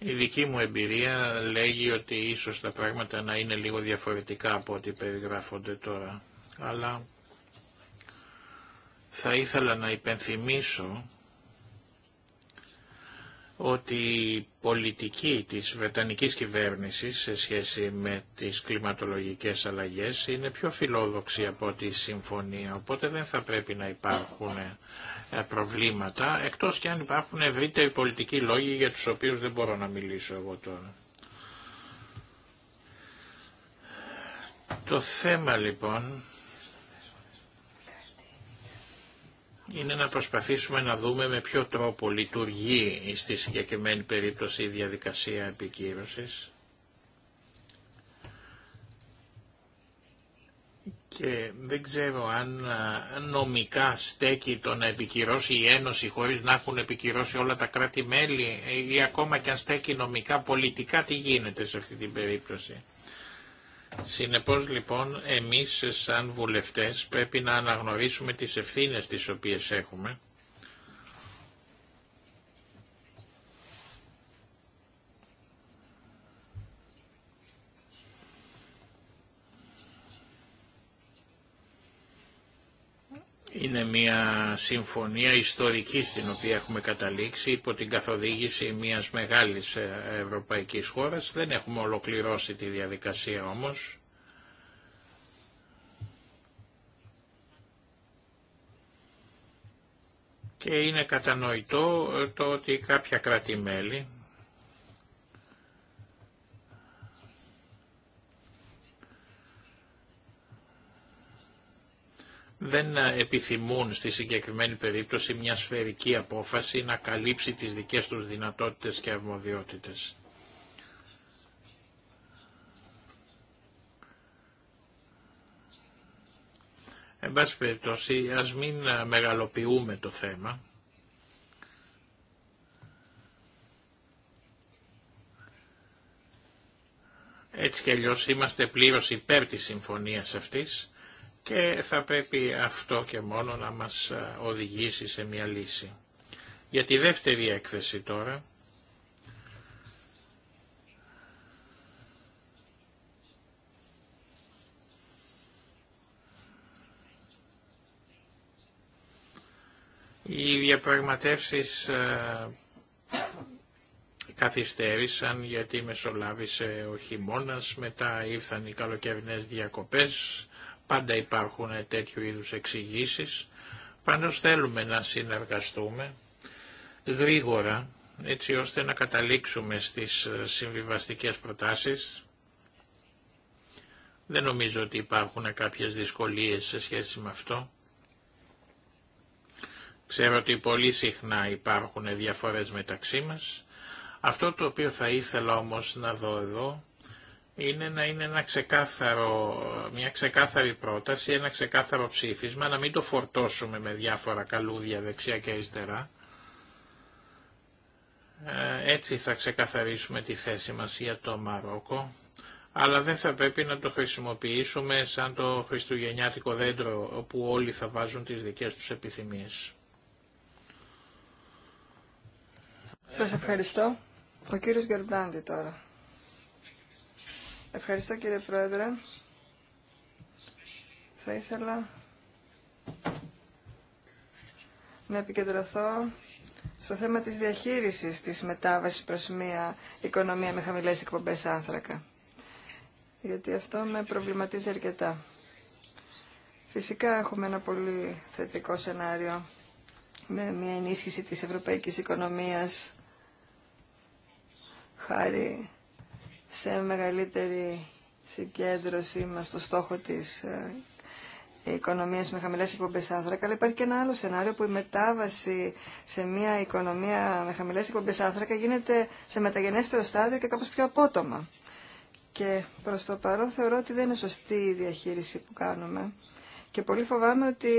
Η δική μου εμπειρία λέγει ότι ίσως τα πράγματα να είναι λίγο διαφορετικά από ό,τι περιγράφονται τώρα. Αλλά θα ήθελα να υπενθυμίσω ότι η πολιτική της Βρετανικής κυβέρνησης σε σχέση με τις κλιματολογικές αλλαγές είναι πιο φιλόδοξη από τη συμφωνία, οπότε δεν θα πρέπει να υπάρχουν ε, προβλήματα, εκτός και αν υπάρχουν ευρύτεροι πολιτικοί λόγοι για τους οποίους δεν μπορώ να μιλήσω εγώ τώρα. Το θέμα λοιπόν είναι να προσπαθήσουμε να δούμε με ποιο τρόπο λειτουργεί στη συγκεκριμένη περίπτωση η διαδικασία επικύρωσης και δεν ξέρω αν νομικά στέκει το να επικυρώσει η Ένωση χωρίς να έχουν επικυρώσει όλα τα κράτη-μέλη ή ακόμα και αν στέκει νομικά πολιτικά τι γίνεται σε αυτή την περίπτωση. Συνεπώς λοιπόν εμείς σαν βουλευτές πρέπει να αναγνωρίσουμε τις ευθύνες τις οποίες έχουμε Είναι μια συμφωνία ιστορική στην οποία έχουμε καταλήξει υπό την καθοδήγηση μιας μεγάλης ε, ευρωπαϊκής χώρας. Δεν έχουμε ολοκληρώσει τη διαδικασία όμως. Και είναι κατανοητό ε, το ότι κάποια κράτη-μέλη δεν ε, επιθυμούν στη συγκεκριμένη περίπτωση μια σφαιρική απόφαση να καλύψει τις δικές τους δυνατότητες και αρμοδιότητες. Εν πάση περιπτώσει, ας μην ε, μεγαλοποιούμε το θέμα. Έτσι κι αλλιώς είμαστε πλήρως υπέρ της συμφωνίας αυτής και θα πρέπει αυτό και μόνο να μας ε, οδηγήσει σε μια λύση. Για τη δεύτερη έκθεση τώρα, Οι διαπραγματεύσεις ε, καθυστέρησαν γιατί μεσολάβησε ο χειμώνας, μετά ήρθαν οι καλοκαιρινές διακοπές, Πάντα υπάρχουν τέτοιου είδους εξηγήσει. Πάντως θέλουμε να συνεργαστούμε γρήγορα έτσι ώστε να καταλήξουμε στις συμβιβαστικές προτάσεις. Δεν νομίζω ότι υπάρχουν κάποιες δυσκολίες σε σχέση με αυτό. Ξέρω ότι πολύ συχνά υπάρχουν διαφορές μεταξύ μας. Αυτό το οποίο θα ήθελα όμως να δω εδώ είναι να είναι ένα ξεκάθαρο, μια ξεκάθαρη πρόταση, ένα ξεκάθαρο ψήφισμα, να μην το φορτώσουμε με διάφορα καλούδια δεξιά και αριστερά. Ε, έτσι θα ξεκαθαρίσουμε τη θέση μας για το Μαρόκο, αλλά δεν θα πρέπει να το χρησιμοποιήσουμε σαν το χριστουγεννιάτικο δέντρο όπου όλοι θα βάζουν τις δικές τους επιθυμίες. Σας ευχαριστώ. Ο κύριος Γερμπάντη τώρα. Ευχαριστώ κύριε Πρόεδρε. Θα ήθελα να επικεντρωθώ στο θέμα της διαχείρισης της μετάβασης προς μια οικονομία με χαμηλές εκπομπές άνθρακα. Γιατί αυτό με προβληματίζει αρκετά. Φυσικά έχουμε ένα πολύ θετικό σενάριο με μια ενίσχυση της ευρωπαϊκής οικονομίας χάρη σε μεγαλύτερη συγκέντρωση μα στο στόχο της ε, οικονομίας με χαμηλές εκπομπές άνθρακα, αλλά υπάρχει και ένα άλλο σενάριο που η μετάβαση σε μια οικονομία με χαμηλές εκπομπές άνθρακα γίνεται σε μεταγενέστερο στάδιο και κάπως πιο απότομα. Και προς το παρόν θεωρώ ότι δεν είναι σωστή η διαχείριση που κάνουμε και πολύ φοβάμαι ότι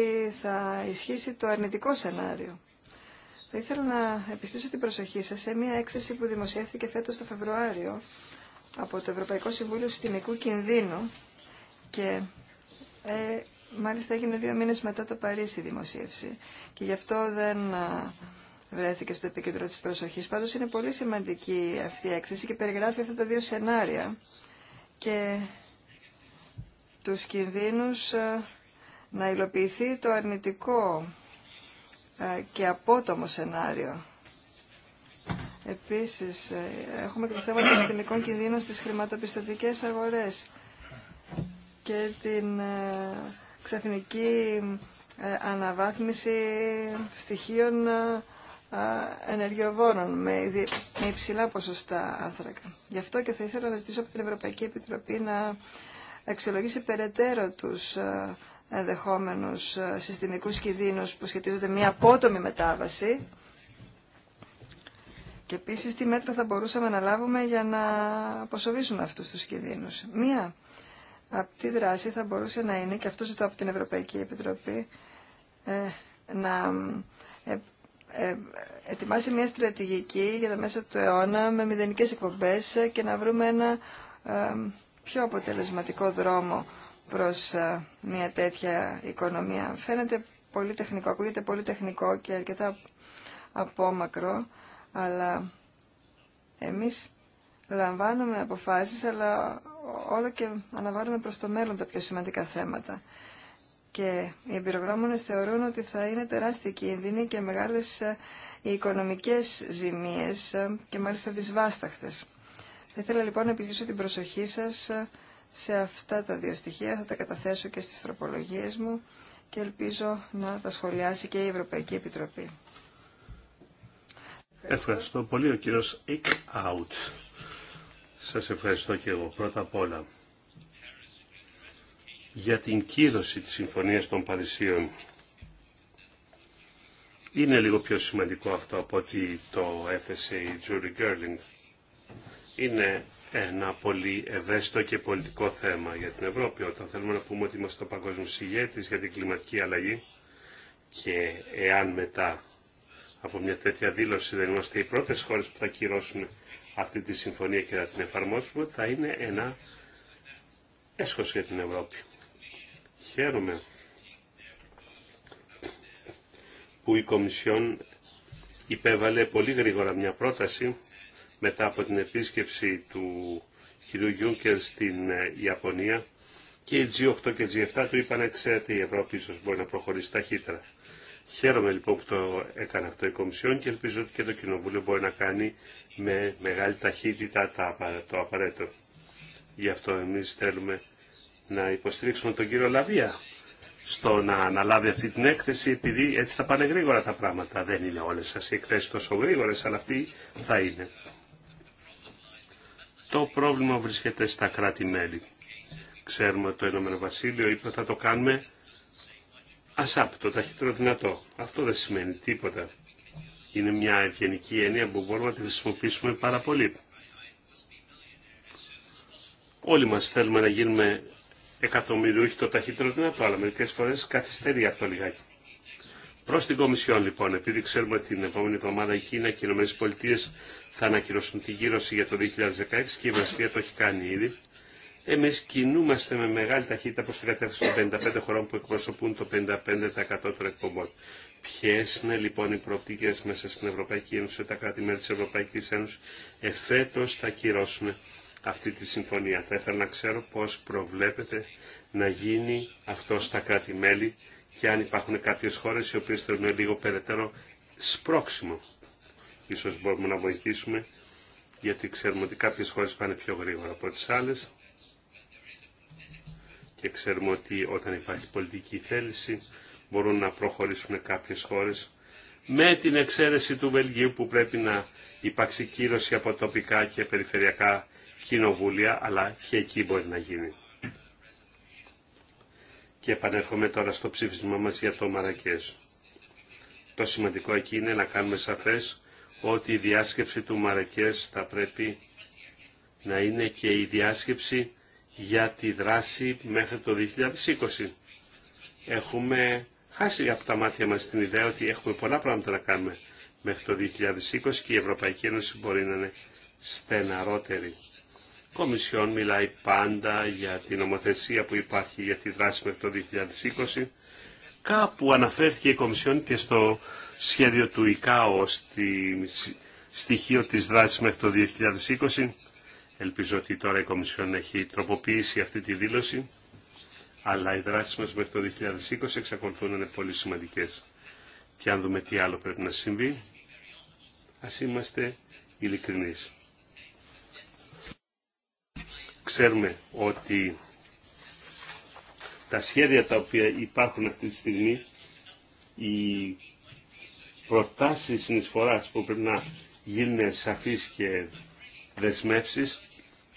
θα ισχύσει το αρνητικό σενάριο. Θα ήθελα να επιστήσω την προσοχή σας σε μια έκθεση που δημοσιεύθηκε φέτος το Φεβρουάριο από το Ευρωπαϊκό Συμβούλιο Συστημικού Κινδύνου και ε, μάλιστα έγινε δύο μήνες μετά το Παρίσι η δημοσίευση και γι' αυτό δεν ε, βρέθηκε στο επίκεντρο της προσοχής. Πάντως είναι πολύ σημαντική αυτή η έκθεση και περιγράφει αυτά τα δύο σενάρια και τους κινδύνους ε, να υλοποιηθεί το αρνητικό ε, και απότομο σενάριο Επίσης, ε, έχουμε και το θέμα των συστημικών κινδύνων στις χρηματοπιστωτικές αγορές και την ε, ξαφνική ε, αναβάθμιση στοιχείων ενεργειοβόρων με υψηλά ποσοστά άνθρακα. Γι' αυτό και θα ήθελα να ζητήσω από την Ευρωπαϊκή Επιτροπή να αξιολογήσει περαιτέρω τους ενδεχόμενους συστημικούς κινδύνους που σχετίζονται με μια απότομη μετάβαση και επίση τι μέτρα θα μπορούσαμε να λάβουμε για να αποσοβήσουμε αυτού του κινδύνου. μια στρατηγική για τα μέσα του αιώνα με μηδενικές εκπομπές και να βρούμε ένα ε, πιο αποτελεσματικό δρόμο προς ε, μια τέτοια οικονομία. Φαίνεται πολύ τεχνικό, ακούγεται πολύ τεχνικό και αρκετά απόμακρο, αλλά εμείς λαμβάνουμε αποφάσεις, αλλά όλο και αναβάλουμε προς το μέλλον τα πιο σημαντικά θέματα. Και οι εμπειρογράμμονες θεωρούν ότι θα είναι τεράστιοι κίνδυνοι και μεγάλες ε, οι οικονομικές ζημίες ε, και μάλιστα δυσβάσταχτες. Θα ήθελα λοιπόν να επιζήσω την προσοχή σας ε, σε αυτά τα δύο στοιχεία, θα τα καταθέσω και στις τροπολογίες μου και ελπίζω να τα σχολιάσει και η Ευρωπαϊκή Επιτροπή. Ευχαριστώ πολύ ο κύριος Ικ Άουτ. Σας ευχαριστώ και εγώ πρώτα απ' όλα για την κύρωση της Συμφωνίας των Παρισίων. Είναι λίγο πιο σημαντικό αυτό από ότι το έθεσε η Τζούρι Γκέρλινγκ. Είναι ένα πολύ ευαίσθητο και πολιτικό θέμα για την Ευρώπη. Όταν θέλουμε να πούμε ότι είμαστε ο παγκόσμιο ηγέτης για την κλιματική αλλαγή και εάν μετά από μια τέτοια δήλωση δεν είμαστε οι πρώτε χώρε που θα κυρώσουν αυτή τη συμφωνία και θα την εφαρμόσουμε, θα είναι ένα έσχο για την Ευρώπη. Χαίρομαι που η Κομισιόν υπέβαλε πολύ γρήγορα μια πρόταση μετά από την επίσκεψη του κ. Γιούγκερ στην ε, Ιαπωνία και η G8 και G7 του είπαν, ξέρετε, η Ευρώπη ίσως μπορεί να προχωρήσει ταχύτερα. Χαίρομαι λοιπόν που το έκανε αυτό η Κομισιόν και ελπίζω ότι και το Κοινοβούλιο μπορεί να κάνει με μεγάλη ταχύτητα το απαραίτητο. Γι' αυτό εμείς θέλουμε να υποστηρίξουμε τον κύριο Λαβία στο να αναλάβει αυτή την έκθεση, επειδή έτσι θα πάνε γρήγορα τα πράγματα. Δεν είναι όλες σας οι εκθέσεις τόσο γρήγορες, αλλά αυτή θα είναι. Το πρόβλημα βρίσκεται στα κράτη-μέλη. Ξέρουμε το Ηνωμένο Βασίλειο είπε θα το κάνουμε ASAP, το ταχύτερο δυνατό. Αυτό δεν σημαίνει τίποτα. Είναι μια ευγενική έννοια που μπορούμε να τη χρησιμοποιήσουμε πάρα πολύ. Όλοι μας θέλουμε να γίνουμε εκατομμυριούχοι το ταχύτερο δυνατό, αλλά μερικές φορές καθυστερεί αυτό λιγάκι. Προ την Κομισιόν, λοιπόν, επειδή ξέρουμε ότι την επόμενη εβδομάδα η Κίνα και οι ΗΠΑ θα ανακοινώσουν την κύρωση για το 2016 και η Βασίλεια το έχει κάνει ήδη, εμείς κινούμαστε με μεγάλη ταχύτητα προς την κατεύθυνση των 55 χωρών που εκπροσωπούν το 55% των εκπομπών. Ποιε είναι λοιπόν οι προοπτικέ μέσα στην Ευρωπαϊκή Ένωση, τα κράτη-μέλη τη Ευρωπαϊκή Ένωση εφέτο θα κυρώσουν αυτή τη συμφωνία. Θα ήθελα να ξέρω πώ προβλέπετε να γίνει αυτό στα κράτη-μέλη και αν υπάρχουν κάποιε χώρε οι οποίε θέλουν λίγο περαιτέρω σπρόξιμο. Ίσως μπορούμε να βοηθήσουμε γιατί ξέρουμε ότι κάποιε χώρε πάνε πιο γρήγορα από τι άλλε και ξέρουμε ότι όταν υπάρχει πολιτική θέληση μπορούν να προχωρήσουν κάποιες χώρες με την εξαίρεση του Βελγίου που πρέπει να υπάρξει κύρωση από τοπικά και περιφερειακά κοινοβούλια, αλλά και εκεί μπορεί να γίνει. Και επανέρχομαι τώρα στο ψήφισμα μας για το Μαρακές. Το σημαντικό εκεί είναι να κάνουμε σαφές ότι η διάσκεψη του Μαρακές θα πρέπει να είναι και η διάσκεψη για τη δράση μέχρι το 2020. Έχουμε χάσει από τα μάτια μας την ιδέα ότι έχουμε πολλά πράγματα να κάνουμε μέχρι το 2020 και η Ευρωπαϊκή Ένωση μπορεί να είναι στεναρότερη. Η Κομισιόν μιλάει πάντα για την νομοθεσία που υπάρχει για τη δράση μέχρι το 2020. Κάπου αναφέρθηκε η Κομισιόν και στο σχέδιο του ΙΚΑΟ στη στοιχείο της δράσης μέχρι το 2020 Ελπίζω ότι τώρα η Κομισιόν έχει τροποποιήσει αυτή τη δήλωση, αλλά οι δράσεις μας μέχρι το 2020 εξακολουθούν να είναι πολύ σημαντικές. Και αν δούμε τι άλλο πρέπει να συμβεί, ας είμαστε ειλικρινείς. Ξέρουμε ότι τα σχέδια τα οποία υπάρχουν αυτή τη στιγμή, οι προτάσεις συνεισφοράς που πρέπει να γίνουν σαφείς και δεσμεύσεις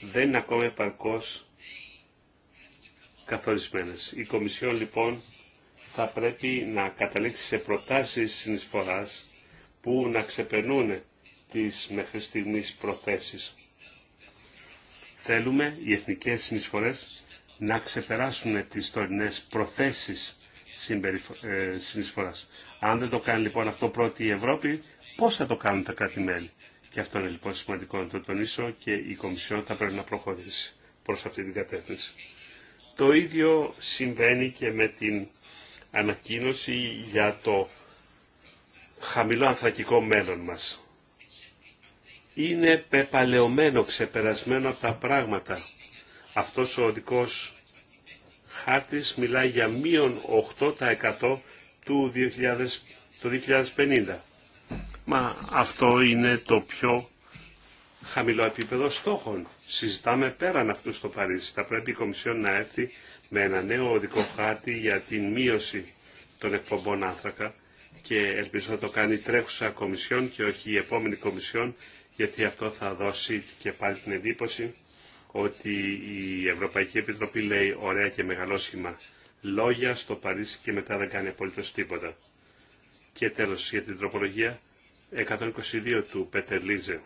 δεν είναι ακόμα επαρκώς καθορισμένες. Η Κομισιόν λοιπόν θα πρέπει να καταλήξει σε προτάσεις συνεισφοράς που να ξεπερνούν τις μέχρι στιγμής προθέσεις. Θέλουμε οι εθνικές συνεισφορές να ξεπεράσουν τις τωρινές προθέσεις ε, συνεισφοράς. Αν δεν το κάνει λοιπόν αυτό πρώτη η Ευρώπη, πώς θα το κάνουν τα κράτη-μέλη. Και αυτό είναι λοιπόν σημαντικό να το τονίσω και η Κομισιόν θα πρέπει να προχωρήσει προς αυτή την κατεύθυνση. Το ίδιο συμβαίνει και με την ανακοίνωση για το χαμηλό ανθρακικό μέλλον μας. Είναι πεπαλαιωμένο, ξεπερασμένο από τα πράγματα. Αυτός ο οδικός χάρτης μιλάει για μείον 8% του 2000, 2050. Μα αυτό είναι το πιο χαμηλό επίπεδο στόχων. Συζητάμε πέραν αυτού στο Παρίσι. Θα πρέπει η Κομισιόν να έρθει με ένα νέο οδικό χάρτη για την μείωση των εκπομπών άνθρακα και ελπίζω να το κάνει τρέχουσα Κομισιόν και όχι η επόμενη Κομισιόν γιατί αυτό θα δώσει και πάλι την εντύπωση ότι η Ευρωπαϊκή Επιτροπή λέει ωραία και μεγαλόσχημα λόγια στο Παρίσι και μετά δεν κάνει απολύτως τίποτα. Και τέλος για την τροπολογία 122 του Πέτερ Λίζε.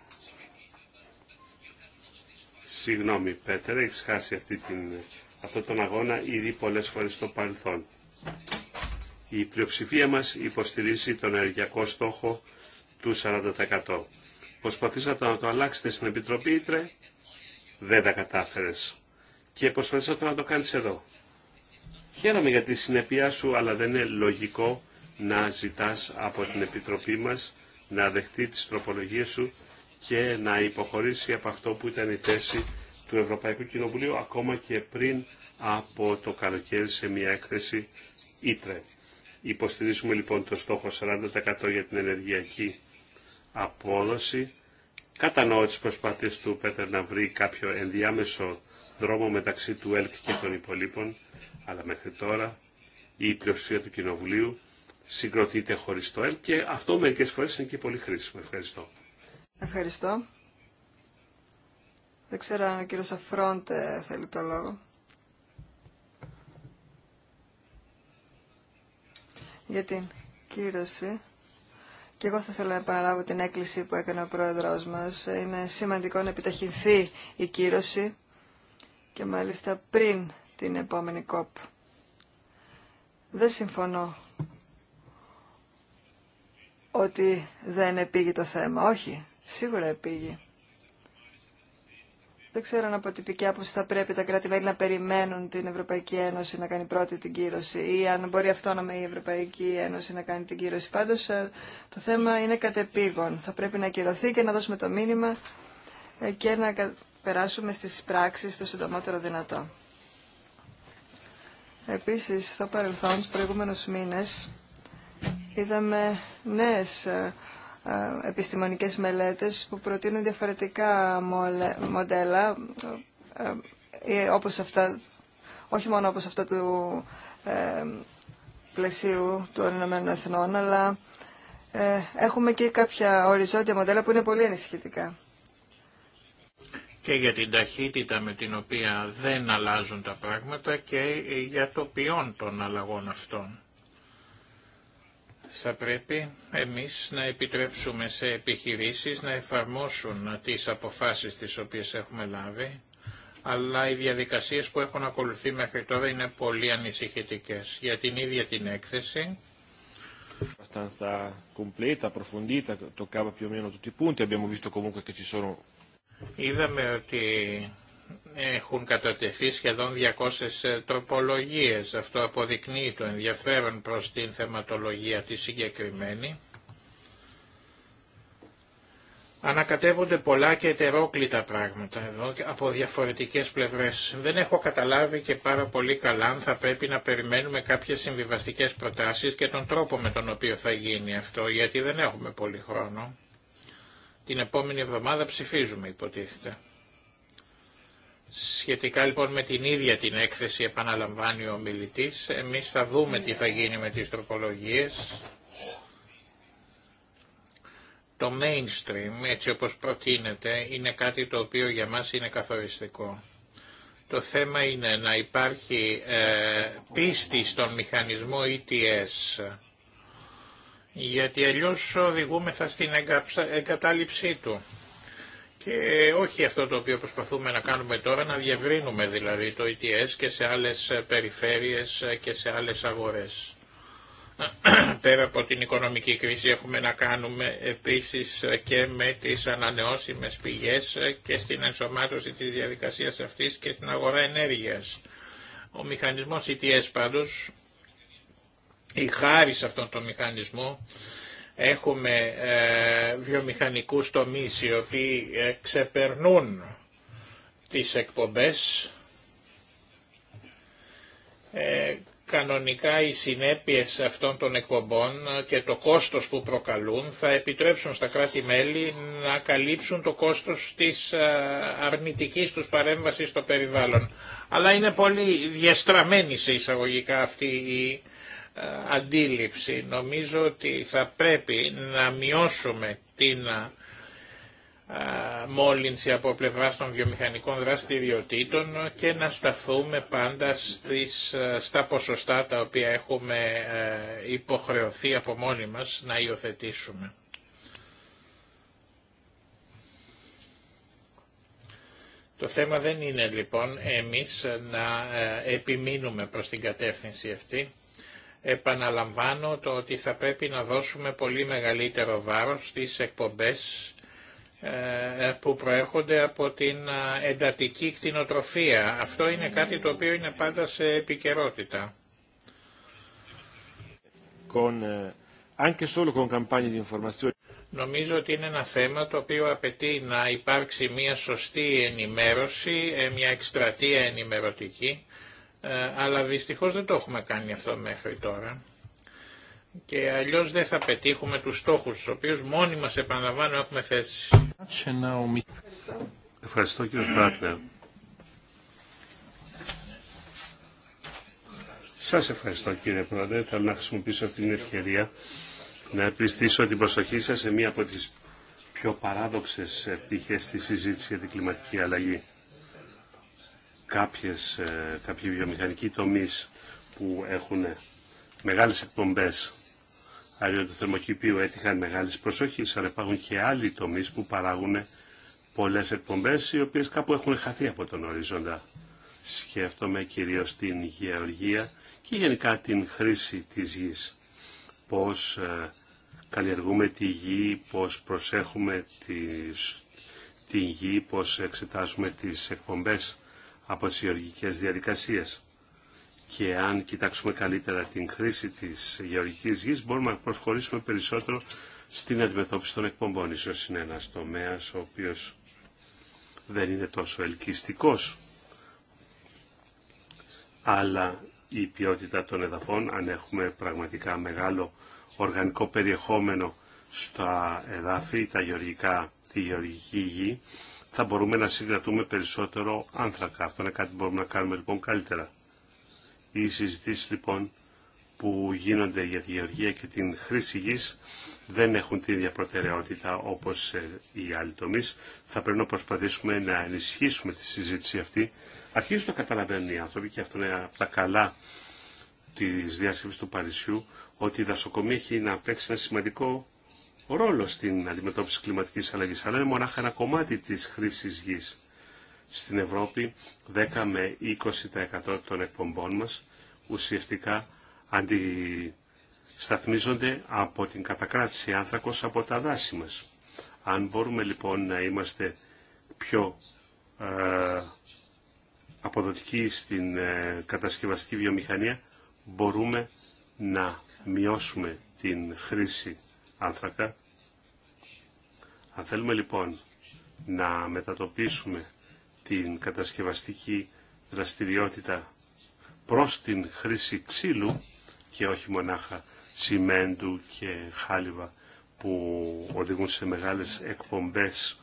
Συγγνώμη Πέτερ, έχεις χάσει αυτή αυτόν τον αγώνα ήδη πολλές φορές στο παρελθόν. Η πλειοψηφία μας υποστηρίζει τον ενεργειακό στόχο του 40%. Προσπαθήσατε να το αλλάξετε στην Επιτροπή Ήτρε, δεν τα κατάφερες. Και προσπαθήσατε να το κάνεις εδώ. Χαίρομαι για τη συνεπειά σου, αλλά δεν είναι λογικό να ζητάς από την Επιτροπή μας να δεχτεί τις τροπολογίες σου και να υποχωρήσει από αυτό που ήταν η θέση του Ευρωπαϊκού Κοινοβουλίου ακόμα και πριν από το καλοκαίρι σε μια έκθεση Ήτρε. Υποστηρίζουμε λοιπόν το στόχο 40% για την ενεργειακή απόδοση. Κατανοώ τις προσπάθειες του Πέτερ να βρει κάποιο ενδιάμεσο δρόμο μεταξύ του ΕΛΚ και των υπολείπων, αλλά μέχρι τώρα η πλειοψηφία του Κοινοβουλίου συγκροτείται χωρίς το ΕΛ και αυτό μερικές φορές είναι και πολύ χρήσιμο. Ευχαριστώ. Ευχαριστώ. Δεν ξέρω αν ο κύριος Αφρόντε θέλει το λόγο. Για την κύρωση. Και εγώ θα ήθελα να επαναλάβω την έκκληση που έκανε ο πρόεδρος μας. Είναι σημαντικό να επιταχυνθεί η κύρωση και μάλιστα πριν την επόμενη κόπ. Δεν συμφωνώ ότι δεν επήγει το θέμα. Όχι, σίγουρα επήγει. Δεν ξέρω από τυπική άποψη θα πρέπει τα κράτη-μέλη να περιμένουν την Ευρωπαϊκή Ένωση να κάνει πρώτη την κύρωση ή αν μπορεί αυτόνομα η Ευρωπαϊκή αυτό Ένωση να κάνει την κύρωση. Πάντω, ε, το θέμα είναι κατεπήγον. Θα πρέπει να κυρωθεί και να δώσουμε το μήνυμα ε, και να περάσουμε στι πράξει το συντομότερο δυνατό. Επίση, στο παρελθόν, του προηγούμενου μήνε είδαμε νέες ε, ε, επιστημονικές μελέτες που προτείνουν διαφορετικά μοντέλα, ε, όπως αυτά, όχι μόνο όπως αυτά του πλαισίου του Ηνωμένων Εθνών, αλλά έχουμε και κάποια οριζόντια μοντέλα που είναι πολύ ενισχυτικά. Και για την ταχύτητα με την οποία δεν αλλάζουν τα πράγματα και για το ποιόν των αλλαγών αυτών. Θα πρέπει εμείς να επιτρέψουμε σε επιχειρήσεις να εφαρμόσουν τις αποφάσεις τις οποίες έχουμε λάβει, αλλά οι διαδικασίες που έχουν ακολουθεί μέχρι τώρα είναι πολύ ανησυχητικές. Για την ίδια την έκθεση, Είδαμε ότι έχουν κατατεθεί σχεδόν 200 ε, τροπολογίες. Αυτό αποδεικνύει το ενδιαφέρον προς την θεματολογία τη συγκεκριμένη. Ανακατεύονται πολλά και ετερόκλητα πράγματα εδώ από διαφορετικές πλευρές. Δεν έχω καταλάβει και πάρα πολύ καλά αν θα πρέπει να περιμένουμε κάποιες συμβιβαστικές προτάσεις και τον τρόπο με τον οποίο θα γίνει αυτό, γιατί δεν έχουμε πολύ χρόνο. Την επόμενη εβδομάδα ψηφίζουμε υποτίθεται. Σχετικά λοιπόν με την ίδια την έκθεση επαναλαμβάνει ο μιλητής, εμείς θα δούμε τι θα γίνει με τις τροπολογίες. Το mainstream, έτσι όπως προτείνεται, είναι κάτι το οποίο για μας είναι καθοριστικό. Το θέμα είναι να υπάρχει ε, πίστη στον μηχανισμό ETS, γιατί αλλιώς οδηγούμεθα στην εγκατάληψή του και όχι αυτό το οποίο προσπαθούμε να κάνουμε τώρα, να διευρύνουμε δηλαδή το ETS και σε άλλες περιφέρειες και σε άλλες αγορές. Πέρα από την οικονομική κρίση έχουμε να κάνουμε επίσης και με τις ανανεώσιμες πηγές και στην ενσωμάτωση της διαδικασίας αυτής και στην αγορά ενέργειας. Ο μηχανισμός ETS πάντως, η χάρη σε αυτόν τον μηχανισμό, Έχουμε ε, βιομηχανικούς τομείς οι οποίοι ε, ξεπερνούν τις εκπομπές. Ε, κανονικά οι συνέπειες αυτών των εκπομπών και το κόστος που προκαλούν θα επιτρέψουν στα κράτη-μέλη να καλύψουν το κόστος της αρνητικής τους παρέμβασης στο περιβάλλον. Αλλά είναι πολύ διαστραμμένη σε εισαγωγικά αυτή η αντίληψη. Νομίζω ότι θα πρέπει να μειώσουμε την μόλυνση από πλευρά των βιομηχανικών δραστηριοτήτων και να σταθούμε πάντα στις, στα ποσοστά τα οποία έχουμε υποχρεωθεί από μόνοι μας να υιοθετήσουμε. Το θέμα δεν είναι λοιπόν εμείς να επιμείνουμε προς την κατεύθυνση αυτή επαναλαμβάνω το ότι θα πρέπει να δώσουμε πολύ μεγαλύτερο βάρος στις εκπομπές ε, που προέρχονται από την ε, εντατική κτηνοτροφία. Αυτό είναι κάτι το οποίο είναι πάντα σε επικαιρότητα. Ε, Νομίζω ότι είναι ένα θέμα το οποίο απαιτεί να υπάρξει μια σωστή ενημέρωση, μια εκστρατεία ενημερωτική, ε, αλλά δυστυχώς δεν το έχουμε κάνει αυτό μέχρι τώρα και αλλιώς δεν θα πετύχουμε τους στόχους τους οποίους μόνοι μας επαναλαμβάνω έχουμε θέσει. Ευχαριστώ, Ευχαριστώ κύριο Σας ευχαριστώ κύριε Πρόεδρε. Θέλω να χρησιμοποιήσω την ευκαιρία να επιστήσω την προσοχή σας σε μία από τις πιο παράδοξες πτυχές της συζήτησης για την κλιματική αλλαγή κάποιες, ε, κάποιοι βιομηχανικοί τομείς που έχουν μεγάλες εκπομπές αλλιώς του θερμοκηπίου έτυχαν μεγάλες προσοχής, αλλά υπάρχουν και άλλοι τομείς που παράγουν πολλές εκπομπές, οι οποίες κάπου έχουν χαθεί από τον οριζόντα. Σκέφτομαι κυρίως την γεωργία και γενικά την χρήση της γης. Πώς ε, καλλιεργούμε τη γη, πώς προσέχουμε τις, γη, πώς εξετάζουμε τις εκπομπές από τις γεωργικές διαδικασίες. Και αν κοιτάξουμε καλύτερα την χρήση της γεωργικής γης, μπορούμε να προσχωρήσουμε περισσότερο στην αντιμετώπιση των εκπομπών. Ίσως είναι ένας τομέας ο οποίος δεν είναι τόσο ελκυστικός, αλλά η ποιότητα των εδαφών, αν έχουμε πραγματικά μεγάλο οργανικό περιεχόμενο στα εδάφη, τα γεωργικά, τη γεωργική γη, θα μπορούμε να συγκρατούμε περισσότερο άνθρακα. Αυτό είναι κάτι που μπορούμε να κάνουμε λοιπόν καλύτερα. Οι συζητήσει λοιπόν που γίνονται για τη γεωργία και την χρήση γης δεν έχουν την ίδια προτεραιότητα όπως ε, οι άλλοι τομείς. Θα πρέπει να προσπαθήσουμε να ενισχύσουμε τη συζήτηση αυτή. Αρχίζουν να καταλαβαίνουν οι άνθρωποι και αυτό είναι από τα καλά της διάσκεψης του Παρισιού ότι η δασοκομεία έχει να παίξει ένα σημαντικό ρόλο στην αντιμετώπιση κλιματικής αλλαγής, αλλά είναι μονάχα ένα κομμάτι της χρήσης γης. Στην Ευρώπη 10 με 20% των εκπομπών μας ουσιαστικά αντισταθμίζονται από την κατακράτηση άνθρακος από τα δάση μας. Αν μπορούμε λοιπόν να είμαστε πιο ε, αποδοτικοί στην ε, κατασκευαστική βιομηχανία, μπορούμε να μειώσουμε την χρήση άνθρακα. Αν θέλουμε λοιπόν να μετατοπίσουμε την κατασκευαστική δραστηριότητα προς την χρήση ξύλου και όχι μονάχα σιμέντου και χάλιβα που οδηγούν σε μεγάλες εκπομπές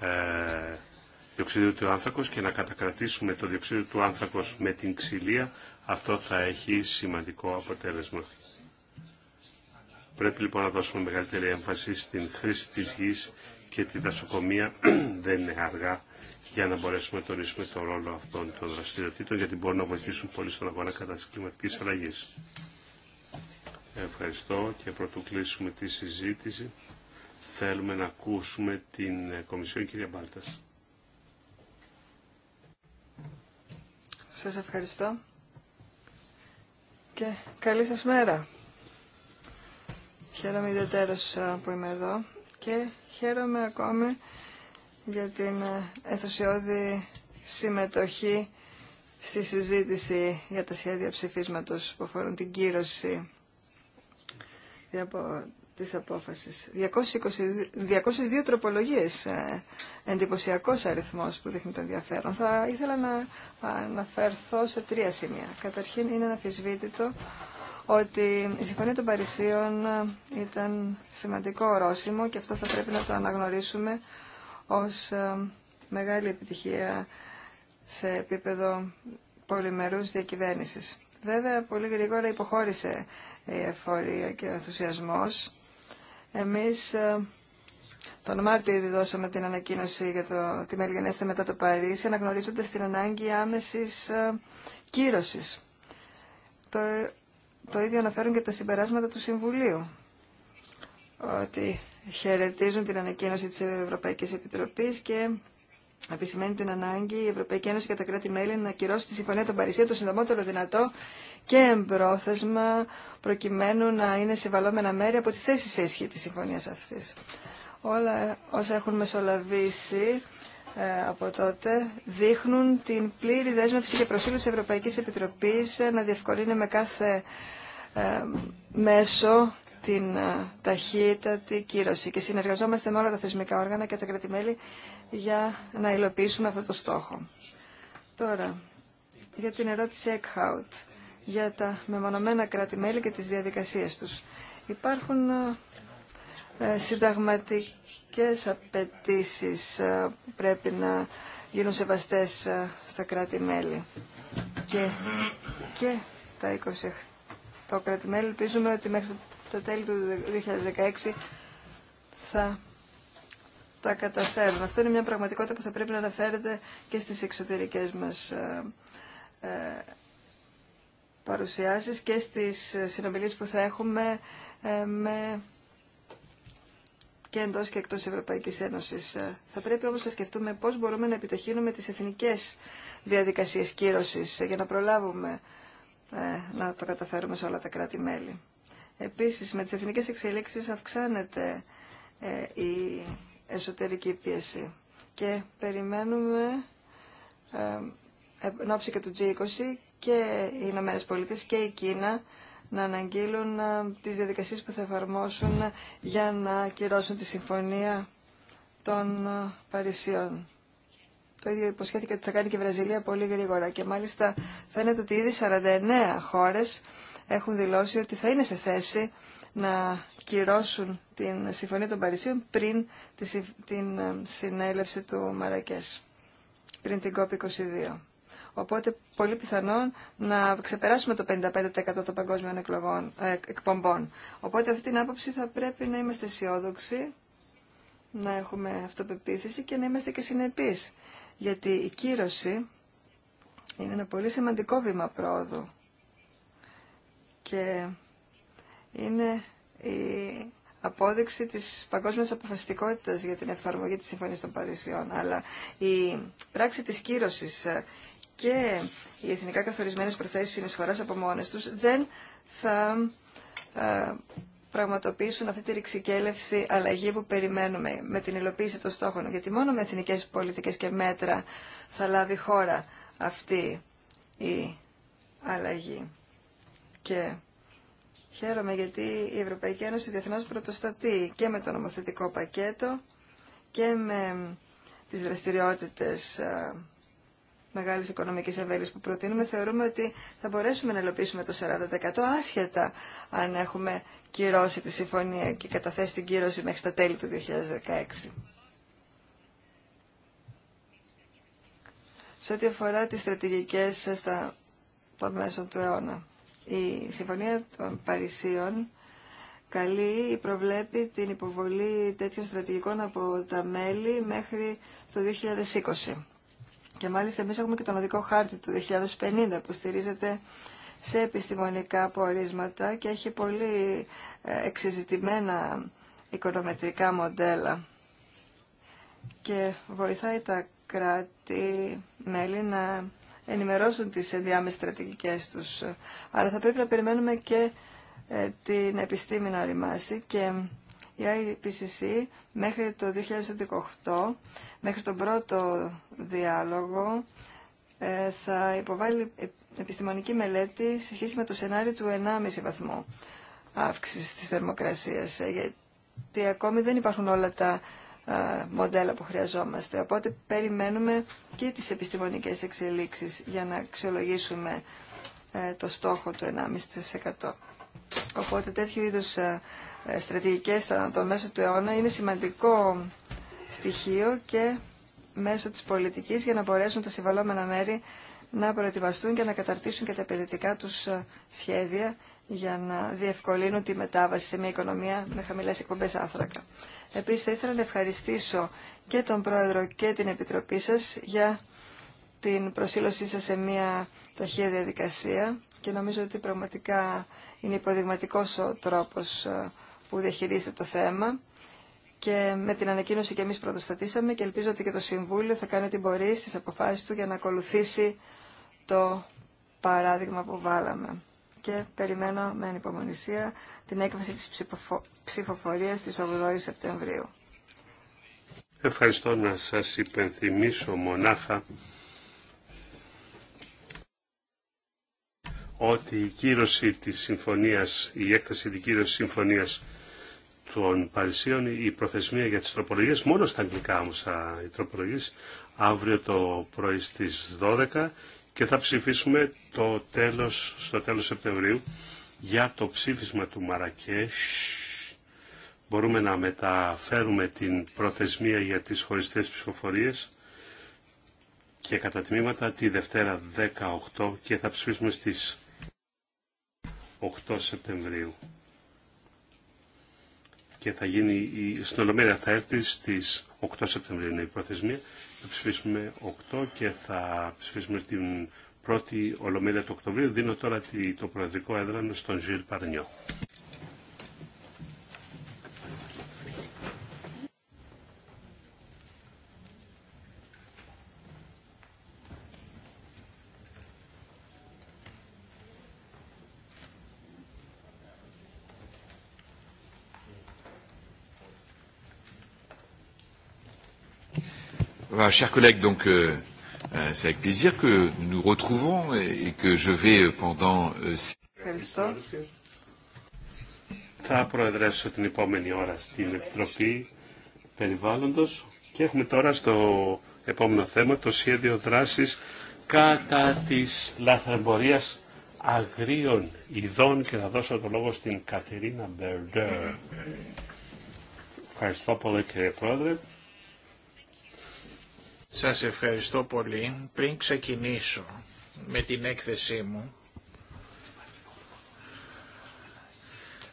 ε, του άνθρακος και να κατακρατήσουμε το διοξείδιο του άνθρακος με την ξυλία, αυτό θα έχει σημαντικό αποτέλεσμα. Πρέπει λοιπόν να δώσουμε μεγαλύτερη έμφαση στην χρήση της γης και τη δασοκομεία δεν είναι αργά για να μπορέσουμε να τονίσουμε τον ρόλο αυτών των δραστηριοτήτων γιατί μπορούν να βοηθήσουν πολύ στον αγώνα κατά της κλιματικής αλλαγής. Ευχαριστώ και πρωτού κλείσουμε τη συζήτηση θέλουμε να ακούσουμε την Κομισιόν κυρία Μπάλτας. Σας ευχαριστώ και καλή σας μέρα. Χαίρομαι ιδιαίτερω ε, που είμαι εδώ και χαίρομαι ακόμη για την ε, ενθουσιώδη συμμετοχή στη συζήτηση για τα σχέδια ψηφίσματος που αφορούν την κύρωση της απόφασης. 202 τροπολογίες, ε, εντυπωσιακός αριθμός που δείχνει το ενδιαφέρον. Θα ήθελα να αναφερθώ σε τρία σημεία. Καταρχήν είναι αναφυσβήτητο ότι η Συμφωνία των Παρισίων ε, ήταν σημαντικό ορόσημο και αυτό θα πρέπει να το αναγνωρίσουμε ως ε, μεγάλη επιτυχία σε επίπεδο πολυμερούς διακυβέρνησης. Βέβαια, πολύ γρήγορα υποχώρησε η εφορία και ο ενθουσιασμός. Εμείς ε, τον Μάρτιο ήδη δώσαμε την ανακοίνωση για το, τι μελγενέστε μετά το Παρίσι, αναγνωρίζοντας την ανάγκη άμεσης κύρωσης. Το το ίδιο αναφέρουν και τα συμπεράσματα του Συμβουλίου, ότι χαιρετίζουν την ανακοίνωση της Ευρωπαϊκής Επιτροπής και επισημαίνει την ανάγκη η Ευρωπαϊκή Ένωση και τα κράτη-μέλη να ακυρώσει τη Συμφωνία των Παρισίων το συντομότερο δυνατό και εμπρόθεσμα προκειμένου να είναι συμβαλόμενα μέρη από τη θέση σε ισχύ της συμφωνίας αυτής. Όλα όσα έχουν μεσολαβήσει ε, από τότε δείχνουν την πλήρη δέσμευση και προσήλωση Ευρωπαϊκής Επιτροπής ε, να διευκολύνει με κάθε ε, μέσο την την κύρωση και συνεργαζόμαστε με όλα τα θεσμικά όργανα και τα κρατημέλη για να υλοποιήσουμε αυτό το στόχο. Τώρα, για την ερώτηση Eckhout, για τα μεμονωμένα κράτη-μέλη και τις διαδικασίες τους. Υπάρχουν ε, συνταγματικές απαιτήσει ε, πρέπει να γίνουν σεβαστές ε, στα κράτη-μέλη. Και, και τα 28 κράτη-μέλη ελπίζουμε ότι μέχρι τα τέλη του 2016 θα τα καταφέρουν. Αυτό είναι μια πραγματικότητα που θα πρέπει να αναφέρεται και στις εξωτερικές μας παρουσιάσεις και στις συνομιλίες που θα έχουμε με και εντός και εκτός Ευρωπαϊκής Ένωσης. Ε, θα πρέπει όμως να σκεφτούμε πώς μπορούμε να επιταχύνουμε τις εθνικές διαδικασίες κύρωσης ε, για να προλάβουμε ε, να το καταφέρουμε σε όλα τα κράτη-μέλη. Επίσης, με τις εθνικές εξελίξεις αυξάνεται η εσωτερική πίεση και περιμένουμε εν ώψη και του G20 και οι Ηνωμένε Πολιτείε και η Κίνα να αναγγείλουν ε, τις διαδικασίες που θα εφαρμόσουν για να κυρώσουν τη συμφωνία των ε, Παρισιών. Το ίδιο υποσχέθηκε ότι θα κάνει και η Βραζιλία πολύ γρήγορα και μάλιστα φαίνεται ότι ήδη 49 χώρες έχουν δηλώσει ότι θα είναι σε θέση να κυρώσουν την Συμφωνία των Παρισίων πριν τη, την ε, συνέλευση του Μαρακές, πριν την COP22. Οπότε πολύ πιθανόν να ξεπεράσουμε το 55% των παγκόσμιων εκλογών, ε, εκπομπών. Οπότε αυτή την άποψη θα πρέπει να είμαστε αισιόδοξοι, να έχουμε αυτοπεποίθηση και να είμαστε και συνεπείς. Γιατί η κύρωση είναι ένα πολύ σημαντικό βήμα πρόοδου. Και είναι η απόδειξη της παγκόσμιας αποφασιστικότητας για την εφαρμογή της Συμφωνίας των Παρισιών. Αλλά η πράξη της κύρωσης ε, και οι εθνικά καθορισμένες προθέσεις συνεισφοράς από μόνες τους δεν θα ε, πραγματοποιήσουν αυτή τη ρηξικέλευθη αλλαγή που περιμένουμε με την υλοποίηση των στόχων. Γιατί μόνο με εθνικές πολιτικές και μέτρα θα λάβει χώρα αυτή η αλλαγή. Και χαίρομαι γιατί η Ευρωπαϊκή Ένωση διεθνώς πρωτοστατεί και με το νομοθετικό πακέτο και με τις δραστηριότητες ε, μεγάλης οικονομική εμβέλειας που προτείνουμε, θεωρούμε ότι θα μπορέσουμε να ελοπίσουμε το 40% άσχετα αν έχουμε κυρώσει τη συμφωνία και καταθέσει την κύρωση μέχρι τα τέλη του 2016. Σε ό,τι αφορά τις στρατηγικές στα, των μέσων του αιώνα, η Συμφωνία των Παρισίων καλεί ή προβλέπει την υποβολή τέτοιων στρατηγικών από τα μέλη μέχρι το 2020. Και μάλιστα εμείς έχουμε και τον οδικό χάρτη του 2050 που στηρίζεται σε επιστημονικά πορίσματα και έχει πολύ ε, εξεζητημένα οικονομετρικά μοντέλα και βοηθάει τα κράτη-μέλη να ενημερώσουν τις ενδιάμεσες στρατηγικές τους. Άρα θα πρέπει να περιμένουμε και ε, την επιστήμη να ρημάσει και η IPCC μέχρι το 2018, μέχρι τον πρώτο διάλογο, ε, θα υποβάλει επιστημονική μελέτη σε με το σενάριο του 1,5 βαθμού αύξησης της θερμοκρασίας, ε, γιατί ακόμη δεν υπάρχουν όλα τα ε, μοντέλα που χρειαζόμαστε. Οπότε περιμένουμε και τις επιστημονικές εξελίξεις για να αξιολογήσουμε το στόχο του 1,5%. Οπότε τέτοιου είδους ε, στρατηγικές το μέσο του αιώνα είναι σημαντικό στοιχείο και μέσω της πολιτικής για να μπορέσουν τα συμβαλόμενα μέρη να προετοιμαστούν και να καταρτήσουν και τα επενδυτικά τους ε, σχέδια για να διευκολύνουν τη μετάβαση σε μια οικονομία με χαμηλές εκπομπές άνθρακα. Επίσης θα ήθελα να ευχαριστήσω και τον Πρόεδρο και την Επιτροπή σας για την προσήλωσή σας σε μια ταχεία διαδικασία και νομίζω ότι πραγματικά είναι υποδειγματικός ο τρόπος ε, που διαχειρίζεται το θέμα και με την ανακοίνωση και εμείς πρωτοστατήσαμε και ελπίζω ότι και το Συμβούλιο θα κάνει ό,τι μπορεί στις αποφάσεις του για να ακολουθήσει το παράδειγμα που βάλαμε. Και περιμένω με ανυπομονησία την έκβαση της ψηφοφορίας της 8 η Σεπτεμβρίου. Ευχαριστώ να σας υπενθυμίσω μονάχα ότι η κύρωση της συμφωνίας, η έκθεση της κύρωσης συμφωνίας των Παρισίων η προθεσμία για τις τροπολογίες, μόνο στα αγγλικά όμως οι τροπολογίες, αύριο το πρωί στις 12 και θα ψηφίσουμε το τέλος, στο τέλος Σεπτεμβρίου για το ψήφισμα του Μαρακές. Μπορούμε να μεταφέρουμε την προθεσμία για τις χωριστές ψηφοφορίες και κατά τμήματα τη Δευτέρα 18 και θα ψηφίσουμε στις 8 Σεπτεμβρίου και θα γίνει η συνολομέρεια θα έρθει στις 8 Σεπτεμβρίου είναι η προθεσμία. Θα ψηφίσουμε 8 και θα ψηφίσουμε την πρώτη ολομέλεια του Οκτωβρίου. Δίνω τώρα το προεδρικό έδρανο στον Ζιλ Παρνιό. Enfin, chers collègues, donc euh, euh, c'est avec plaisir que nous nous retrouvons et, et que je vais euh, pendant. Euh, Ευχαριστώ. Θα προεδρεύσω την επόμενη ώρα στην Επιτροπή Περιβάλλοντος και έχουμε τώρα στο επόμενο θέμα το σχέδιο δράσης κατά της λαθρεμπορίας αγρίων ειδών και θα δώσω το λόγο στην Κατερίνα Μπερντέρ. Ευχαριστώ πολύ κύριε Πρόεδρε. Σας ευχαριστώ πολύ. Πριν ξεκινήσω με την έκθεσή μου,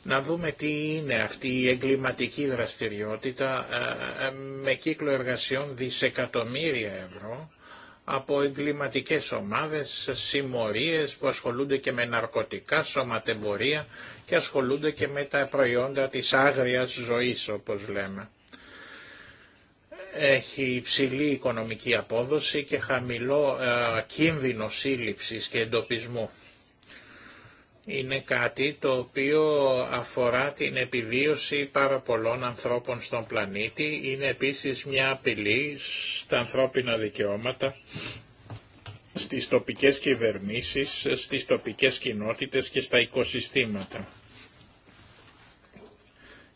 να δούμε τι είναι αυτή η εγκληματική δραστηριότητα ε, ε, με κύκλο εργασιών δισεκατομμύρια ευρώ από εγκληματικές ομάδες, συμμορίες που ασχολούνται και με ναρκωτικά, σωματεμπορία και ασχολούνται και με τα προϊόντα της άγριας ζωής όπως λέμε έχει υψηλή οικονομική απόδοση και χαμηλό ε, κίνδυνο σύλληψης και εντοπισμού. Είναι κάτι το οποίο αφορά την επιβίωση πάρα πολλών ανθρώπων στον πλανήτη. Είναι επίσης μια απειλή στα ανθρώπινα δικαιώματα, στις τοπικές κυβερνήσεις, στις τοπικές κοινότητες και στα οικοσυστήματα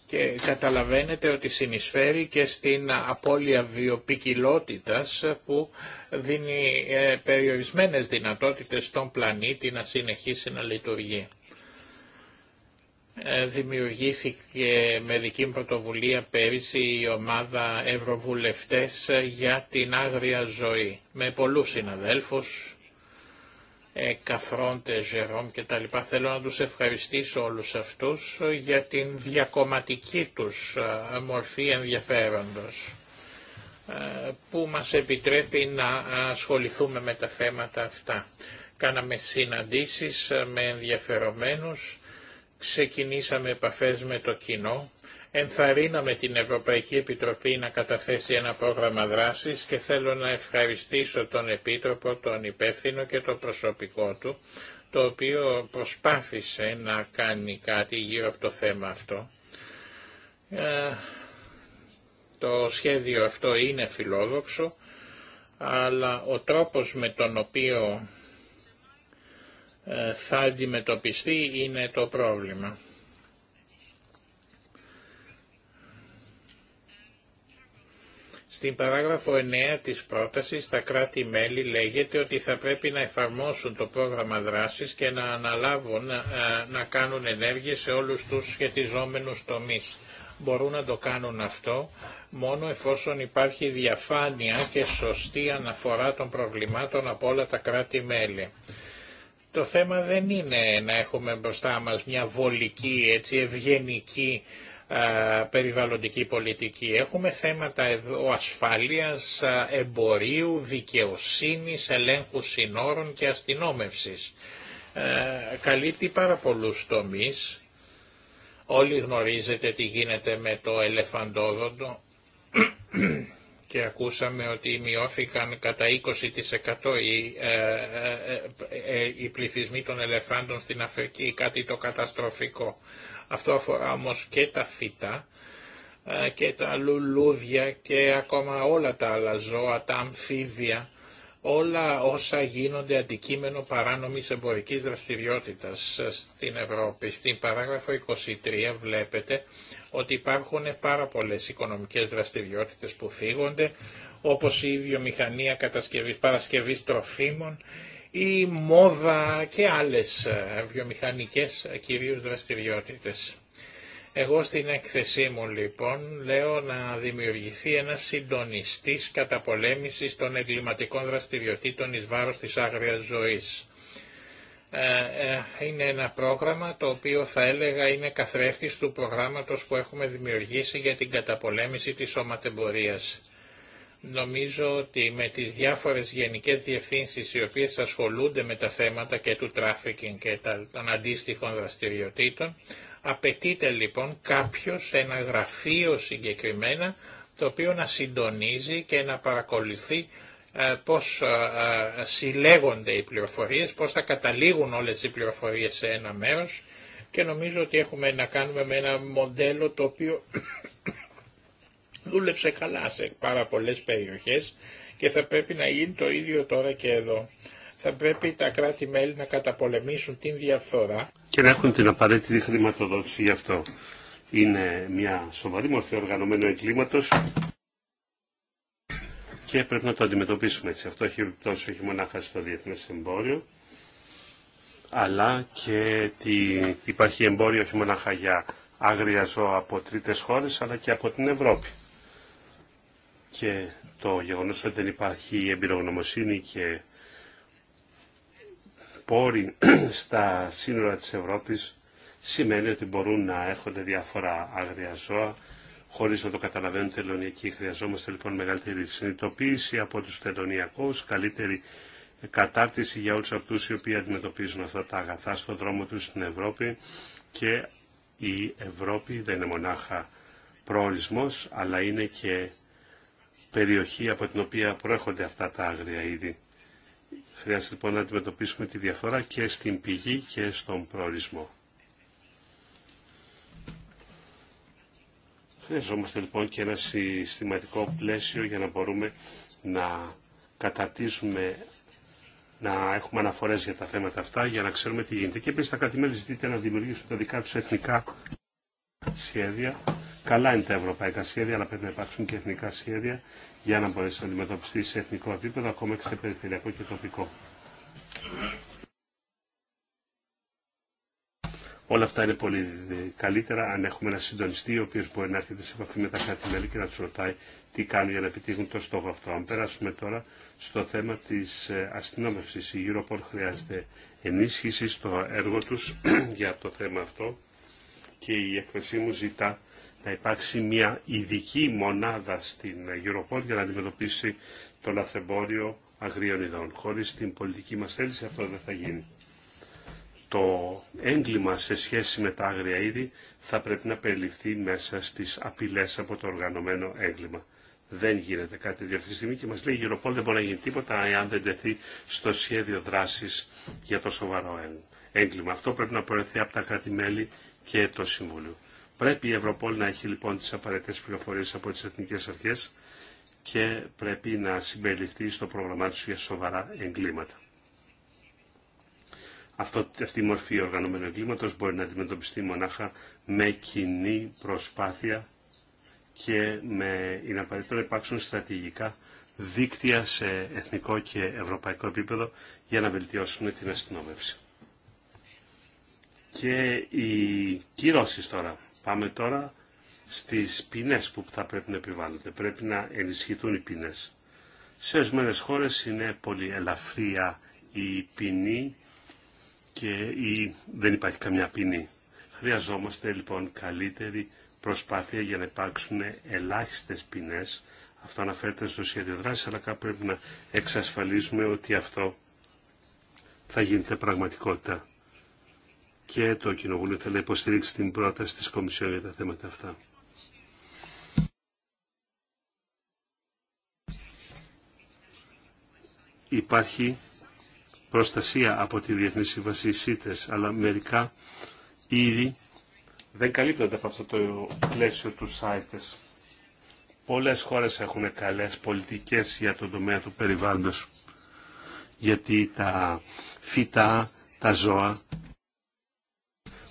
και καταλαβαίνετε ότι συνεισφέρει και στην απώλεια βιοπικιλότητας που δίνει ε, περιορισμένες δυνατότητες στον πλανήτη να συνεχίσει να λειτουργεί. Ε, δημιουργήθηκε με δική μου πρωτοβουλία πέρυσι η ομάδα Ευρωβουλευτές για την άγρια ζωή με πολλούς συναδέλφους Καφρόντε, Ζερόμ και τα λοιπά. Θέλω να τους ευχαριστήσω όλους αυτούς για την διακομματική τους μορφή ενδιαφέροντος που μας επιτρέπει να ασχοληθούμε με τα θέματα αυτά. Κάναμε συναντήσεις με ενδιαφερομένους, ξεκινήσαμε επαφές με το κοινό Ενθαρρύναμε την Ευρωπαϊκή Επιτροπή να καταθέσει ένα πρόγραμμα δράσης και θέλω να ευχαριστήσω τον Επίτροπο, τον υπεύθυνο και το προσωπικό του, το οποίο προσπάθησε να κάνει κάτι γύρω από το θέμα αυτό. Ε, το σχέδιο αυτό είναι φιλόδοξο, αλλά ο τρόπος με τον οποίο ε, θα αντιμετωπιστεί είναι το πρόβλημα. Στην παράγραφο 9 της πρότασης τα κράτη-μέλη λέγεται ότι θα πρέπει να εφαρμόσουν το πρόγραμμα δράσης και να αναλάβουν ε, να κάνουν ενέργειες σε όλους τους σχετιζόμενους τομείς. Μπορούν να το κάνουν αυτό μόνο εφόσον υπάρχει διαφάνεια και σωστή αναφορά των προβλημάτων από όλα τα κράτη-μέλη. Το θέμα δεν είναι να έχουμε μπροστά μας μια βολική, έτσι ευγενική ε, περιβαλλοντική πολιτική. Έχουμε θέματα εδώ ασφάλειας, ε, εμπορίου, δικαιοσύνης, ελέγχου συνόρων και αστυνόμευσης. Ε, καλύπτει πάρα πολλούς τομείς. Όλοι γνωρίζετε τι γίνεται με το ελεφαντόδοντο και ακούσαμε ότι μειώθηκαν κατά 20% οι, ε, οι πληθυσμοί των ελεφάντων στην Αφρική, κάτι το καταστροφικό. Αυτό αφορά όμως και τα φυτά ε, και τα λουλούδια και ακόμα όλα τα άλλα ζώα, τα αμφίβια, όλα όσα γίνονται αντικείμενο παράνομης εμπορικής δραστηριότητας στην Ευρώπη. Στην παράγραφο 23 βλέπετε ότι υπάρχουν πάρα πολλές οικονομικές δραστηριότητες που φύγονται, όπως η βιομηχανία κατασκευής, παρασκευής τροφίμων, η μόδα και άλλες ε, βιομηχανικές ε, κυρίως δραστηριότητες. Εγώ στην έκθεσή μου λοιπόν λέω να δημιουργηθεί ένας συντονιστής καταπολέμησης των εγκληματικών δραστηριοτήτων εις βάρος της άγριας ζωής. Ε, είναι ένα πρόγραμμα το οποίο θα έλεγα είναι καθρέφτης του προγράμματος που έχουμε δημιουργήσει για την καταπολέμηση της σωματεμπορίας. Νομίζω ότι με τις διάφορες γενικές διευθύνσεις οι οποίες ασχολούνται με τα θέματα και του τράφικινγκ και των αντίστοιχων δραστηριοτήτων, απαιτείται λοιπόν κάποιος ένα γραφείο συγκεκριμένα το οποίο να συντονίζει και να παρακολουθεί ε, πώς ε, ε, συλλέγονται οι πληροφορίες, πώς θα καταλήγουν όλες οι πληροφορίες σε ένα μέρος και νομίζω ότι έχουμε να κάνουμε με ένα μοντέλο το οποίο δούλεψε καλά σε πάρα πολλές περιοχές και θα πρέπει να γίνει το ίδιο τώρα και εδώ. Θα πρέπει τα κράτη-μέλη να καταπολεμήσουν την διαφθορά. Και να έχουν την απαραίτητη χρηματοδότηση γι' αυτό. Είναι μια σοβαρή μορφή οργανωμένου εγκλήματος και πρέπει να το αντιμετωπίσουμε έτσι. Αυτό έχει επιπτώσει όχι μονάχα στο διεθνές εμπόριο, αλλά και τη... υπάρχει εμπόριο όχι μόνο για άγρια ζώα από τρίτες χώρες, αλλά και από την Ευρώπη και το γεγονός ότι δεν υπάρχει εμπειρογνωμοσύνη και πόροι στα σύνορα της Ευρώπης σημαίνει ότι μπορούν να έρχονται διάφορα άγρια ζώα χωρίς να το καταλαβαίνουν τελωνιακοί. Χρειαζόμαστε λοιπόν μεγαλύτερη συνειδητοποίηση από τους τελωνιακούς, καλύτερη κατάρτιση για όλους αυτούς οι οποίοι αντιμετωπίζουν αυτά τα αγαθά στον δρόμο τους στην Ευρώπη και η Ευρώπη δεν είναι μονάχα προορισμός αλλά είναι και περιοχή από την οποία προέρχονται αυτά τα άγρια είδη. Χρειάζεται λοιπόν να αντιμετωπίσουμε τη διαφορά και στην πηγή και στον προορισμό. Χρειαζόμαστε λοιπόν και ένα συστηματικό πλαίσιο για να μπορούμε να κατατίσουμε, να έχουμε αναφορές για τα θέματα αυτά, για να ξέρουμε τι γίνεται. Και επίσης τα κρατημέλη ζητείτε να δημιουργήσουν τα δικά τους εθνικά σχέδια Καλά είναι τα ευρωπαϊκά σχέδια, αλλά πρέπει να υπάρξουν και εθνικά σχέδια για να μπορέσει να αντιμετωπιστεί σε εθνικό επίπεδο, ακόμα και σε περιφερειακό και τοπικό. Όλα αυτά είναι πολύ καλύτερα αν έχουμε ένα συντονιστή ο οποίο μπορεί να έρχεται σε επαφή με τα κράτη μέλη και να του ρωτάει τι κάνουν για να επιτύχουν το στόχο αυτό. Αν περάσουμε τώρα στο θέμα τη ε, αστυνόμευση, η Europol χρειάζεται ενίσχυση στο έργο του για το θέμα αυτό και η έκθεσή μου ζητά να υπάρξει μια ειδική μονάδα στην Europol για να αντιμετωπίσει το λαθρεμπόριο αγρίων ειδών. Χωρίς την πολιτική μας θέληση αυτό δεν θα γίνει. Το έγκλημα σε σχέση με τα άγρια είδη θα πρέπει να περιληφθεί μέσα στις απειλές από το οργανωμένο έγκλημα. Δεν γίνεται κάτι τέτοιο αυτή στιγμή και μας λέει η Europol δεν μπορεί να γίνει τίποτα εάν δεν τεθεί στο σχέδιο δράσης για το σοβαρό έγκλημα. Αυτό πρέπει να προερθεί από τα κράτη-μέλη και το Συμβούλιο. Πρέπει η Ευρωπόλ να έχει λοιπόν τις απαραίτητες πληροφορίες από τις εθνικές αρχές και πρέπει να συμπεριληφθεί στο πρόγραμμά τους για σοβαρά εγκλήματα. Αυτό, αυτή η μορφή οργανωμένου εγκλήματος μπορεί να αντιμετωπιστεί μονάχα με κοινή προσπάθεια και με, είναι απαραίτητο να υπάρξουν στρατηγικά δίκτυα σε εθνικό και ευρωπαϊκό επίπεδο για να βελτιώσουν την αστυνόμευση. Και οι κυρώσεις τώρα. Πάμε τώρα στις ποινές που θα πρέπει να επιβάλλονται. Πρέπει να ενισχυθούν οι ποινές. Σε ορισμένε χώρες είναι πολύ ελαφρία η ποινή και η... δεν υπάρχει καμιά ποινή. Χρειαζόμαστε λοιπόν καλύτερη προσπάθεια για να υπάρξουν ελάχιστες ποινές. Αυτό αναφέρεται στο σχέδιο δράση, αλλά πρέπει να εξασφαλίσουμε ότι αυτό θα γίνεται πραγματικότητα και το Κοινοβούλιο θέλει να υποστηρίξει την πρόταση της Κομισιόν για τα θέματα αυτά. Υπάρχει προστασία από τη Διεθνή Σύμβαση ΣΥΤΕΣ, αλλά μερικά ήδη δεν καλύπτονται από αυτό το πλαίσιο του ΣΑΙΤΕΣ. Πολλές χώρες έχουν καλές πολιτικές για τον τομέα του περιβάλλοντος, γιατί τα φυτά, τα ζώα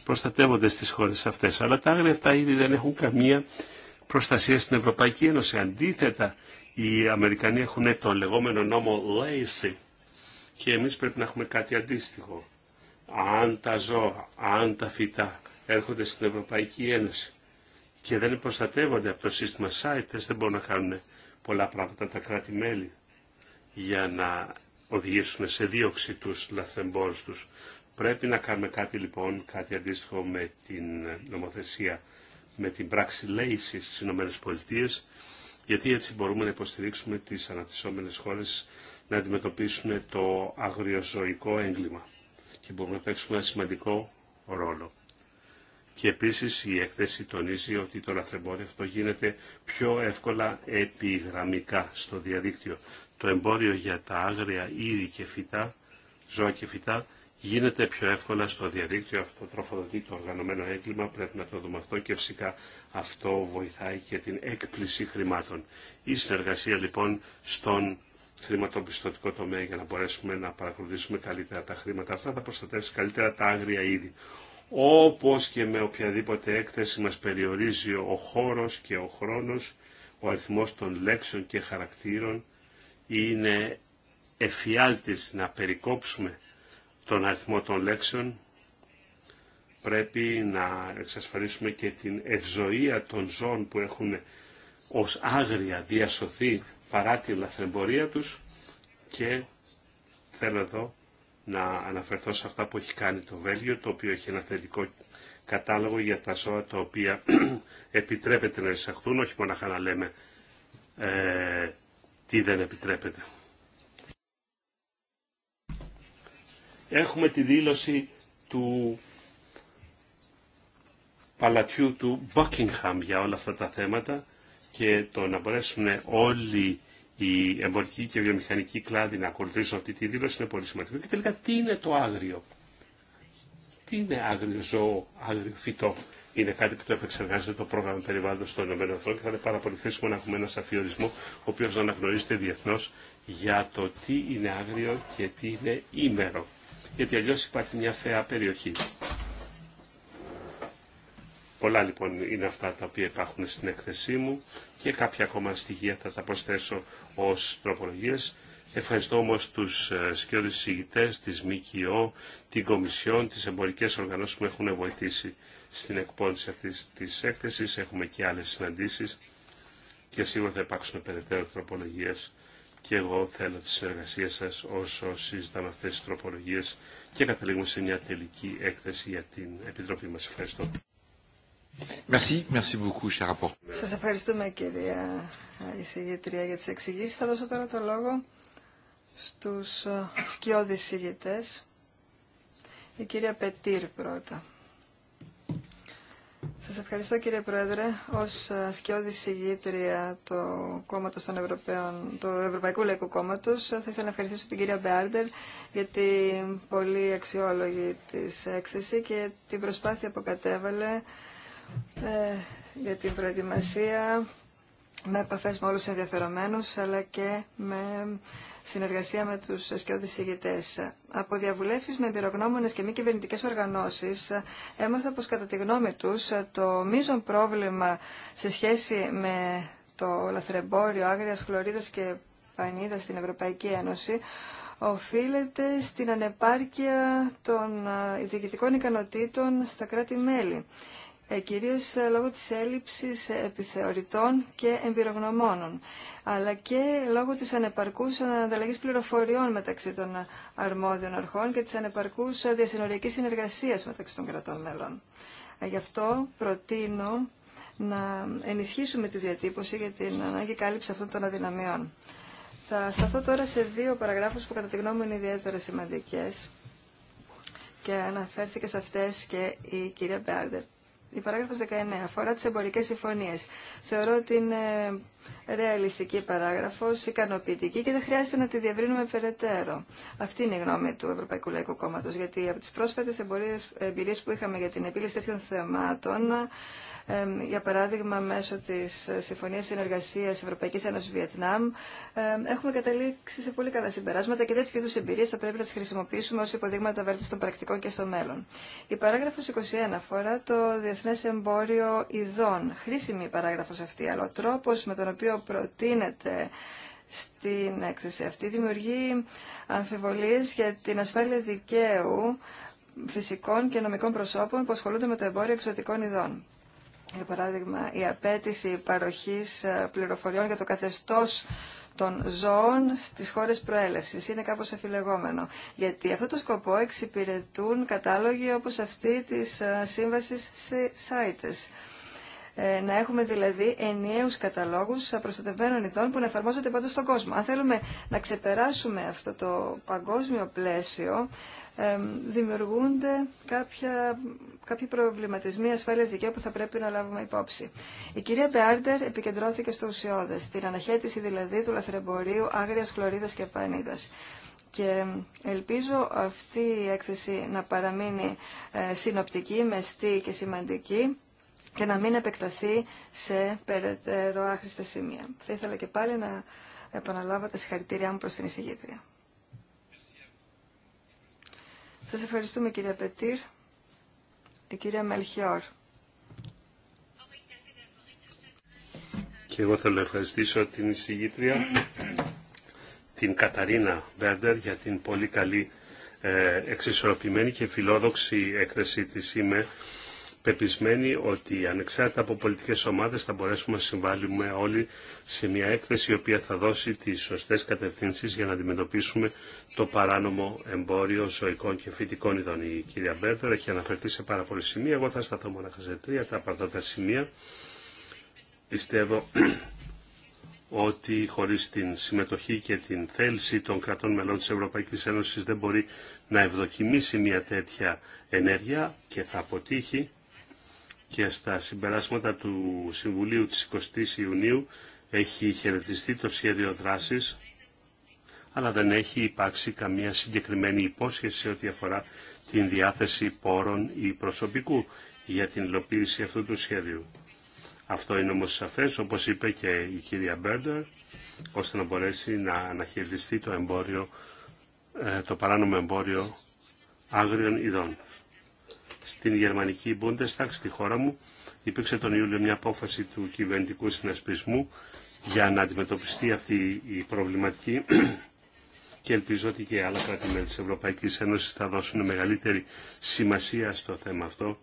προστατεύονται στις χώρες αυτές. Αλλά τα άγρια αυτά ήδη δεν έχουν καμία προστασία στην Ευρωπαϊκή Ένωση. Αντίθετα, οι Αμερικανοί έχουν το λεγόμενο νόμο Lacey και εμείς πρέπει να έχουμε κάτι αντίστοιχο. Αν τα ζώα, αν τα φυτά έρχονται στην Ευρωπαϊκή Ένωση και δεν προστατεύονται από το σύστημα CITES, δεν μπορούν να κάνουν πολλά πράγματα τα κράτη-μέλη για να οδηγήσουν σε δίωξη τους λαθρεμπόρους τους. Πρέπει να κάνουμε κάτι λοιπόν, κάτι αντίστοιχο με την νομοθεσία, με την πράξη λέηση στις ΗΠΑ, γιατί έτσι μπορούμε να υποστηρίξουμε τις αναπτυσσόμενες χώρες να αντιμετωπίσουν το αγριοζωικό έγκλημα και μπορούμε να παίξουμε ένα σημαντικό ρόλο. Και επίσης η έκθεση τονίζει ότι το λαθρεμπόριο αυτό γίνεται πιο εύκολα επιγραμμικά στο διαδίκτυο. Το εμπόριο για τα άγρια ήδη και φυτά, ζώα και φυτά, γίνεται πιο εύκολα στο διαδίκτυο. Αυτό τροφοδοτεί το οργανωμένο έγκλημα, πρέπει να το δούμε αυτό και φυσικά αυτό βοηθάει και την έκπληση χρημάτων. Η συνεργασία λοιπόν στον χρηματοπιστωτικό τομέα για να μπορέσουμε να παρακολουθήσουμε καλύτερα τα χρήματα αυτά, θα προστατεύσει καλύτερα τα άγρια είδη. Όπως και με οποιαδήποτε έκθεση μας περιορίζει ο χώρος και ο χρόνος, ο αριθμός των λέξεων και χαρακτήρων είναι εφιάλτης να περικόψουμε τον αριθμό των λέξεων. Πρέπει να εξασφαλίσουμε και την ευζοία των ζώων που έχουν ως άγρια διασωθεί παρά τη λαθρεμπορία τους και θέλω εδώ να αναφερθώ σε αυτά που έχει κάνει το Βέλγιο, το οποίο έχει ένα θετικό κατάλογο για τα ζώα τα οποία επιτρέπεται να εισαχθούν, όχι μόνο να λέμε ε, τι δεν επιτρέπεται. έχουμε τη δήλωση του παλατιού του Buckingham για όλα αυτά τα θέματα και το να μπορέσουν όλοι οι εμπορικοί και βιομηχανικοί κλάδοι να ακολουθήσουν αυτή τη δήλωση είναι πολύ σημαντικό. Και τελικά τι είναι το άγριο. Τι είναι άγριο ζώο, άγριο φυτό. Είναι κάτι που το επεξεργάζεται το πρόγραμμα περιβάλλοντο των ΗΠΑ και θα είναι πάρα πολύ χρήσιμο να έχουμε ένα σαφή ο οποίο να αναγνωρίζεται διεθνώ για το τι είναι άγριο και τι είναι ήμερο γιατί αλλιώς υπάρχει μια φαιά περιοχή. Πολλά λοιπόν είναι αυτά τα οποία υπάρχουν στην έκθεσή μου και κάποια ακόμα στοιχεία θα τα προσθέσω ως τροπολογίες. Ευχαριστώ όμως τους ε, σκιώδεις συγητές, της ΜΚΟ, την Κομισιόν, τις εμπορικές οργανώσεις που έχουν βοηθήσει στην εκπόνηση αυτής της έκθεσης. Έχουμε και άλλες συναντήσεις και σίγουρα θα υπάρξουν περαιτέρω τροπολογίες και εγώ θέλω τη συνεργασία σας όσο συζητάμε αυτές τις τροπολογίες και καταλήγουμε σε μια τελική έκθεση για την Επιτροπή μας. Ευχαριστώ. Merci, merci beaucoup, Σας ευχαριστούμε κυρία εισηγητρία για τις εξηγήσει. Θα δώσω τώρα το λόγο στου σκιώδη εισηγητές. Η κυρία Πετήρ πρώτα. Σας ευχαριστώ κύριε Πρόεδρε. Ως ε, σκιώδη συγγήτρια του, κόμματος των Ευρωπαϊκού Λαϊκού Κόμματος θα ήθελα να ευχαριστήσω την κυρία Μπεάρντερ για την πολύ αξιόλογη της έκθεση και την προσπάθεια που κατέβαλε ε, για την προετοιμασία με επαφές με όλους τους αλλά και με συνεργασία με τους σκιώδεις ηγητές. Από διαβουλεύσεις με εμπειρογνώμονες και μη κυβερνητικέ οργανώσεις, έμαθα πως κατά τη γνώμη τους το μείζον πρόβλημα σε σχέση με το λαθρεμπόριο άγριας χλωρίδας και πανίδα στην Ευρωπαϊκή Ένωση, οφείλεται στην ανεπάρκεια των ε, διοικητικών ικανοτήτων στα κράτη-μέλη. Ε, κυρίως ε, λόγω της έλλειψης ε, επιθεωρητών και εμπειρογνωμόνων, αλλά και λόγω της ανεπαρκούς ανταλλαγής πληροφοριών μεταξύ των αρμόδιων αρχών και της ανεπαρκούς διασυνοριακής συνεργασίας μεταξύ των κρατών μέλων. Γι' αυτό προτείνω να ενισχύσουμε τη διατύπωση για την ανάγκη κάλυψη αυτών των αδυναμιών. Θα σταθώ τώρα σε δύο παραγράφους που κατά τη γνώμη είναι ιδιαίτερα σημαντικές και αναφέρθηκε σε αυτές και η κυρία Μπέρντερ η παράγραφος 19 αφορά τις εμπορικές συμφωνίες. Θεωρώ ότι είναι ρεαλιστική παράγραφο, ικανοποιητική και δεν χρειάζεται να τη διαβρύνουμε περαιτέρω. Αυτή είναι η γνώμη του Ευρωπαϊκού Λαϊκού Κόμματο. γιατί από τι πρόσφατες εμπειρίες που είχαμε για την επίλυση τέτοιων θεμάτων, για παράδειγμα μέσω τη συμφωνία συνεργασία Ευρωπαϊκή Ένωση Βιετνάμ, έχουμε καταλήξει σε πολύ καλά συμπεράσματα και τέτοιου είδου εμπειρίες θα πρέπει να τι χρησιμοποιήσουμε ω υποδείγματα των πρακτικών και στο μέλλον. Η παράγραφο 21 αφορά το διεθνέ εμπόριο ειδών. Χρήσιμη η αυτή, αλλά ο τρόπο με τον οποίο προτείνεται στην έκθεση αυτή δημιουργεί αμφιβολίες για την ασφάλεια δικαίου φυσικών και νομικών προσώπων που ασχολούνται με το εμπόριο εξωτικών ειδών. Για παράδειγμα, η απέτηση παροχής πληροφοριών για το καθεστώς των ζώων στις χώρες προέλευσης. Είναι κάπως αφιλεγόμενο. Γιατί αυτό το σκοπό εξυπηρετούν κατάλογοι όπως αυτή της σύμβασης σε σάιτες. Ε, να έχουμε δηλαδή ενιαίους καταλόγους προστατευμένων ειδών που να εφαρμόζονται πάντως στον κόσμο. Αν θέλουμε να ξεπεράσουμε αυτό το παγκόσμιο πλαίσιο, δημιουργούνται κάποια, κάποιοι προβληματισμοί ασφάλειας δικαίου που θα πρέπει να λάβουμε υπόψη. Η κυρία Μπεάρντερ επικεντρώθηκε στο ουσιώδες, την αναχέτηση δηλαδή του λαθρεμπορίου άγριας χλωρίδας και πανίδας και ελπίζω αυτή η έκθεση να παραμείνει ε, συνοπτική, μεστή και σημαντική και να μην επεκταθεί σε περαιτέρω άχρηστα σημεία. Θα ήθελα και πάλι να επαναλάβω τα συγχαρητήριά μου προς την εισηγήτρια. Σας ευχαριστούμε κυρία Πετήρ, την κυρία Μελχιόρ. Και εγώ θέλω να ευχαριστήσω την εισηγήτρια, την Καταρίνα Μπέρντερ, για την πολύ καλή ε, εξισορροπημένη και φιλόδοξη έκθεση της. Είμαι πεπισμένη ότι ανεξάρτητα από πολιτικές ομάδες θα μπορέσουμε να συμβάλλουμε όλοι σε μια έκθεση η οποία θα δώσει τις σωστές κατευθύνσεις για να αντιμετωπίσουμε το παράνομο εμπόριο ζωικών και φυτικών ειδών. Η κυρία Μπέρτερ έχει αναφερθεί σε πάρα πολλές σημεία. Εγώ θα σταθώ μόνο σε τρία τα αυτά τα σημεία. Πιστεύω ότι χωρίς την συμμετοχή και την θέληση των κρατών μελών της Ευρωπαϊκής Ένωσης δεν μπορεί να ευδοκιμήσει μια τέτοια ενέργεια και θα αποτύχει και στα συμπεράσματα του Συμβουλίου της 20ης Ιουνίου έχει χαιρετιστεί το σχέδιο δράσης, αλλά δεν έχει υπάρξει καμία συγκεκριμένη υπόσχεση σε ό,τι αφορά την διάθεση πόρων ή προσωπικού για την υλοποίηση αυτού του σχέδιου. Αυτό είναι όμως σαφές, όπως είπε και η κυρία Μπέρντερ, ώστε να μπορέσει να αναχαιρετιστεί το, ε, το παράνομο εμπόριο άγριων ειδών στην γερμανική Bundestag, στη χώρα μου. Υπήρξε τον Ιούλιο μια απόφαση του κυβερνητικού συνασπισμού για να αντιμετωπιστεί αυτή η προβληματική και ελπίζω ότι και άλλα κράτη-μέλη της Ευρωπαϊκής Ένωσης θα δώσουν μεγαλύτερη σημασία στο θέμα αυτό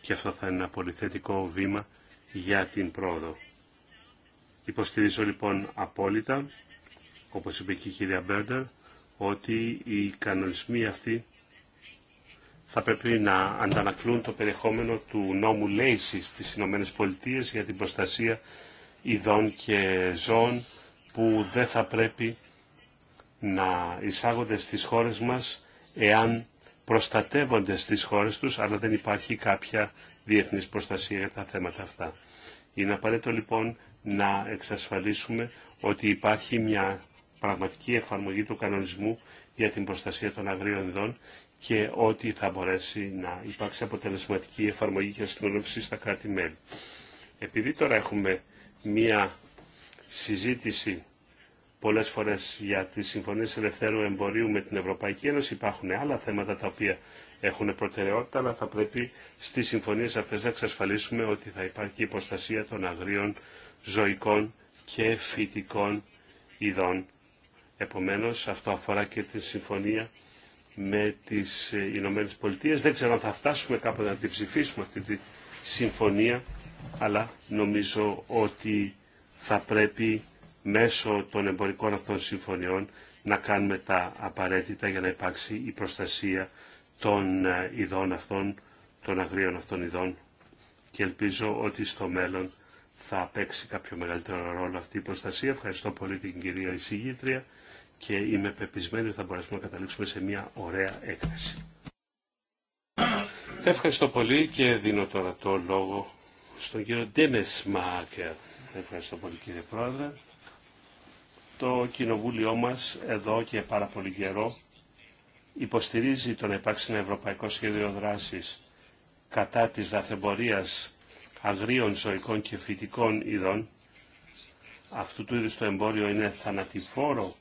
και αυτό θα είναι ένα πολύ θετικό βήμα για την πρόοδο. Υποστηρίζω λοιπόν απόλυτα, όπως είπε και η κυρία Μπέρντερ, ότι οι κανονισμοί αυτοί θα πρέπει να αντανακλούν το περιεχόμενο του νόμου Λέιση στις Ηνωμένες Πολιτείες για την προστασία ειδών και ζώων που δεν θα πρέπει να εισάγονται στις χώρες μας εάν προστατεύονται στις χώρες τους αλλά δεν υπάρχει κάποια διεθνής προστασία για τα θέματα αυτά. Είναι απαραίτητο λοιπόν να εξασφαλίσουμε ότι υπάρχει μια πραγματική εφαρμογή του κανονισμού για την προστασία των αγρίων ειδών και ότι θα μπορέσει να υπάρξει αποτελεσματική εφαρμογή και αστυνόμευση στα κράτη-μέλη. Επειδή τώρα έχουμε μία συζήτηση πολλές φορές για τις συμφωνίες ελευθέρου εμπορίου με την Ευρωπαϊκή Ένωση, υπάρχουν άλλα θέματα τα οποία έχουν προτεραιότητα, αλλά θα πρέπει στις συμφωνίες αυτές να εξασφαλίσουμε ότι θα υπάρχει η προστασία των αγρίων, ζωικών και φυτικών ειδών. Επομένως, αυτό αφορά και τη συμφωνία με τις ε, Ηνωμένε Πολιτείες. Δεν ξέρω αν θα φτάσουμε κάποτε να τη ψηφίσουμε αυτή τη συμφωνία, αλλά νομίζω ότι θα πρέπει μέσω των εμπορικών αυτών συμφωνιών να κάνουμε τα απαραίτητα για να υπάρξει η προστασία των ε, ειδών αυτών, των αγρίων αυτών ειδών και ελπίζω ότι στο μέλλον θα παίξει κάποιο μεγαλύτερο ρόλο αυτή η προστασία. Ευχαριστώ πολύ την κυρία εισηγήτρια και είμαι πεπισμένοι ότι θα μπορέσουμε να καταλήξουμε σε μια ωραία έκθεση. Ευχαριστώ πολύ και δίνω τώρα το λόγο στον κύριο Ντέμες Μάκερ. Ευχαριστώ πολύ κύριε Πρόεδρε. Το κοινοβούλιο μας εδώ και πάρα πολύ καιρό υποστηρίζει το να υπάρξει ένα ευρωπαϊκό σχέδιο δράσης κατά της λαθρεμπορίας αγρίων ζωικών και φυτικών ειδών. Αυτού του είδους το εμπόριο είναι θανατηφόρο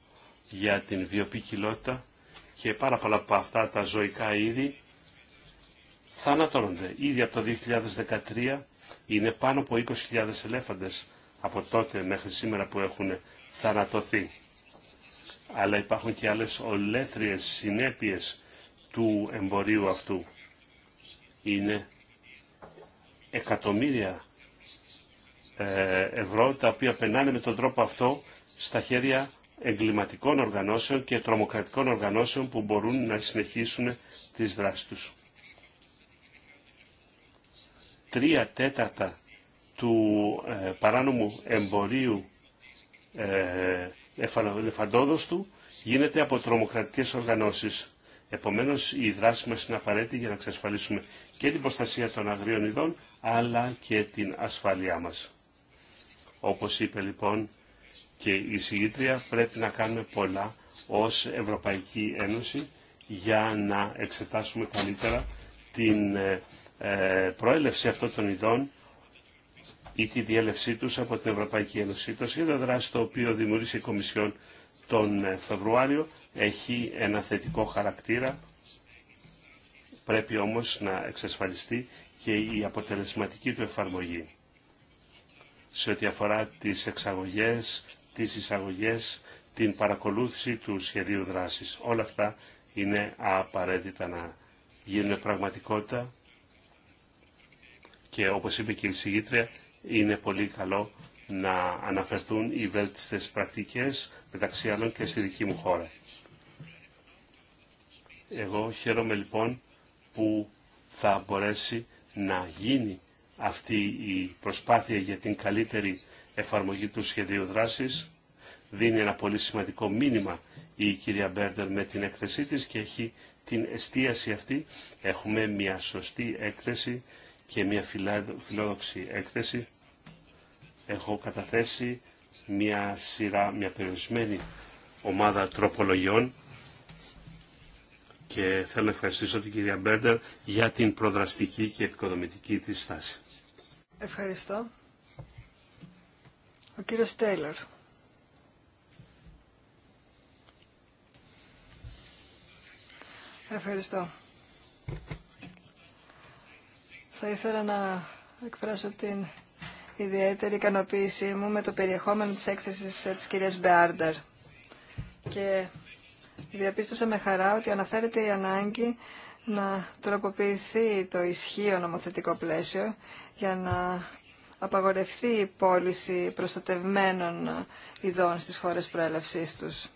για την βιοπικιλότητα και πάρα πολλά από αυτά τα ζωικά είδη θανατώνονται. Ήδη από το 2013 είναι πάνω από 20.000 ελέφαντες από τότε μέχρι σήμερα που έχουν θανατωθεί. Αλλά υπάρχουν και άλλες ολέθριες συνέπειες του εμπορίου αυτού. Είναι εκατομμύρια ε, ευρώ τα οποία περνάνε με τον τρόπο αυτό στα χέρια εγκληματικών οργανώσεων και τρομοκρατικών οργανώσεων που μπορούν να συνεχίσουν τις δράσεις τους. Τρία τέταρτα του ε, παράνομου εμπορίου ε, του γίνεται από τρομοκρατικές οργανώσεις. Επομένως, η δράση μας είναι απαραίτητη για να εξασφαλίσουμε και την προστασία των αγρίων ειδών, αλλά και την ασφάλειά μας. Όπως είπε λοιπόν και η συγγήτρια πρέπει να κάνουμε πολλά ως Ευρωπαϊκή Ένωση για να εξετάσουμε καλύτερα την ε, ε, προέλευση αυτών των ειδών ή τη διέλευσή τους από την Ευρωπαϊκή Ένωση. Το σχέδιο δράση το οποίο δημιούργησε η Κομισιόν τον ε, Φεβρουάριο έχει ένα θετικό χαρακτήρα. Πρέπει όμως να εξασφαλιστεί και η αποτελεσματική του εφαρμογή σε ό,τι αφορά τις εξαγωγές, τις εισαγωγές, την παρακολούθηση του σχεδίου δράσης. Όλα αυτά είναι απαραίτητα να γίνουν πραγματικότητα και όπως είπε και η συγγήτρια, είναι πολύ καλό να αναφερθούν οι βέλτιστες πρακτικές μεταξύ άλλων και στη δική μου χώρα. Εγώ χαίρομαι λοιπόν που θα μπορέσει να γίνει αυτή η προσπάθεια για την καλύτερη εφαρμογή του σχεδίου δράσης. Δίνει ένα πολύ σημαντικό μήνυμα η κυρία Μπέρντερ με την έκθεσή της και έχει την εστίαση αυτή. Έχουμε μια σωστή έκθεση και μια φιλόδοξη έκθεση. Έχω καταθέσει μια σειρά, μια περιορισμένη ομάδα τροπολογιών και θέλω να ευχαριστήσω την κυρία Μπέρντερ για την προδραστική και επικοδομητική της στάση. Ευχαριστώ. Ο κύριος Τέιλορ. Ευχαριστώ. Θα ήθελα να εκφράσω την ιδιαίτερη ικανοποίησή μου με το περιεχόμενο της έκθεσης ε, της κυρίας Μπεάρνταρ. Και διαπίστωσα με χαρά ότι αναφέρεται η ανάγκη να τροποποιηθεί το ισχύο νομοθετικό πλαίσιο για να απαγορευτεί η πώληση προστατευμένων ειδών στις χώρες προέλευσής τους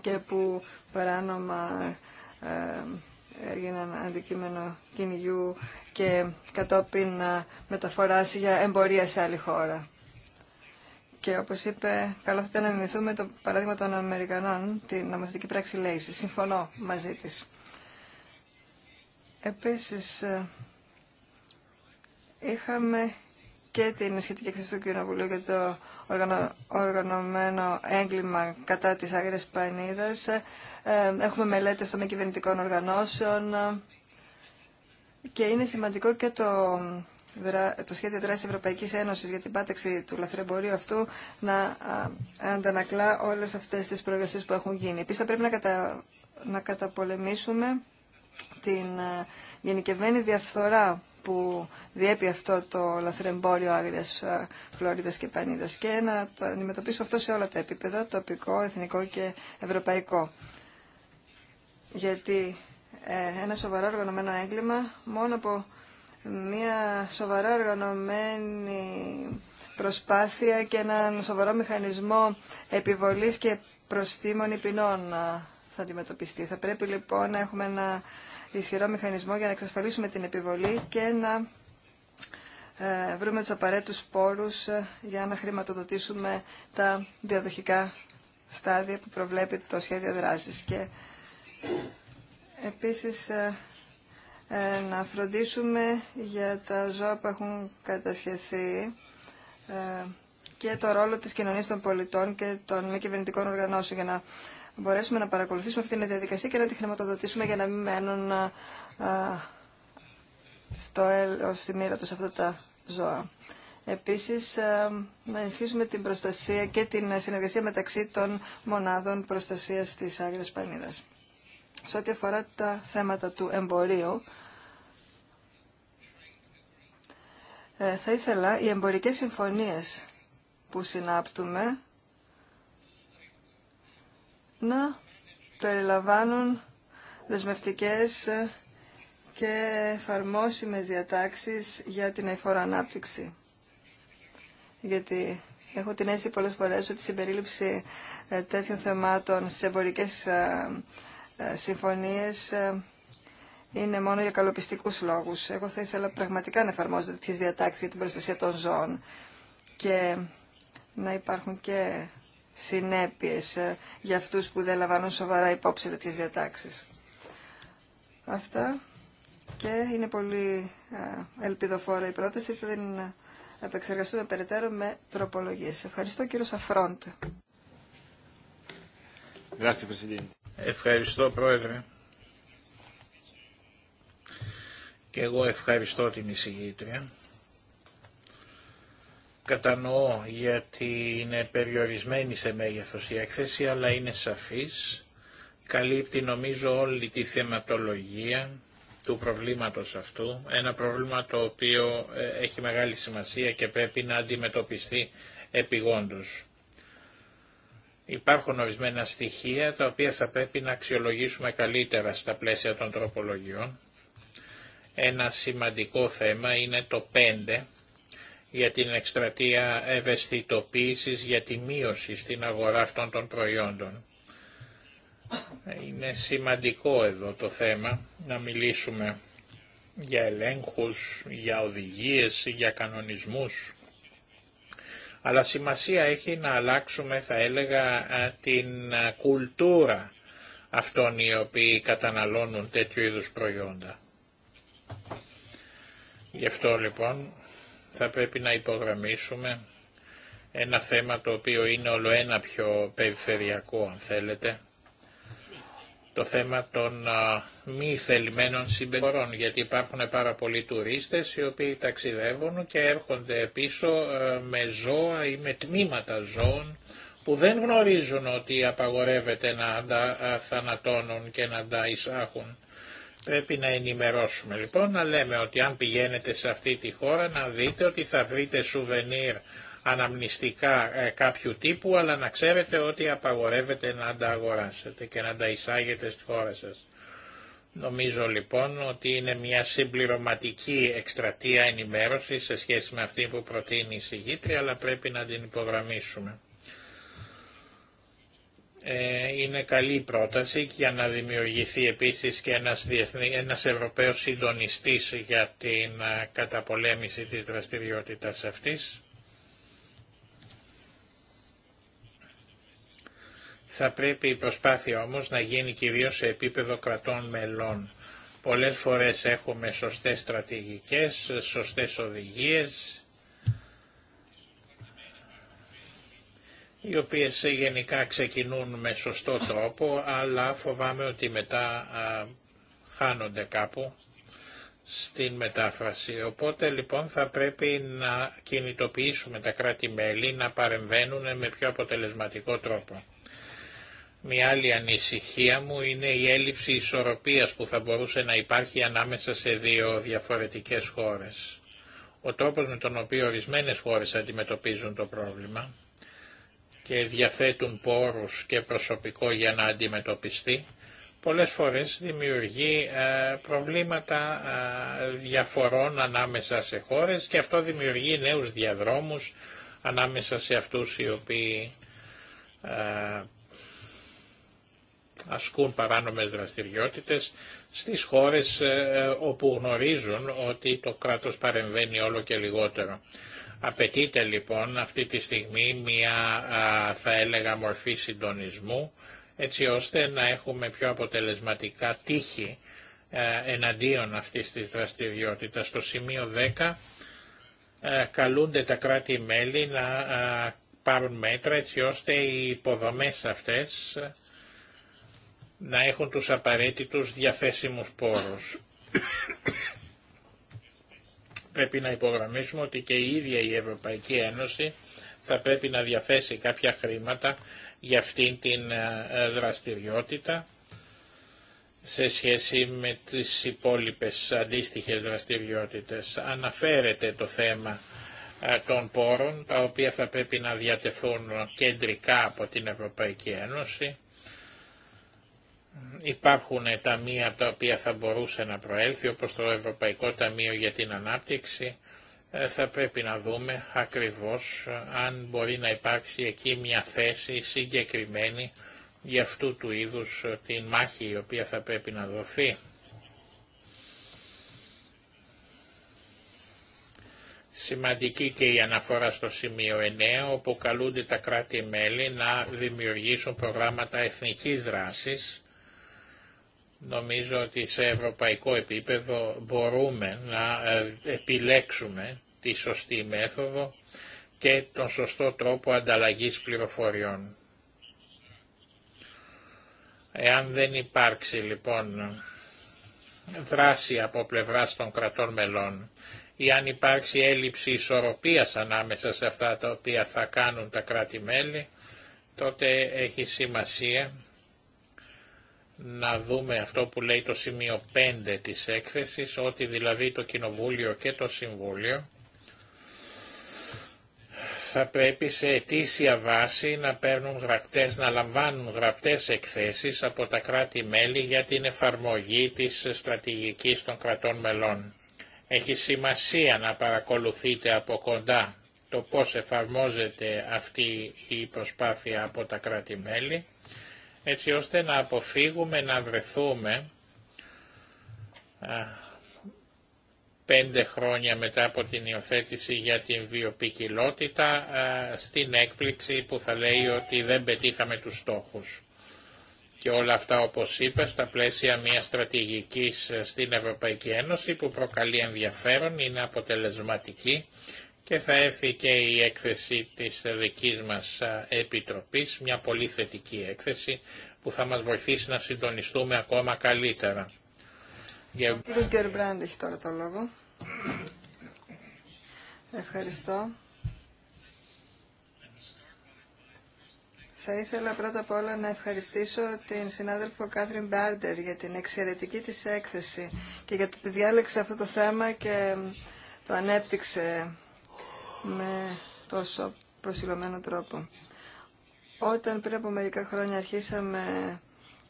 και που παράνομα ε, έγιναν αντικείμενο κυνηγιού και κατόπιν ε, μεταφοράς για εμπορία σε άλλη χώρα. Και όπως είπε, καλό θα ήταν να μιμηθούμε το παράδειγμα των Αμερικανών, την νομοθετική πράξη λέει, Συμφωνώ μαζί της. Επίσης, είχαμε και την σχετική εκθέση του Κοινοβουλίου για το οργανωμένο έγκλημα κατά της Άγρες Πανίδας. Ε, έχουμε μελέτες των κυβερνητικών οργανώσεων και είναι σημαντικό και το, το σχέδιο δράσης Ευρωπαϊκής Ένωσης για την πάταξη του λαθρεμπορίου αυτού να αντανακλά όλες αυτές τις προεργασίες που έχουν γίνει. Επίσης θα πρέπει να, κατα, να καταπολεμήσουμε την ε, γενικευμένη διαφθορά που διέπει αυτό το λαθρεμπόριο άγριας ε, φλόριδας και πανίδας και να το αντιμετωπίσουμε αυτό σε όλα τα επίπεδα, τοπικό, εθνικό και ευρωπαϊκό. Γιατί ε, ένα σοβαρό οργανωμένο έγκλημα μόνο από μια σοβαρά οργανωμένη προσπάθεια και έναν σοβαρό μηχανισμό επιβολής και προστήμων ποινών θα αντιμετωπιστεί. Θα πρέπει λοιπόν να έχουμε ένα ισχυρό μηχανισμό για να εξασφαλίσουμε την επιβολή και να ε, βρούμε τους απαραίτητους πόρους ε, για να χρηματοδοτήσουμε τα διαδοχικά στάδια που προβλέπει το σχέδιο δράσης. Και επίσης ε, να φροντίσουμε για τα ζώα που έχουν κατασχεθεί και το ρόλο της κοινωνίας των πολιτών και των μη κυβερνητικών οργανώσεων για να μπορέσουμε να παρακολουθήσουμε αυτή τη διαδικασία και να τη χρηματοδοτήσουμε για να μην μένουν α, στο, στη μοίρα τους αυτά τα ζώα. Επίσης, να ενισχύσουμε την προστασία και την συνεργασία μεταξύ των μονάδων προστασίας της Άγρια Πανίδας. Σε ό,τι αφορά τα θέματα του εμπορίου, ε, θα ήθελα οι εμπορικές συμφωνίες που συνάπτουμε να περιλαμβάνουν δεσμευτικές και εφαρμόσιμες διατάξεις για την εφόρο ανάπτυξη. Γιατί έχω την αίσθηση πολλές φορές ότι η συμπερίληψη ε, τέτοιων θεμάτων σε εμπορικέ ε, ε, συμφωνίες είναι μόνο για καλοπιστικούς λόγους. Εγώ θα ήθελα πραγματικά να εφαρμόζω τέτοιες διατάξεις για την προστασία των ζώων και να υπάρχουν και συνέπειες ε, για αυτούς που δεν λαμβάνουν σοβαρά υπόψη τέτοιες διατάξεις. Αυτά και είναι πολύ ε, ελπιδοφόρα η πρόταση. Θα την ε, επεξεργαστούμε περαιτέρω με τροπολογίες. Ευχαριστώ κύριο Σαφρόντε. Ευχαριστώ πρόεδρε. Και εγώ ευχαριστώ την εισηγήτρια κατανοώ γιατί είναι περιορισμένη σε μέγεθος η έκθεση, αλλά είναι σαφής. Καλύπτει νομίζω όλη τη θεματολογία του προβλήματος αυτού. Ένα πρόβλημα το οποίο ε, έχει μεγάλη σημασία και πρέπει να αντιμετωπιστεί επιγόντως. Υπάρχουν ορισμένα στοιχεία τα οποία θα πρέπει να αξιολογήσουμε καλύτερα στα πλαίσια των τροπολογιών. Ένα σημαντικό θέμα είναι το 5 για την εκστρατεία ευαισθητοποίησης για τη μείωση στην αγορά αυτών των προϊόντων. Είναι σημαντικό εδώ το θέμα να μιλήσουμε για ελέγχους, για οδηγίες, για κανονισμούς. Αλλά σημασία έχει να αλλάξουμε, θα έλεγα, ε, την ε, κουλτούρα αυτών οι οποίοι καταναλώνουν τέτοιου είδους προϊόντα. Γι' αυτό λοιπόν θα πρέπει να υπογραμμίσουμε ένα θέμα το οποίο είναι όλο ένα πιο περιφερειακό αν θέλετε, το θέμα των μη θελημένων συμπεριφορών, γιατί υπάρχουν πάρα πολλοί τουρίστες οι οποίοι ταξιδεύουν και έρχονται πίσω με ζώα ή με τμήματα ζώων που δεν γνωρίζουν ότι απαγορεύεται να τα θανατώνουν και να τα εισάχουν. Πρέπει να ενημερώσουμε λοιπόν, να λέμε ότι αν πηγαίνετε σε αυτή τη χώρα να δείτε ότι θα βρείτε σουβενίρ αναμνηστικά ε, κάποιου τύπου, αλλά να ξέρετε ότι απαγορεύεται να τα αγοράσετε και να τα εισάγετε στη χώρα σας. Νομίζω λοιπόν ότι είναι μια συμπληρωματική εκστρατεία ενημέρωση σε σχέση με αυτή που προτείνει η συγγήτρια, αλλά πρέπει να την υπογραμμίσουμε. Ε, είναι καλή πρόταση για να δημιουργηθεί επίσης και ένας, διεθνή, ένας Ευρωπαίος συντονιστής για την ε, καταπολέμηση της δραστηριότητας αυτής. Θα πρέπει η προσπάθεια όμως να γίνει κυρίως σε επίπεδο κρατών μελών. Πολλές φορές έχουμε σωστές στρατηγικές, σωστές οδηγίες, οι οποίες γενικά ξεκινούν με σωστό τρόπο, αλλά φοβάμαι ότι μετά χάνονται κάπου στην μετάφραση. Οπότε λοιπόν θα πρέπει να κινητοποιήσουμε τα κράτη-μέλη να παρεμβαίνουν με πιο αποτελεσματικό τρόπο. Μια άλλη ανησυχία μου είναι η έλλειψη ισορροπίας που θα μπορούσε να υπάρχει ανάμεσα σε δύο διαφορετικές χώρες. Ο τρόπος με τον οποίο ορισμένες χώρες αντιμετωπίζουν το πρόβλημα και διαθέτουν πόρους και προσωπικό για να αντιμετωπιστεί, πολλές φορές δημιουργεί ε, προβλήματα ε, διαφορών ανάμεσα σε χώρες και αυτό δημιουργεί νέους διαδρόμους ανάμεσα σε αυτούς οι οποίοι ε, ασκούν παράνομες δραστηριότητες στις χώρες όπου γνωρίζουν ότι το κράτος παρεμβαίνει όλο και λιγότερο. Απαιτείται λοιπόν αυτή τη στιγμή μια θα έλεγα μορφή συντονισμού έτσι ώστε να έχουμε πιο αποτελεσματικά τύχη εναντίον αυτής της δραστηριότητας. Στο σημείο 10 καλούνται τα κράτη-μέλη να πάρουν μέτρα έτσι ώστε οι υποδομές αυτές να έχουν τους απαραίτητους διαθέσιμους πόρους. Πρέπει να υπογραμμίσουμε ότι και η ίδια η Ευρωπαϊκή Ένωση θα πρέπει να διαθέσει κάποια χρήματα για αυτήν την ε, ε, δραστηριότητα σε σχέση με τις υπόλοιπες αντίστοιχες δραστηριότητες. Αναφέρεται το θέμα ε, των πόρων, τα οποία θα πρέπει να διατεθούν κεντρικά από την Ευρωπαϊκή Ένωση Υπάρχουν ταμεία από τα οποία θα μπορούσε να προέλθει, όπως το Ευρωπαϊκό Ταμείο για την Ανάπτυξη. Ε, θα πρέπει να δούμε ακριβώς ε, αν μπορεί να υπάρξει εκεί μια θέση συγκεκριμένη για αυτού του είδους ε, την μάχη η οποία θα πρέπει να δοθεί. Σημαντική και η αναφορά στο σημείο 9, όπου καλούνται τα κράτη-μέλη να δημιουργήσουν προγράμματα εθνικής δράσης, Νομίζω ότι σε ευρωπαϊκό επίπεδο μπορούμε να ε, επιλέξουμε τη σωστή μέθοδο και τον σωστό τρόπο ανταλλαγής πληροφοριών. Εάν δεν υπάρξει λοιπόν δράση από πλευράς των κρατών μελών ή αν υπάρξει έλλειψη ισορροπίας ανάμεσα σε αυτά τα οποία θα κάνουν τα κράτη-μέλη, τότε έχει σημασία να δούμε αυτό που λέει το σημείο 5 της έκθεσης, ότι δηλαδή το Κοινοβούλιο και το Συμβούλιο θα πρέπει σε αιτήσια βάση να παίρνουν γραπτές, να λαμβάνουν γραπτές εκθέσεις από τα κράτη-μέλη για την εφαρμογή της στρατηγικής των κρατών μελών. Έχει σημασία να παρακολουθείτε από κοντά το πώς εφαρμόζεται αυτή η προσπάθεια από τα κράτη-μέλη έτσι ώστε να αποφύγουμε να βρεθούμε πέντε χρόνια μετά από την υιοθέτηση για την βιοπικιλότητα στην έκπληξη που θα λέει ότι δεν πετύχαμε τους στόχους. Και όλα αυτά όπως είπα στα πλαίσια μιας στρατηγικής ε, στην Ευρωπαϊκή Ένωση που προκαλεί ενδιαφέρον, είναι αποτελεσματική και θα έρθει και η έκθεση της δικής μας Επιτροπής, μια πολύ θετική έκθεση που θα μας βοηθήσει να συντονιστούμε ακόμα καλύτερα. Ο κύριος Γκερμπράντ έχει τώρα το λόγο. Ευχαριστώ. Θα ήθελα πρώτα απ' όλα να ευχαριστήσω την συνάδελφο Κάθριν Μπάρντερ για την εξαιρετική της έκθεση και για το ότι διάλεξε αυτό το θέμα και το ανέπτυξε με τόσο προσιλωμένο τρόπο. Όταν πριν από μερικά χρόνια αρχίσαμε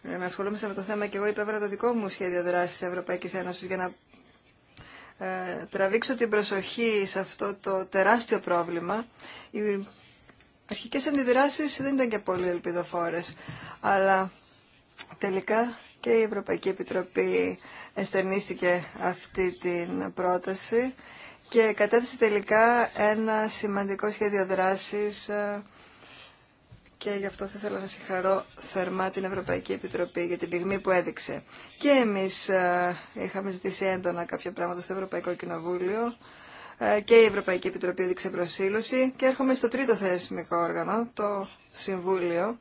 να ε, ασχολούμαστε με το θέμα και εγώ υπέβαλα το δικό μου σχέδιο δράσης Ευρωπαϊκής Ένωσης για να ε, τραβήξω την προσοχή σε αυτό το τεράστιο πρόβλημα, οι αρχικέ αντιδράσει δεν ήταν και πολύ ελπιδοφόρε. αλλά τελικά και η Ευρωπαϊκή Επιτροπή εστερνίστηκε αυτή την πρόταση και κατέθεσε τελικά ένα σημαντικό σχέδιο δράσης ε, και γι' αυτό θα ήθελα να συγχαρώ θερμά την Ευρωπαϊκή Επιτροπή για την πυγμή που έδειξε. Και εμείς ε, είχαμε ζητήσει έντονα κάποια πράγματα στο Ευρωπαϊκό Κοινοβούλιο ε, και η Ευρωπαϊκή Επιτροπή έδειξε προσήλωση και έρχομαι στο τρίτο θεσμικό όργανο, το Συμβούλιο,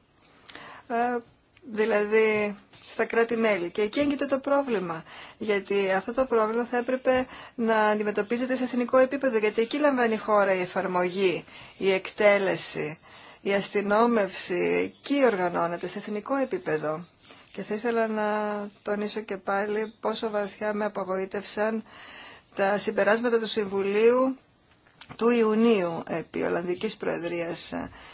δηλαδή στα κράτη-μέλη. Και εκεί έγκυται το πρόβλημα. Γιατί αυτό το πρόβλημα θα έπρεπε να αντιμετωπίζεται σε εθνικό επίπεδο. Γιατί εκεί λαμβάνει η χώρα η εφαρμογή, η εκτέλεση, η αστυνόμευση. Εκεί οργανώνεται σε εθνικό επίπεδο. Και θα ήθελα να τονίσω και πάλι πόσο βαθιά με απογοήτευσαν τα συμπεράσματα του Συμβουλίου του Ιουνίου επί Ολλανδικής Προεδρίας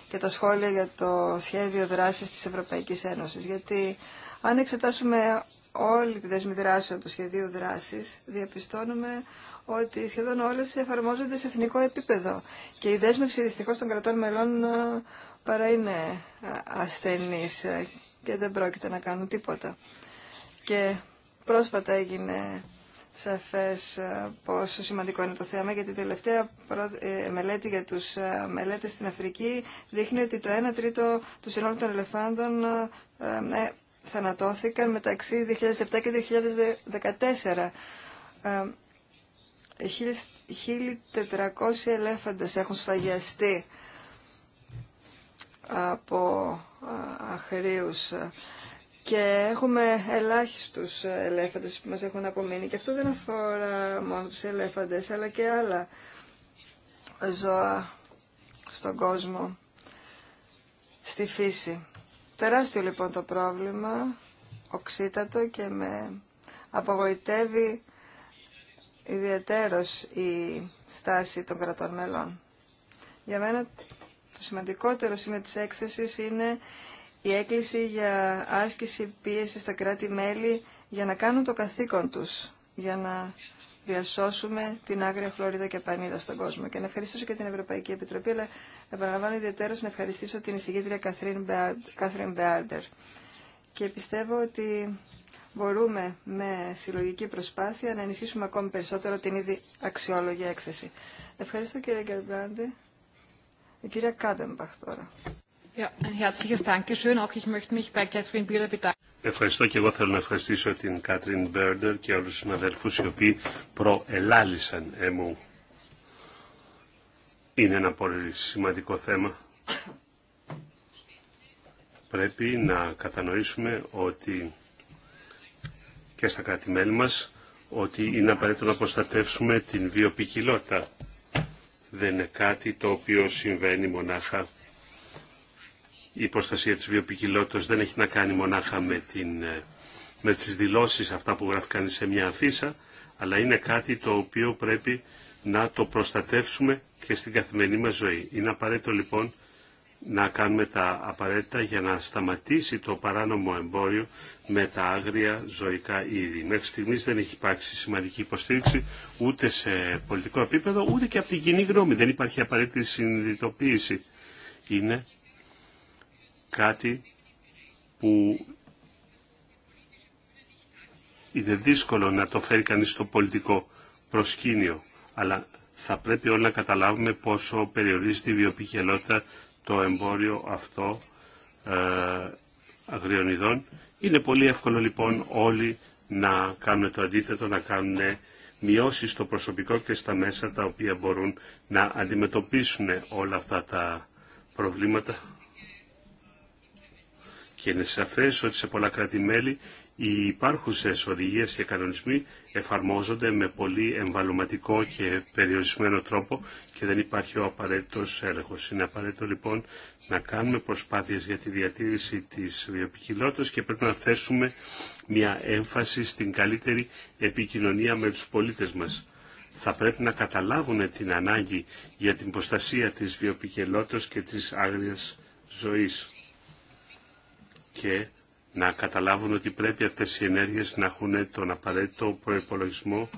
και τα σχόλια για το σχέδιο δράσης της Ευρωπαϊκής Ένωσης. Γιατί αν εξετάσουμε όλη τη δέσμη δράσεων του σχεδίου δράση, διαπιστώνουμε ότι σχεδόν όλες εφαρμόζονται σε εθνικό επίπεδο και η δέσμευση δυστυχώ των κρατών μελών ε, παρά είναι ε, ασθενή ε, και δεν πρόκειται να κάνουν τίποτα. Και πρόσφατα έγινε σαφές πόσο σημαντικό είναι το θέμα γιατί η τελευταία μελέτη για τους μελέτες στην Αφρική δείχνει ότι το 1 τρίτο του συνόλου των ελεφάντων θανατώθηκαν μεταξύ 2007 και 2014. 1.400 ε, ελέφαντες έχουν σφαγιαστεί από ε, αχρίους και έχουμε ελάχιστους ελέφαντες που μας έχουν απομείνει και αυτό δεν αφορά μόνο τους ελέφαντες αλλά και άλλα ζώα στον κόσμο, στη φύση. Τεράστιο λοιπόν το πρόβλημα, οξύτατο και με απογοητεύει ιδιαίτερος η στάση των κρατών μελών. Για μένα το σημαντικότερο σημείο της έκθεσης είναι η έκκληση για άσκηση πίεση στα κράτη-μέλη για να κάνουν το καθήκον τους, για να διασώσουμε την άγρια χλωρίδα και πανίδα στον κόσμο. Και να ευχαριστήσω και την Ευρωπαϊκή Επιτροπή, αλλά επαναλαμβάνω ιδιαίτερω να ευχαριστήσω την εισηγήτρια Κάθριν Μπεάρντερ. Και πιστεύω ότι μπορούμε με συλλογική προσπάθεια να ενισχύσουμε ακόμη περισσότερο την ήδη αξιόλογη έκθεση. Ευχαριστώ κύριε Γκερμπράντε. Η κυρία Κάντεμπαχ τώρα. Ja, ein herzliches Dankeschön. Auch ich möchte mich bei Catherine bedanken. Ευχαριστώ και εγώ θέλω να ευχαριστήσω την Κάτριν Μπέρντερ και όλους τους συναδελφούς οι οποίοι προελάλησαν εμού. Είναι ένα πολύ σημαντικό θέμα. Πρέπει να κατανοήσουμε ότι και στα κράτη-μέλη μας ότι είναι απαραίτητο να προστατεύσουμε την βιοπικιλότητα. Δεν είναι κάτι το οποίο συμβαίνει μονάχα η προστασία της βιοποικιλότητας δεν έχει να κάνει μονάχα με, την, ε, με τις δηλώσεις αυτά που γράφει κανείς σε μια αφίσα, αλλά είναι κάτι το οποίο πρέπει να το προστατεύσουμε και στην καθημερινή μας ζωή. Είναι απαραίτητο λοιπόν να κάνουμε τα απαραίτητα για να σταματήσει το παράνομο εμπόριο με τα άγρια ζωικά είδη. Μέχρι στιγμής δεν έχει υπάρξει σημαντική υποστήριξη ούτε σε πολιτικό επίπεδο ούτε και από την κοινή γνώμη. Δεν υπάρχει απαραίτητη συνειδητοποίηση. Είναι κάτι που είναι δύσκολο να το φέρει κανείς στο πολιτικό προσκήνιο, αλλά θα πρέπει όλοι να καταλάβουμε πόσο περιορίζεται η βιοπικελότητα το εμπόριο αυτό ε, αγριονιδών. Είναι πολύ εύκολο λοιπόν όλοι να κάνουν το αντίθετο, να κάνουν μειώσεις στο προσωπικό και στα μέσα τα οποία μπορούν να αντιμετωπίσουν όλα αυτά τα προβλήματα και είναι σαφές ότι σε πολλά κράτη-μέλη οι υπάρχουσες οδηγίες και κανονισμοί εφαρμόζονται με πολύ εμβαλωματικό και περιορισμένο τρόπο και δεν υπάρχει ο απαραίτητος έλεγχος. Είναι απαραίτητο λοιπόν να κάνουμε προσπάθειες για τη διατήρηση της βιοποικιλότητας και πρέπει να θέσουμε μια έμφαση στην καλύτερη επικοινωνία με τους πολίτες μας. Θα πρέπει να καταλάβουν την ανάγκη για την προστασία της βιοπικελότητας και της άγριας ζωής και να καταλάβουν ότι πρέπει αυτές οι ενέργειες να έχουν τον απαραίτητο προϋπολογισμό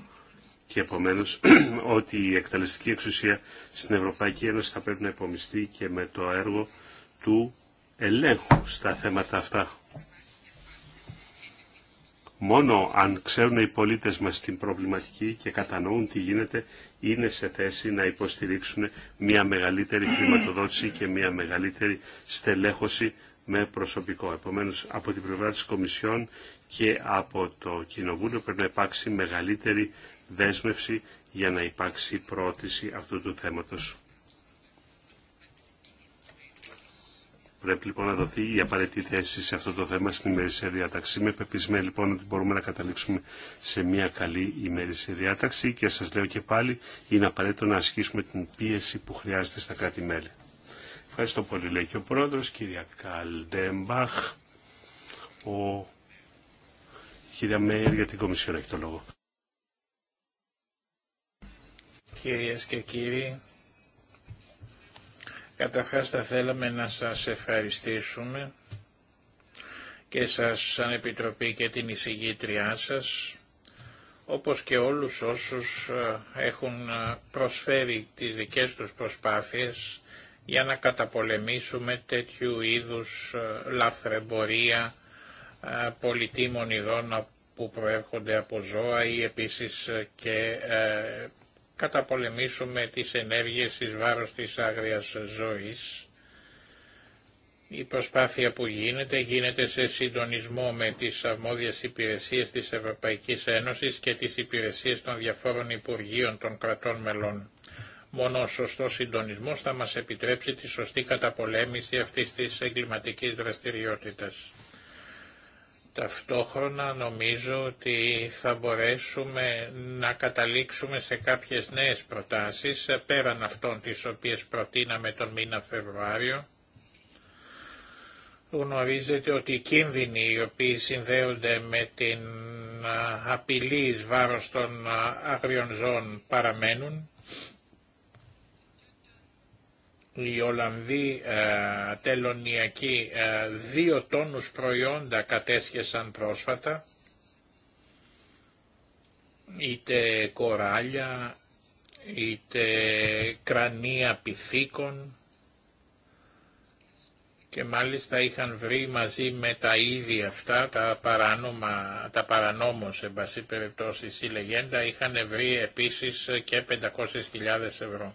και επομένως ότι η εκτελεστική εξουσία στην Ευρωπαϊκή Ένωση θα πρέπει να υπομειστεί και με το έργο του ελέγχου στα θέματα αυτά. Μόνο αν ξέρουν οι πολίτες μας την προβληματική και κατανοούν τι γίνεται, είναι σε θέση να υποστηρίξουν μια μεγαλύτερη χρηματοδότηση και μια μεγαλύτερη στελέχωση με προσωπικό. Επομένως, από την πλευρά της Κομισιόν και από το Κοινοβούλιο πρέπει να υπάρξει μεγαλύτερη δέσμευση για να υπάρξει πρόθεση αυτού του θέματος. Πρέπει λοιπόν να δοθεί η απαραίτητη θέση σε αυτό το θέμα στην ημερήσια διάταξη. Είμαι πεπισμένη λοιπόν ότι μπορούμε να καταλήξουμε σε μια καλή ημερήσια διάταξη και σας λέω και πάλι είναι απαραίτητο να ασκήσουμε την πίεση που χρειάζεται στα κράτη-μέλη. Ευχαριστώ πολύ, λέει και ο πρόεδρος, κυρία Καλντέμπαχ. Ο... Κυρία Μέιερ για την Κομισιόν έχει το λόγο. και κύριοι, καταρχάς θα θέλαμε να σα ευχαριστήσουμε και σα σαν Επιτροπή και την εισηγήτριά σα, όπως και όλους όσους ε, έχουν ε, προσφέρει τις δικές τους προσπάθειες για να καταπολεμήσουμε τέτοιου είδους ε, λαθρεμπορία ε, πολιτήμων ειδών που προέρχονται από ζώα ή επίσης ε, και καταπολεμήσουμε τις ενέργειες της βάρος της άγριας ζωής. Η προσπάθεια που γίνεται γίνεται σε συντονισμό με τις αρμόδιες υπηρεσίες της Ευρωπαϊκής Ένωσης και τις υπηρεσίες των διαφόρων Υπουργείων των κρατών μελών. Μόνο ο σωστό συντονισμό θα μα επιτρέψει τη σωστή καταπολέμηση αυτή τη εγκληματική δραστηριότητα. Ταυτόχρονα νομίζω ότι θα μπορέσουμε να καταλήξουμε σε κάποιες νέες προτάσεις, πέραν αυτών τις οποίες προτείναμε τον μήνα Φεβρουάριο. Γνωρίζετε ότι οι κίνδυνοι οι οποίοι συνδέονται με την απειλή εις βάρος των αγριών ζώων παραμένουν οι Ολλανδοί ε, τελωνιακοί ε, δύο τόνους προϊόντα κατέσχεσαν πρόσφατα, είτε κοράλια, είτε κρανία πυθίκων και μάλιστα είχαν βρει μαζί με τα ίδια αυτά, τα, παράνομα, τα παρανόμως σε βασί περιπτώσει η λεγέντα, είχαν βρει επίσης και 500.000 ευρώ.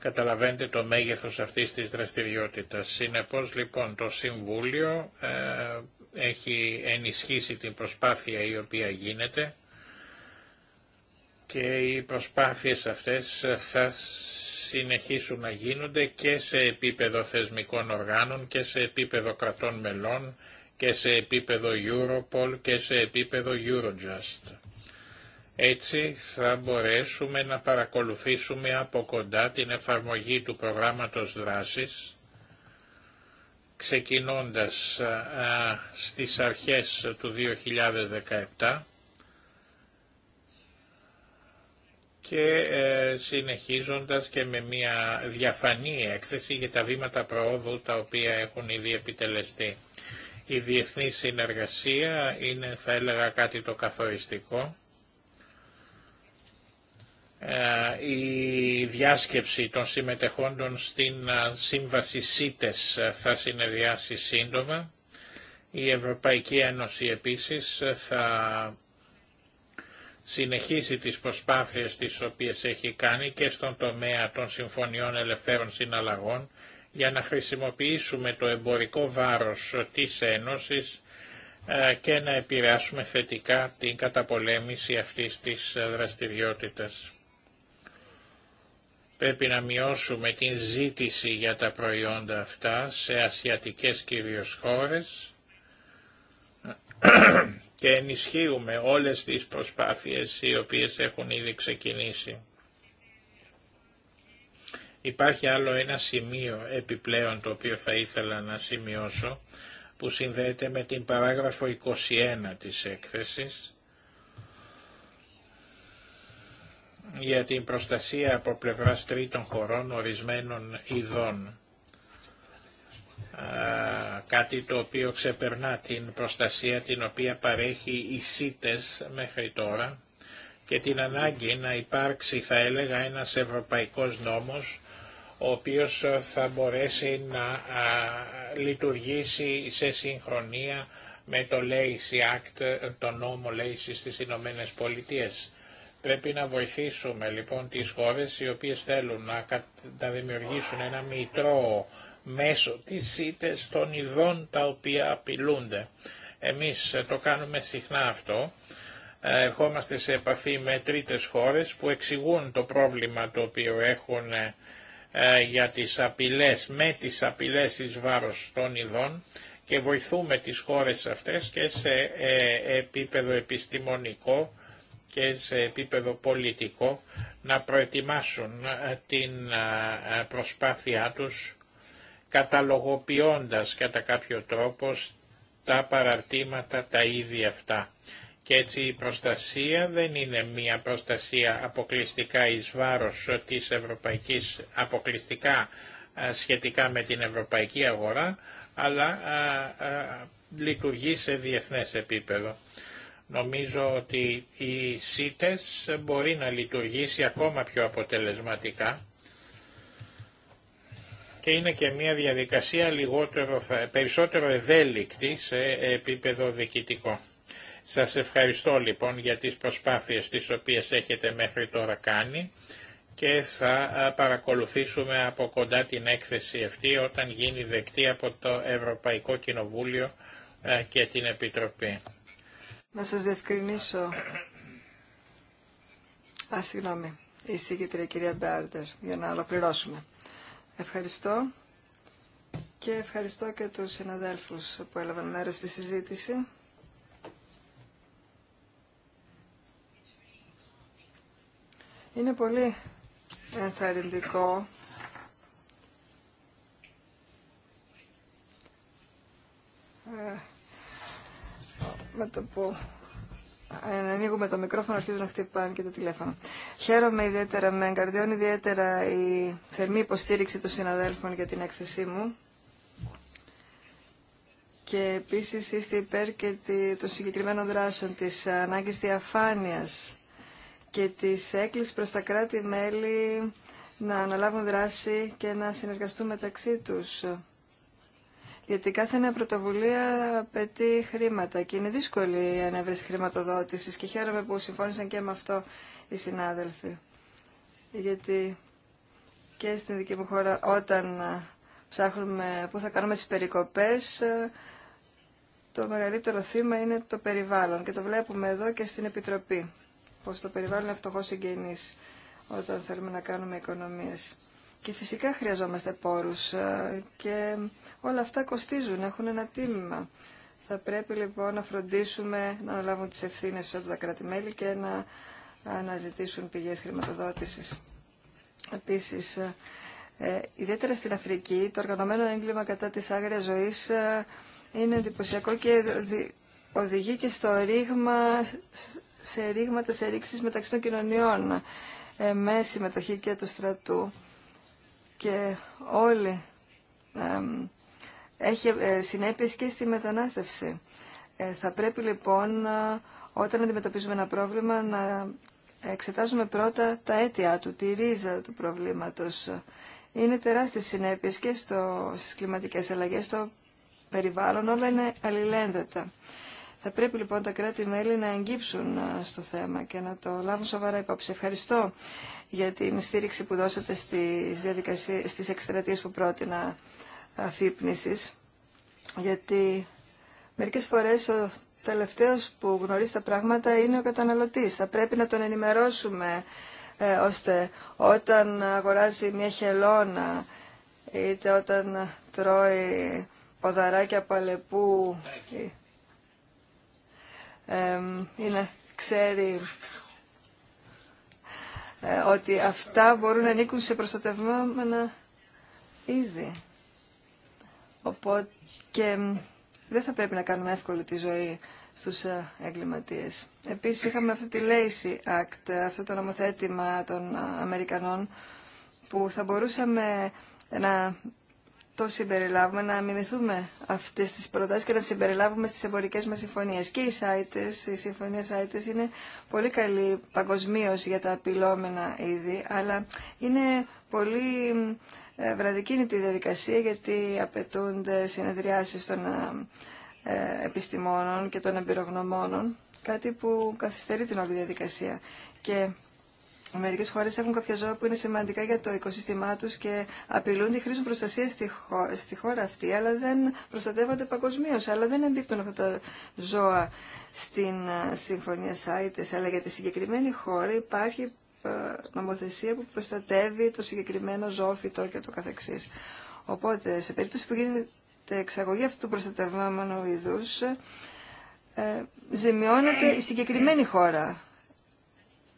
Καταλαβαίνετε το μέγεθος αυτής της δραστηριότητας. Συνεπώς λοιπόν το Συμβούλιο ε, έχει ενισχύσει την προσπάθεια η οποία γίνεται και οι προσπάθειες αυτές θα συνεχίσουν να γίνονται και σε επίπεδο θεσμικών οργάνων και σε επίπεδο κρατών μελών και σε επίπεδο Europol και σε επίπεδο Eurojust. Έτσι θα μπορέσουμε να παρακολουθήσουμε από κοντά την εφαρμογή του προγράμματος δράσης, ξεκινώντας α, στις αρχές του 2017 και ε, συνεχίζοντας και με μια διαφανή έκθεση για τα βήματα προόδου τα οποία έχουν ήδη επιτελεστεί. Η διεθνή συνεργασία είναι θα έλεγα κάτι το καθοριστικό ε, η διάσκεψη των συμμετεχόντων στην ε, σύμβαση ΣΥΤΕΣ ε, θα συνεδριάσει σύντομα. Η Ευρωπαϊκή Ένωση επίσης θα συνεχίσει τις προσπάθειες τις οποίες έχει κάνει και στον τομέα των Συμφωνιών Ελευθέρων Συναλλαγών για να χρησιμοποιήσουμε το εμπορικό βάρος της Ένωσης και να επηρεάσουμε θετικά την καταπολέμηση αυτής της δραστηριότητας. Πρέπει να μειώσουμε την ζήτηση για τα προϊόντα αυτά σε ασιατικές κυρίως χώρες και ενισχύουμε όλες τις προσπάθειες οι οποίες έχουν ήδη ξεκινήσει. Υπάρχει άλλο ένα σημείο επιπλέον το οποίο θα ήθελα να σημειώσω που συνδέεται με την παράγραφο 21 της έκθεσης για την προστασία από πλευράς τρίτων χωρών ορισμένων ειδών. Κάτι το οποίο ξεπερνά την προστασία την οποία παρέχει οι ΣΥΤΕΣ μέχρι τώρα και την ανάγκη να υπάρξει θα έλεγα ένας ευρωπαϊκός νόμος ο οποίος θα μπορέσει να λειτουργήσει σε συγχρονία με το Lacey Act, το νόμο Lacey στις Ηνωμένε Πολιτείες. Πρέπει να βοηθήσουμε λοιπόν τις χώρες οι οποίες θέλουν να, να δημιουργήσουν ένα μητρό μέσω της σύντες των ειδών τα οποία απειλούνται. Εμείς ε, το κάνουμε συχνά αυτό. Ε, ερχόμαστε σε επαφή με τρίτες χώρες που εξηγούν το πρόβλημα το οποίο έχουν ε, για τις απειλές, με τις απειλές εις βάρος των ειδών και βοηθούμε τις χώρες αυτές και σε επίπεδο επιστημονικό και σε επίπεδο πολιτικό να προετοιμάσουν ε, την ε, ε, προσπάθειά τους καταλογοποιώντας κατά κάποιο τρόπο τα παραρτήματα τα ίδια αυτά. Και έτσι η προστασία δεν είναι μια προστασία αποκλειστικά εις βάρος της ευρωπαϊκής, αποκλειστικά σχετικά με την ευρωπαϊκή αγορά, αλλά λειτουργεί σε διεθνές επίπεδο. Νομίζω ότι οι ΣΥΤΕΣ μπορεί να λειτουργήσει ακόμα πιο αποτελεσματικά και είναι και μια διαδικασία λιγότερο, περισσότερο ευέλικτη σε επίπεδο διοικητικό. Σας ευχαριστώ λοιπόν για τις προσπάθειες τις οποίες έχετε μέχρι τώρα κάνει και θα παρακολουθήσουμε από κοντά την έκθεση αυτή όταν γίνει δεκτή από το Ευρωπαϊκό Κοινοβούλιο και την Επιτροπή. Να σας διευκρινίσω. Α, συγγνώμη. Η συγκεκριά κυρία Μπέρντερ, για να ολοκληρώσουμε. Ευχαριστώ και ευχαριστώ και τους συναδέλφους που έλαβαν μέρος στη συζήτηση. Είναι πολύ ενθαρρυντικό με το που ε, ανοίγουμε το μικρόφωνο αρχίζουν να χτυπάνε και το τηλέφωνο. Χαίρομαι ιδιαίτερα, με εγκαρδιώνει ιδιαίτερα η θερμή υποστήριξη των συναδέλφων για την έκθεσή μου. Και επίσης είστε υπέρ και των συγκεκριμένων δράσεων, της ανάγκης διαφάνεια και της έκκληση προ τα κράτη-μέλη να αναλάβουν δράση και να συνεργαστούν μεταξύ τους γιατί κάθε νέα πρωτοβουλία απαιτεί χρήματα και είναι δύσκολη η ανέβρεση χρηματοδότησης και χαίρομαι που συμφώνησαν και με αυτό οι συνάδελφοι. Γιατί και στην δική μου χώρα όταν ε, ψάχνουμε πού θα κάνουμε τις περικοπές ε, το μεγαλύτερο θύμα είναι το περιβάλλον και το βλέπουμε εδώ και στην Επιτροπή πως το περιβάλλον είναι φτωχό συγγενής όταν θέλουμε να κάνουμε οικονομίες. Και φυσικά χρειαζόμαστε πόρους ε, και όλα αυτά κοστίζουν, έχουν ένα τίμημα. Θα πρέπει λοιπόν να φροντίσουμε να αναλάβουν τις ευθύνες από τα κράτη-μέλη και να αναζητήσουν πηγές χρηματοδότησης. Επίσης, ε, ε, ιδιαίτερα στην Αφρική, το οργανωμένο έγκλημα κατά της άγριας ζωής ε, είναι εντυπωσιακό και οδηγεί και στο ρήγμα, σε ρήγματα, σε ρήξεις μεταξύ των κοινωνιών με συμμετοχή και του στρατού και όλοι έχει ε, συνέπειες και στη μετανάστευση. Ε, θα πρέπει λοιπόν ε, όταν αντιμετωπίζουμε ένα πρόβλημα να εξετάζουμε πρώτα τα αίτια του, τη ρίζα του προβλήματος. Είναι τεράστιες συνέπειες και στο, στις κλιματικές αλλαγές, στο περιβάλλον, όλα είναι αλληλένδετα. Θα πρέπει λοιπόν τα κράτη-μέλη να εγγύψουν στο θέμα και να το λάβουν σοβαρά υπόψη. Ευχαριστώ για την στήριξη που δώσατε στις, στις εκστρατείες που πρότεινα αφύπνισης, γιατί μερικές φορές ο τελευταίος που γνωρίζει τα πράγματα είναι ο καταναλωτής. Θα πρέπει να τον ενημερώσουμε ε, ώστε όταν αγοράζει μια χελώνα είτε όταν τρώει ποδαράκια παλεπού ή να ξέρει ε, ότι αυτά μπορούν να ανήκουν σε προστατευμένα είδη. Οπότε και δεν θα πρέπει να κάνουμε εύκολη τη ζωή στους ε, εγκληματίες. Επίσης είχαμε αυτή τη Lacey Act, αυτό το νομοθέτημα των ε, Αμερικανών, που θα μπορούσαμε να το συμπεριλάβουμε, να μιμηθούμε αυτές τι προτάσεις και να συμπεριλάβουμε στι εμπορικές μα συμφωνίε. Και οι σάιτες, οι συμφωνίες σάιτες είναι πολύ καλή παγκοσμίω για τα απειλόμενα είδη, αλλά είναι πολύ ε, βραδικίνητη διαδικασία γιατί απαιτούνται συνεδριάσεις των ε, ε, επιστημόνων και των εμπειρογνωμόνων, κάτι που καθυστερεί την όλη διαδικασία. Και Μερικέ χώρε έχουν κάποια ζώα που είναι σημαντικά για το οικοσύστημά του και απειλούν τη χρήση προστασία στη, χώρα αυτή, αλλά δεν προστατεύονται παγκοσμίω. Αλλά δεν εμπίπτουν αυτά τα ζώα στην ε, Συμφωνία Σάιτε. Αλλά για τη συγκεκριμένη χώρα υπάρχει ε, νομοθεσία που προστατεύει το συγκεκριμένο φυτό και το καθεξής. Οπότε, σε περίπτωση που γίνεται εξαγωγή αυτού του προστατευμένου είδου, ε, ε, ζημιώνεται η συγκεκριμένη χώρα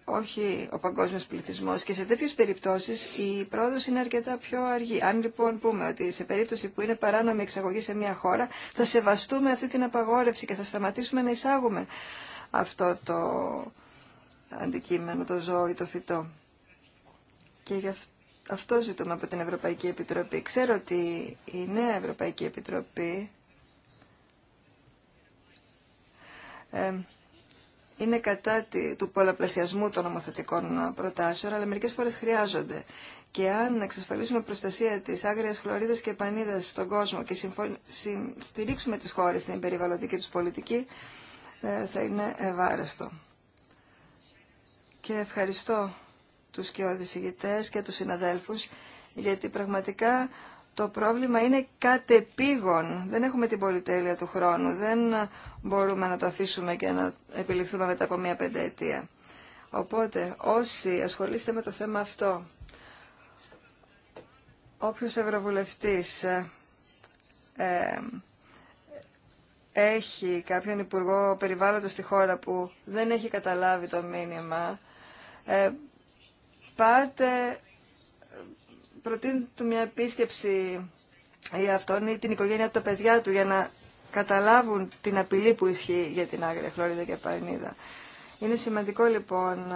όχι ο παγκόσμιος πληθυσμός και σε τέτοιες περιπτώσεις η πρόοδος είναι αρκετά πιο αργή. Αν λοιπόν πούμε ότι σε περίπτωση που είναι παράνομη εξαγωγή σε μια χώρα θα σεβαστούμε αυτή την απαγόρευση και θα σταματήσουμε να εισάγουμε αυτό το αντικείμενο, το ζώο ή το φυτό. Και γι' αυτό ζητούμε από την Ευρωπαϊκή Επιτροπή. Ξέρω ότι η νέα Ευρωπαϊκή Επιτροπή ε, είναι κατά του πολλαπλασιασμού των νομοθετικών προτάσεων, αλλά μερικές φορές χρειάζονται. Και αν εξασφαλίσουμε προστασία της άγριας χλωρίδα και πανίδα στον κόσμο και στηρίξουμε τις χώρες στην περιβαλλοντική του πολιτική, ε, θα είναι ευάρεστο. Και ευχαριστώ τους και ηγετές και τους συναδέλφου γιατί πραγματικά το πρόβλημα είναι κατεπήγον. Δεν έχουμε την πολυτέλεια του χρόνου. Δεν μπορούμε να το αφήσουμε και να επιληφθούμε μετά από μία πενταετία. Οπότε, όσοι ασχολείστε με το θέμα αυτό, όποιος ευρωβουλευτής ε, ε, έχει κάποιον υπουργό περιβάλλοντος στη χώρα που δεν έχει καταλάβει το μήνυμα, ε, πάτε προτείνει του μια επίσκεψη ή αυτόν ή την οικογένεια του, τα παιδιά του, για να καταλάβουν την απειλή που ισχύει για την άγρια χλωρίδα και πανίδα. Είναι σημαντικό λοιπόν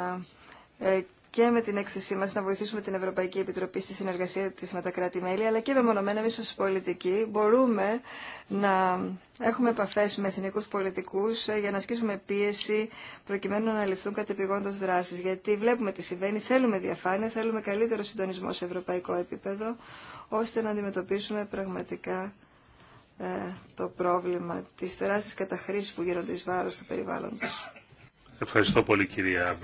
ε, και με την έκθεσή μα να βοηθήσουμε την Ευρωπαϊκή Επιτροπή στη συνεργασία τη με τα κράτη-μέλη, αλλά και μεμονωμένα μονομένα ως πολιτικοί μπορούμε να έχουμε επαφέ με εθνικού πολιτικού ε, για να ασκήσουμε πίεση προκειμένου να ληφθούν κατεπηγόντω δράσει. Γιατί βλέπουμε τι συμβαίνει, θέλουμε διαφάνεια, θέλουμε καλύτερο συντονισμό σε ευρωπαϊκό επίπεδο, ώστε να αντιμετωπίσουμε πραγματικά ε, το πρόβλημα της τεράστια καταχρήση που γίνονται ει βάρο του περιβάλλοντο. Ευχαριστώ πολύ κυρία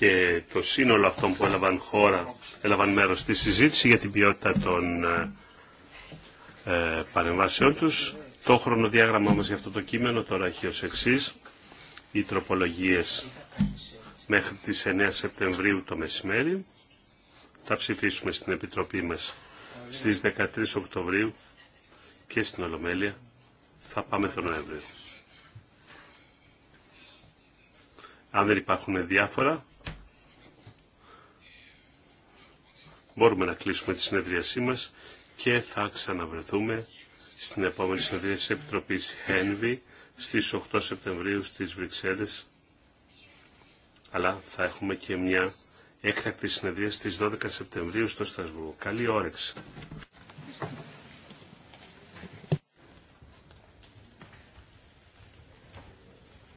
και το σύνολο αυτών που έλαβαν χώρα, έλαβαν μέρος στη συζήτηση για την ποιότητα των ε, ε παρεμβάσεών τους. Το χρονοδιάγραμμα μας για αυτό το κείμενο τώρα έχει ως εξής. Οι τροπολογίες μέχρι τις 9 Σεπτεμβρίου το μεσημέρι. Θα ψηφίσουμε στην Επιτροπή μας στις 13 Οκτωβρίου και στην Ολομέλεια. Θα πάμε τον Νοέμβριο. Αν δεν υπάρχουν διάφορα, μπορούμε να κλείσουμε τη συνεδρίασή μας και θα ξαναβρεθούμε στην επόμενη συνεδρία της Επιτροπής Χένβη στις 8 Σεπτεμβρίου στις Βρυξέλλες. Αλλά θα έχουμε και μια έκτακτη συνεδρία στις 12 Σεπτεμβρίου στο Στασβούργο. Καλή όρεξη.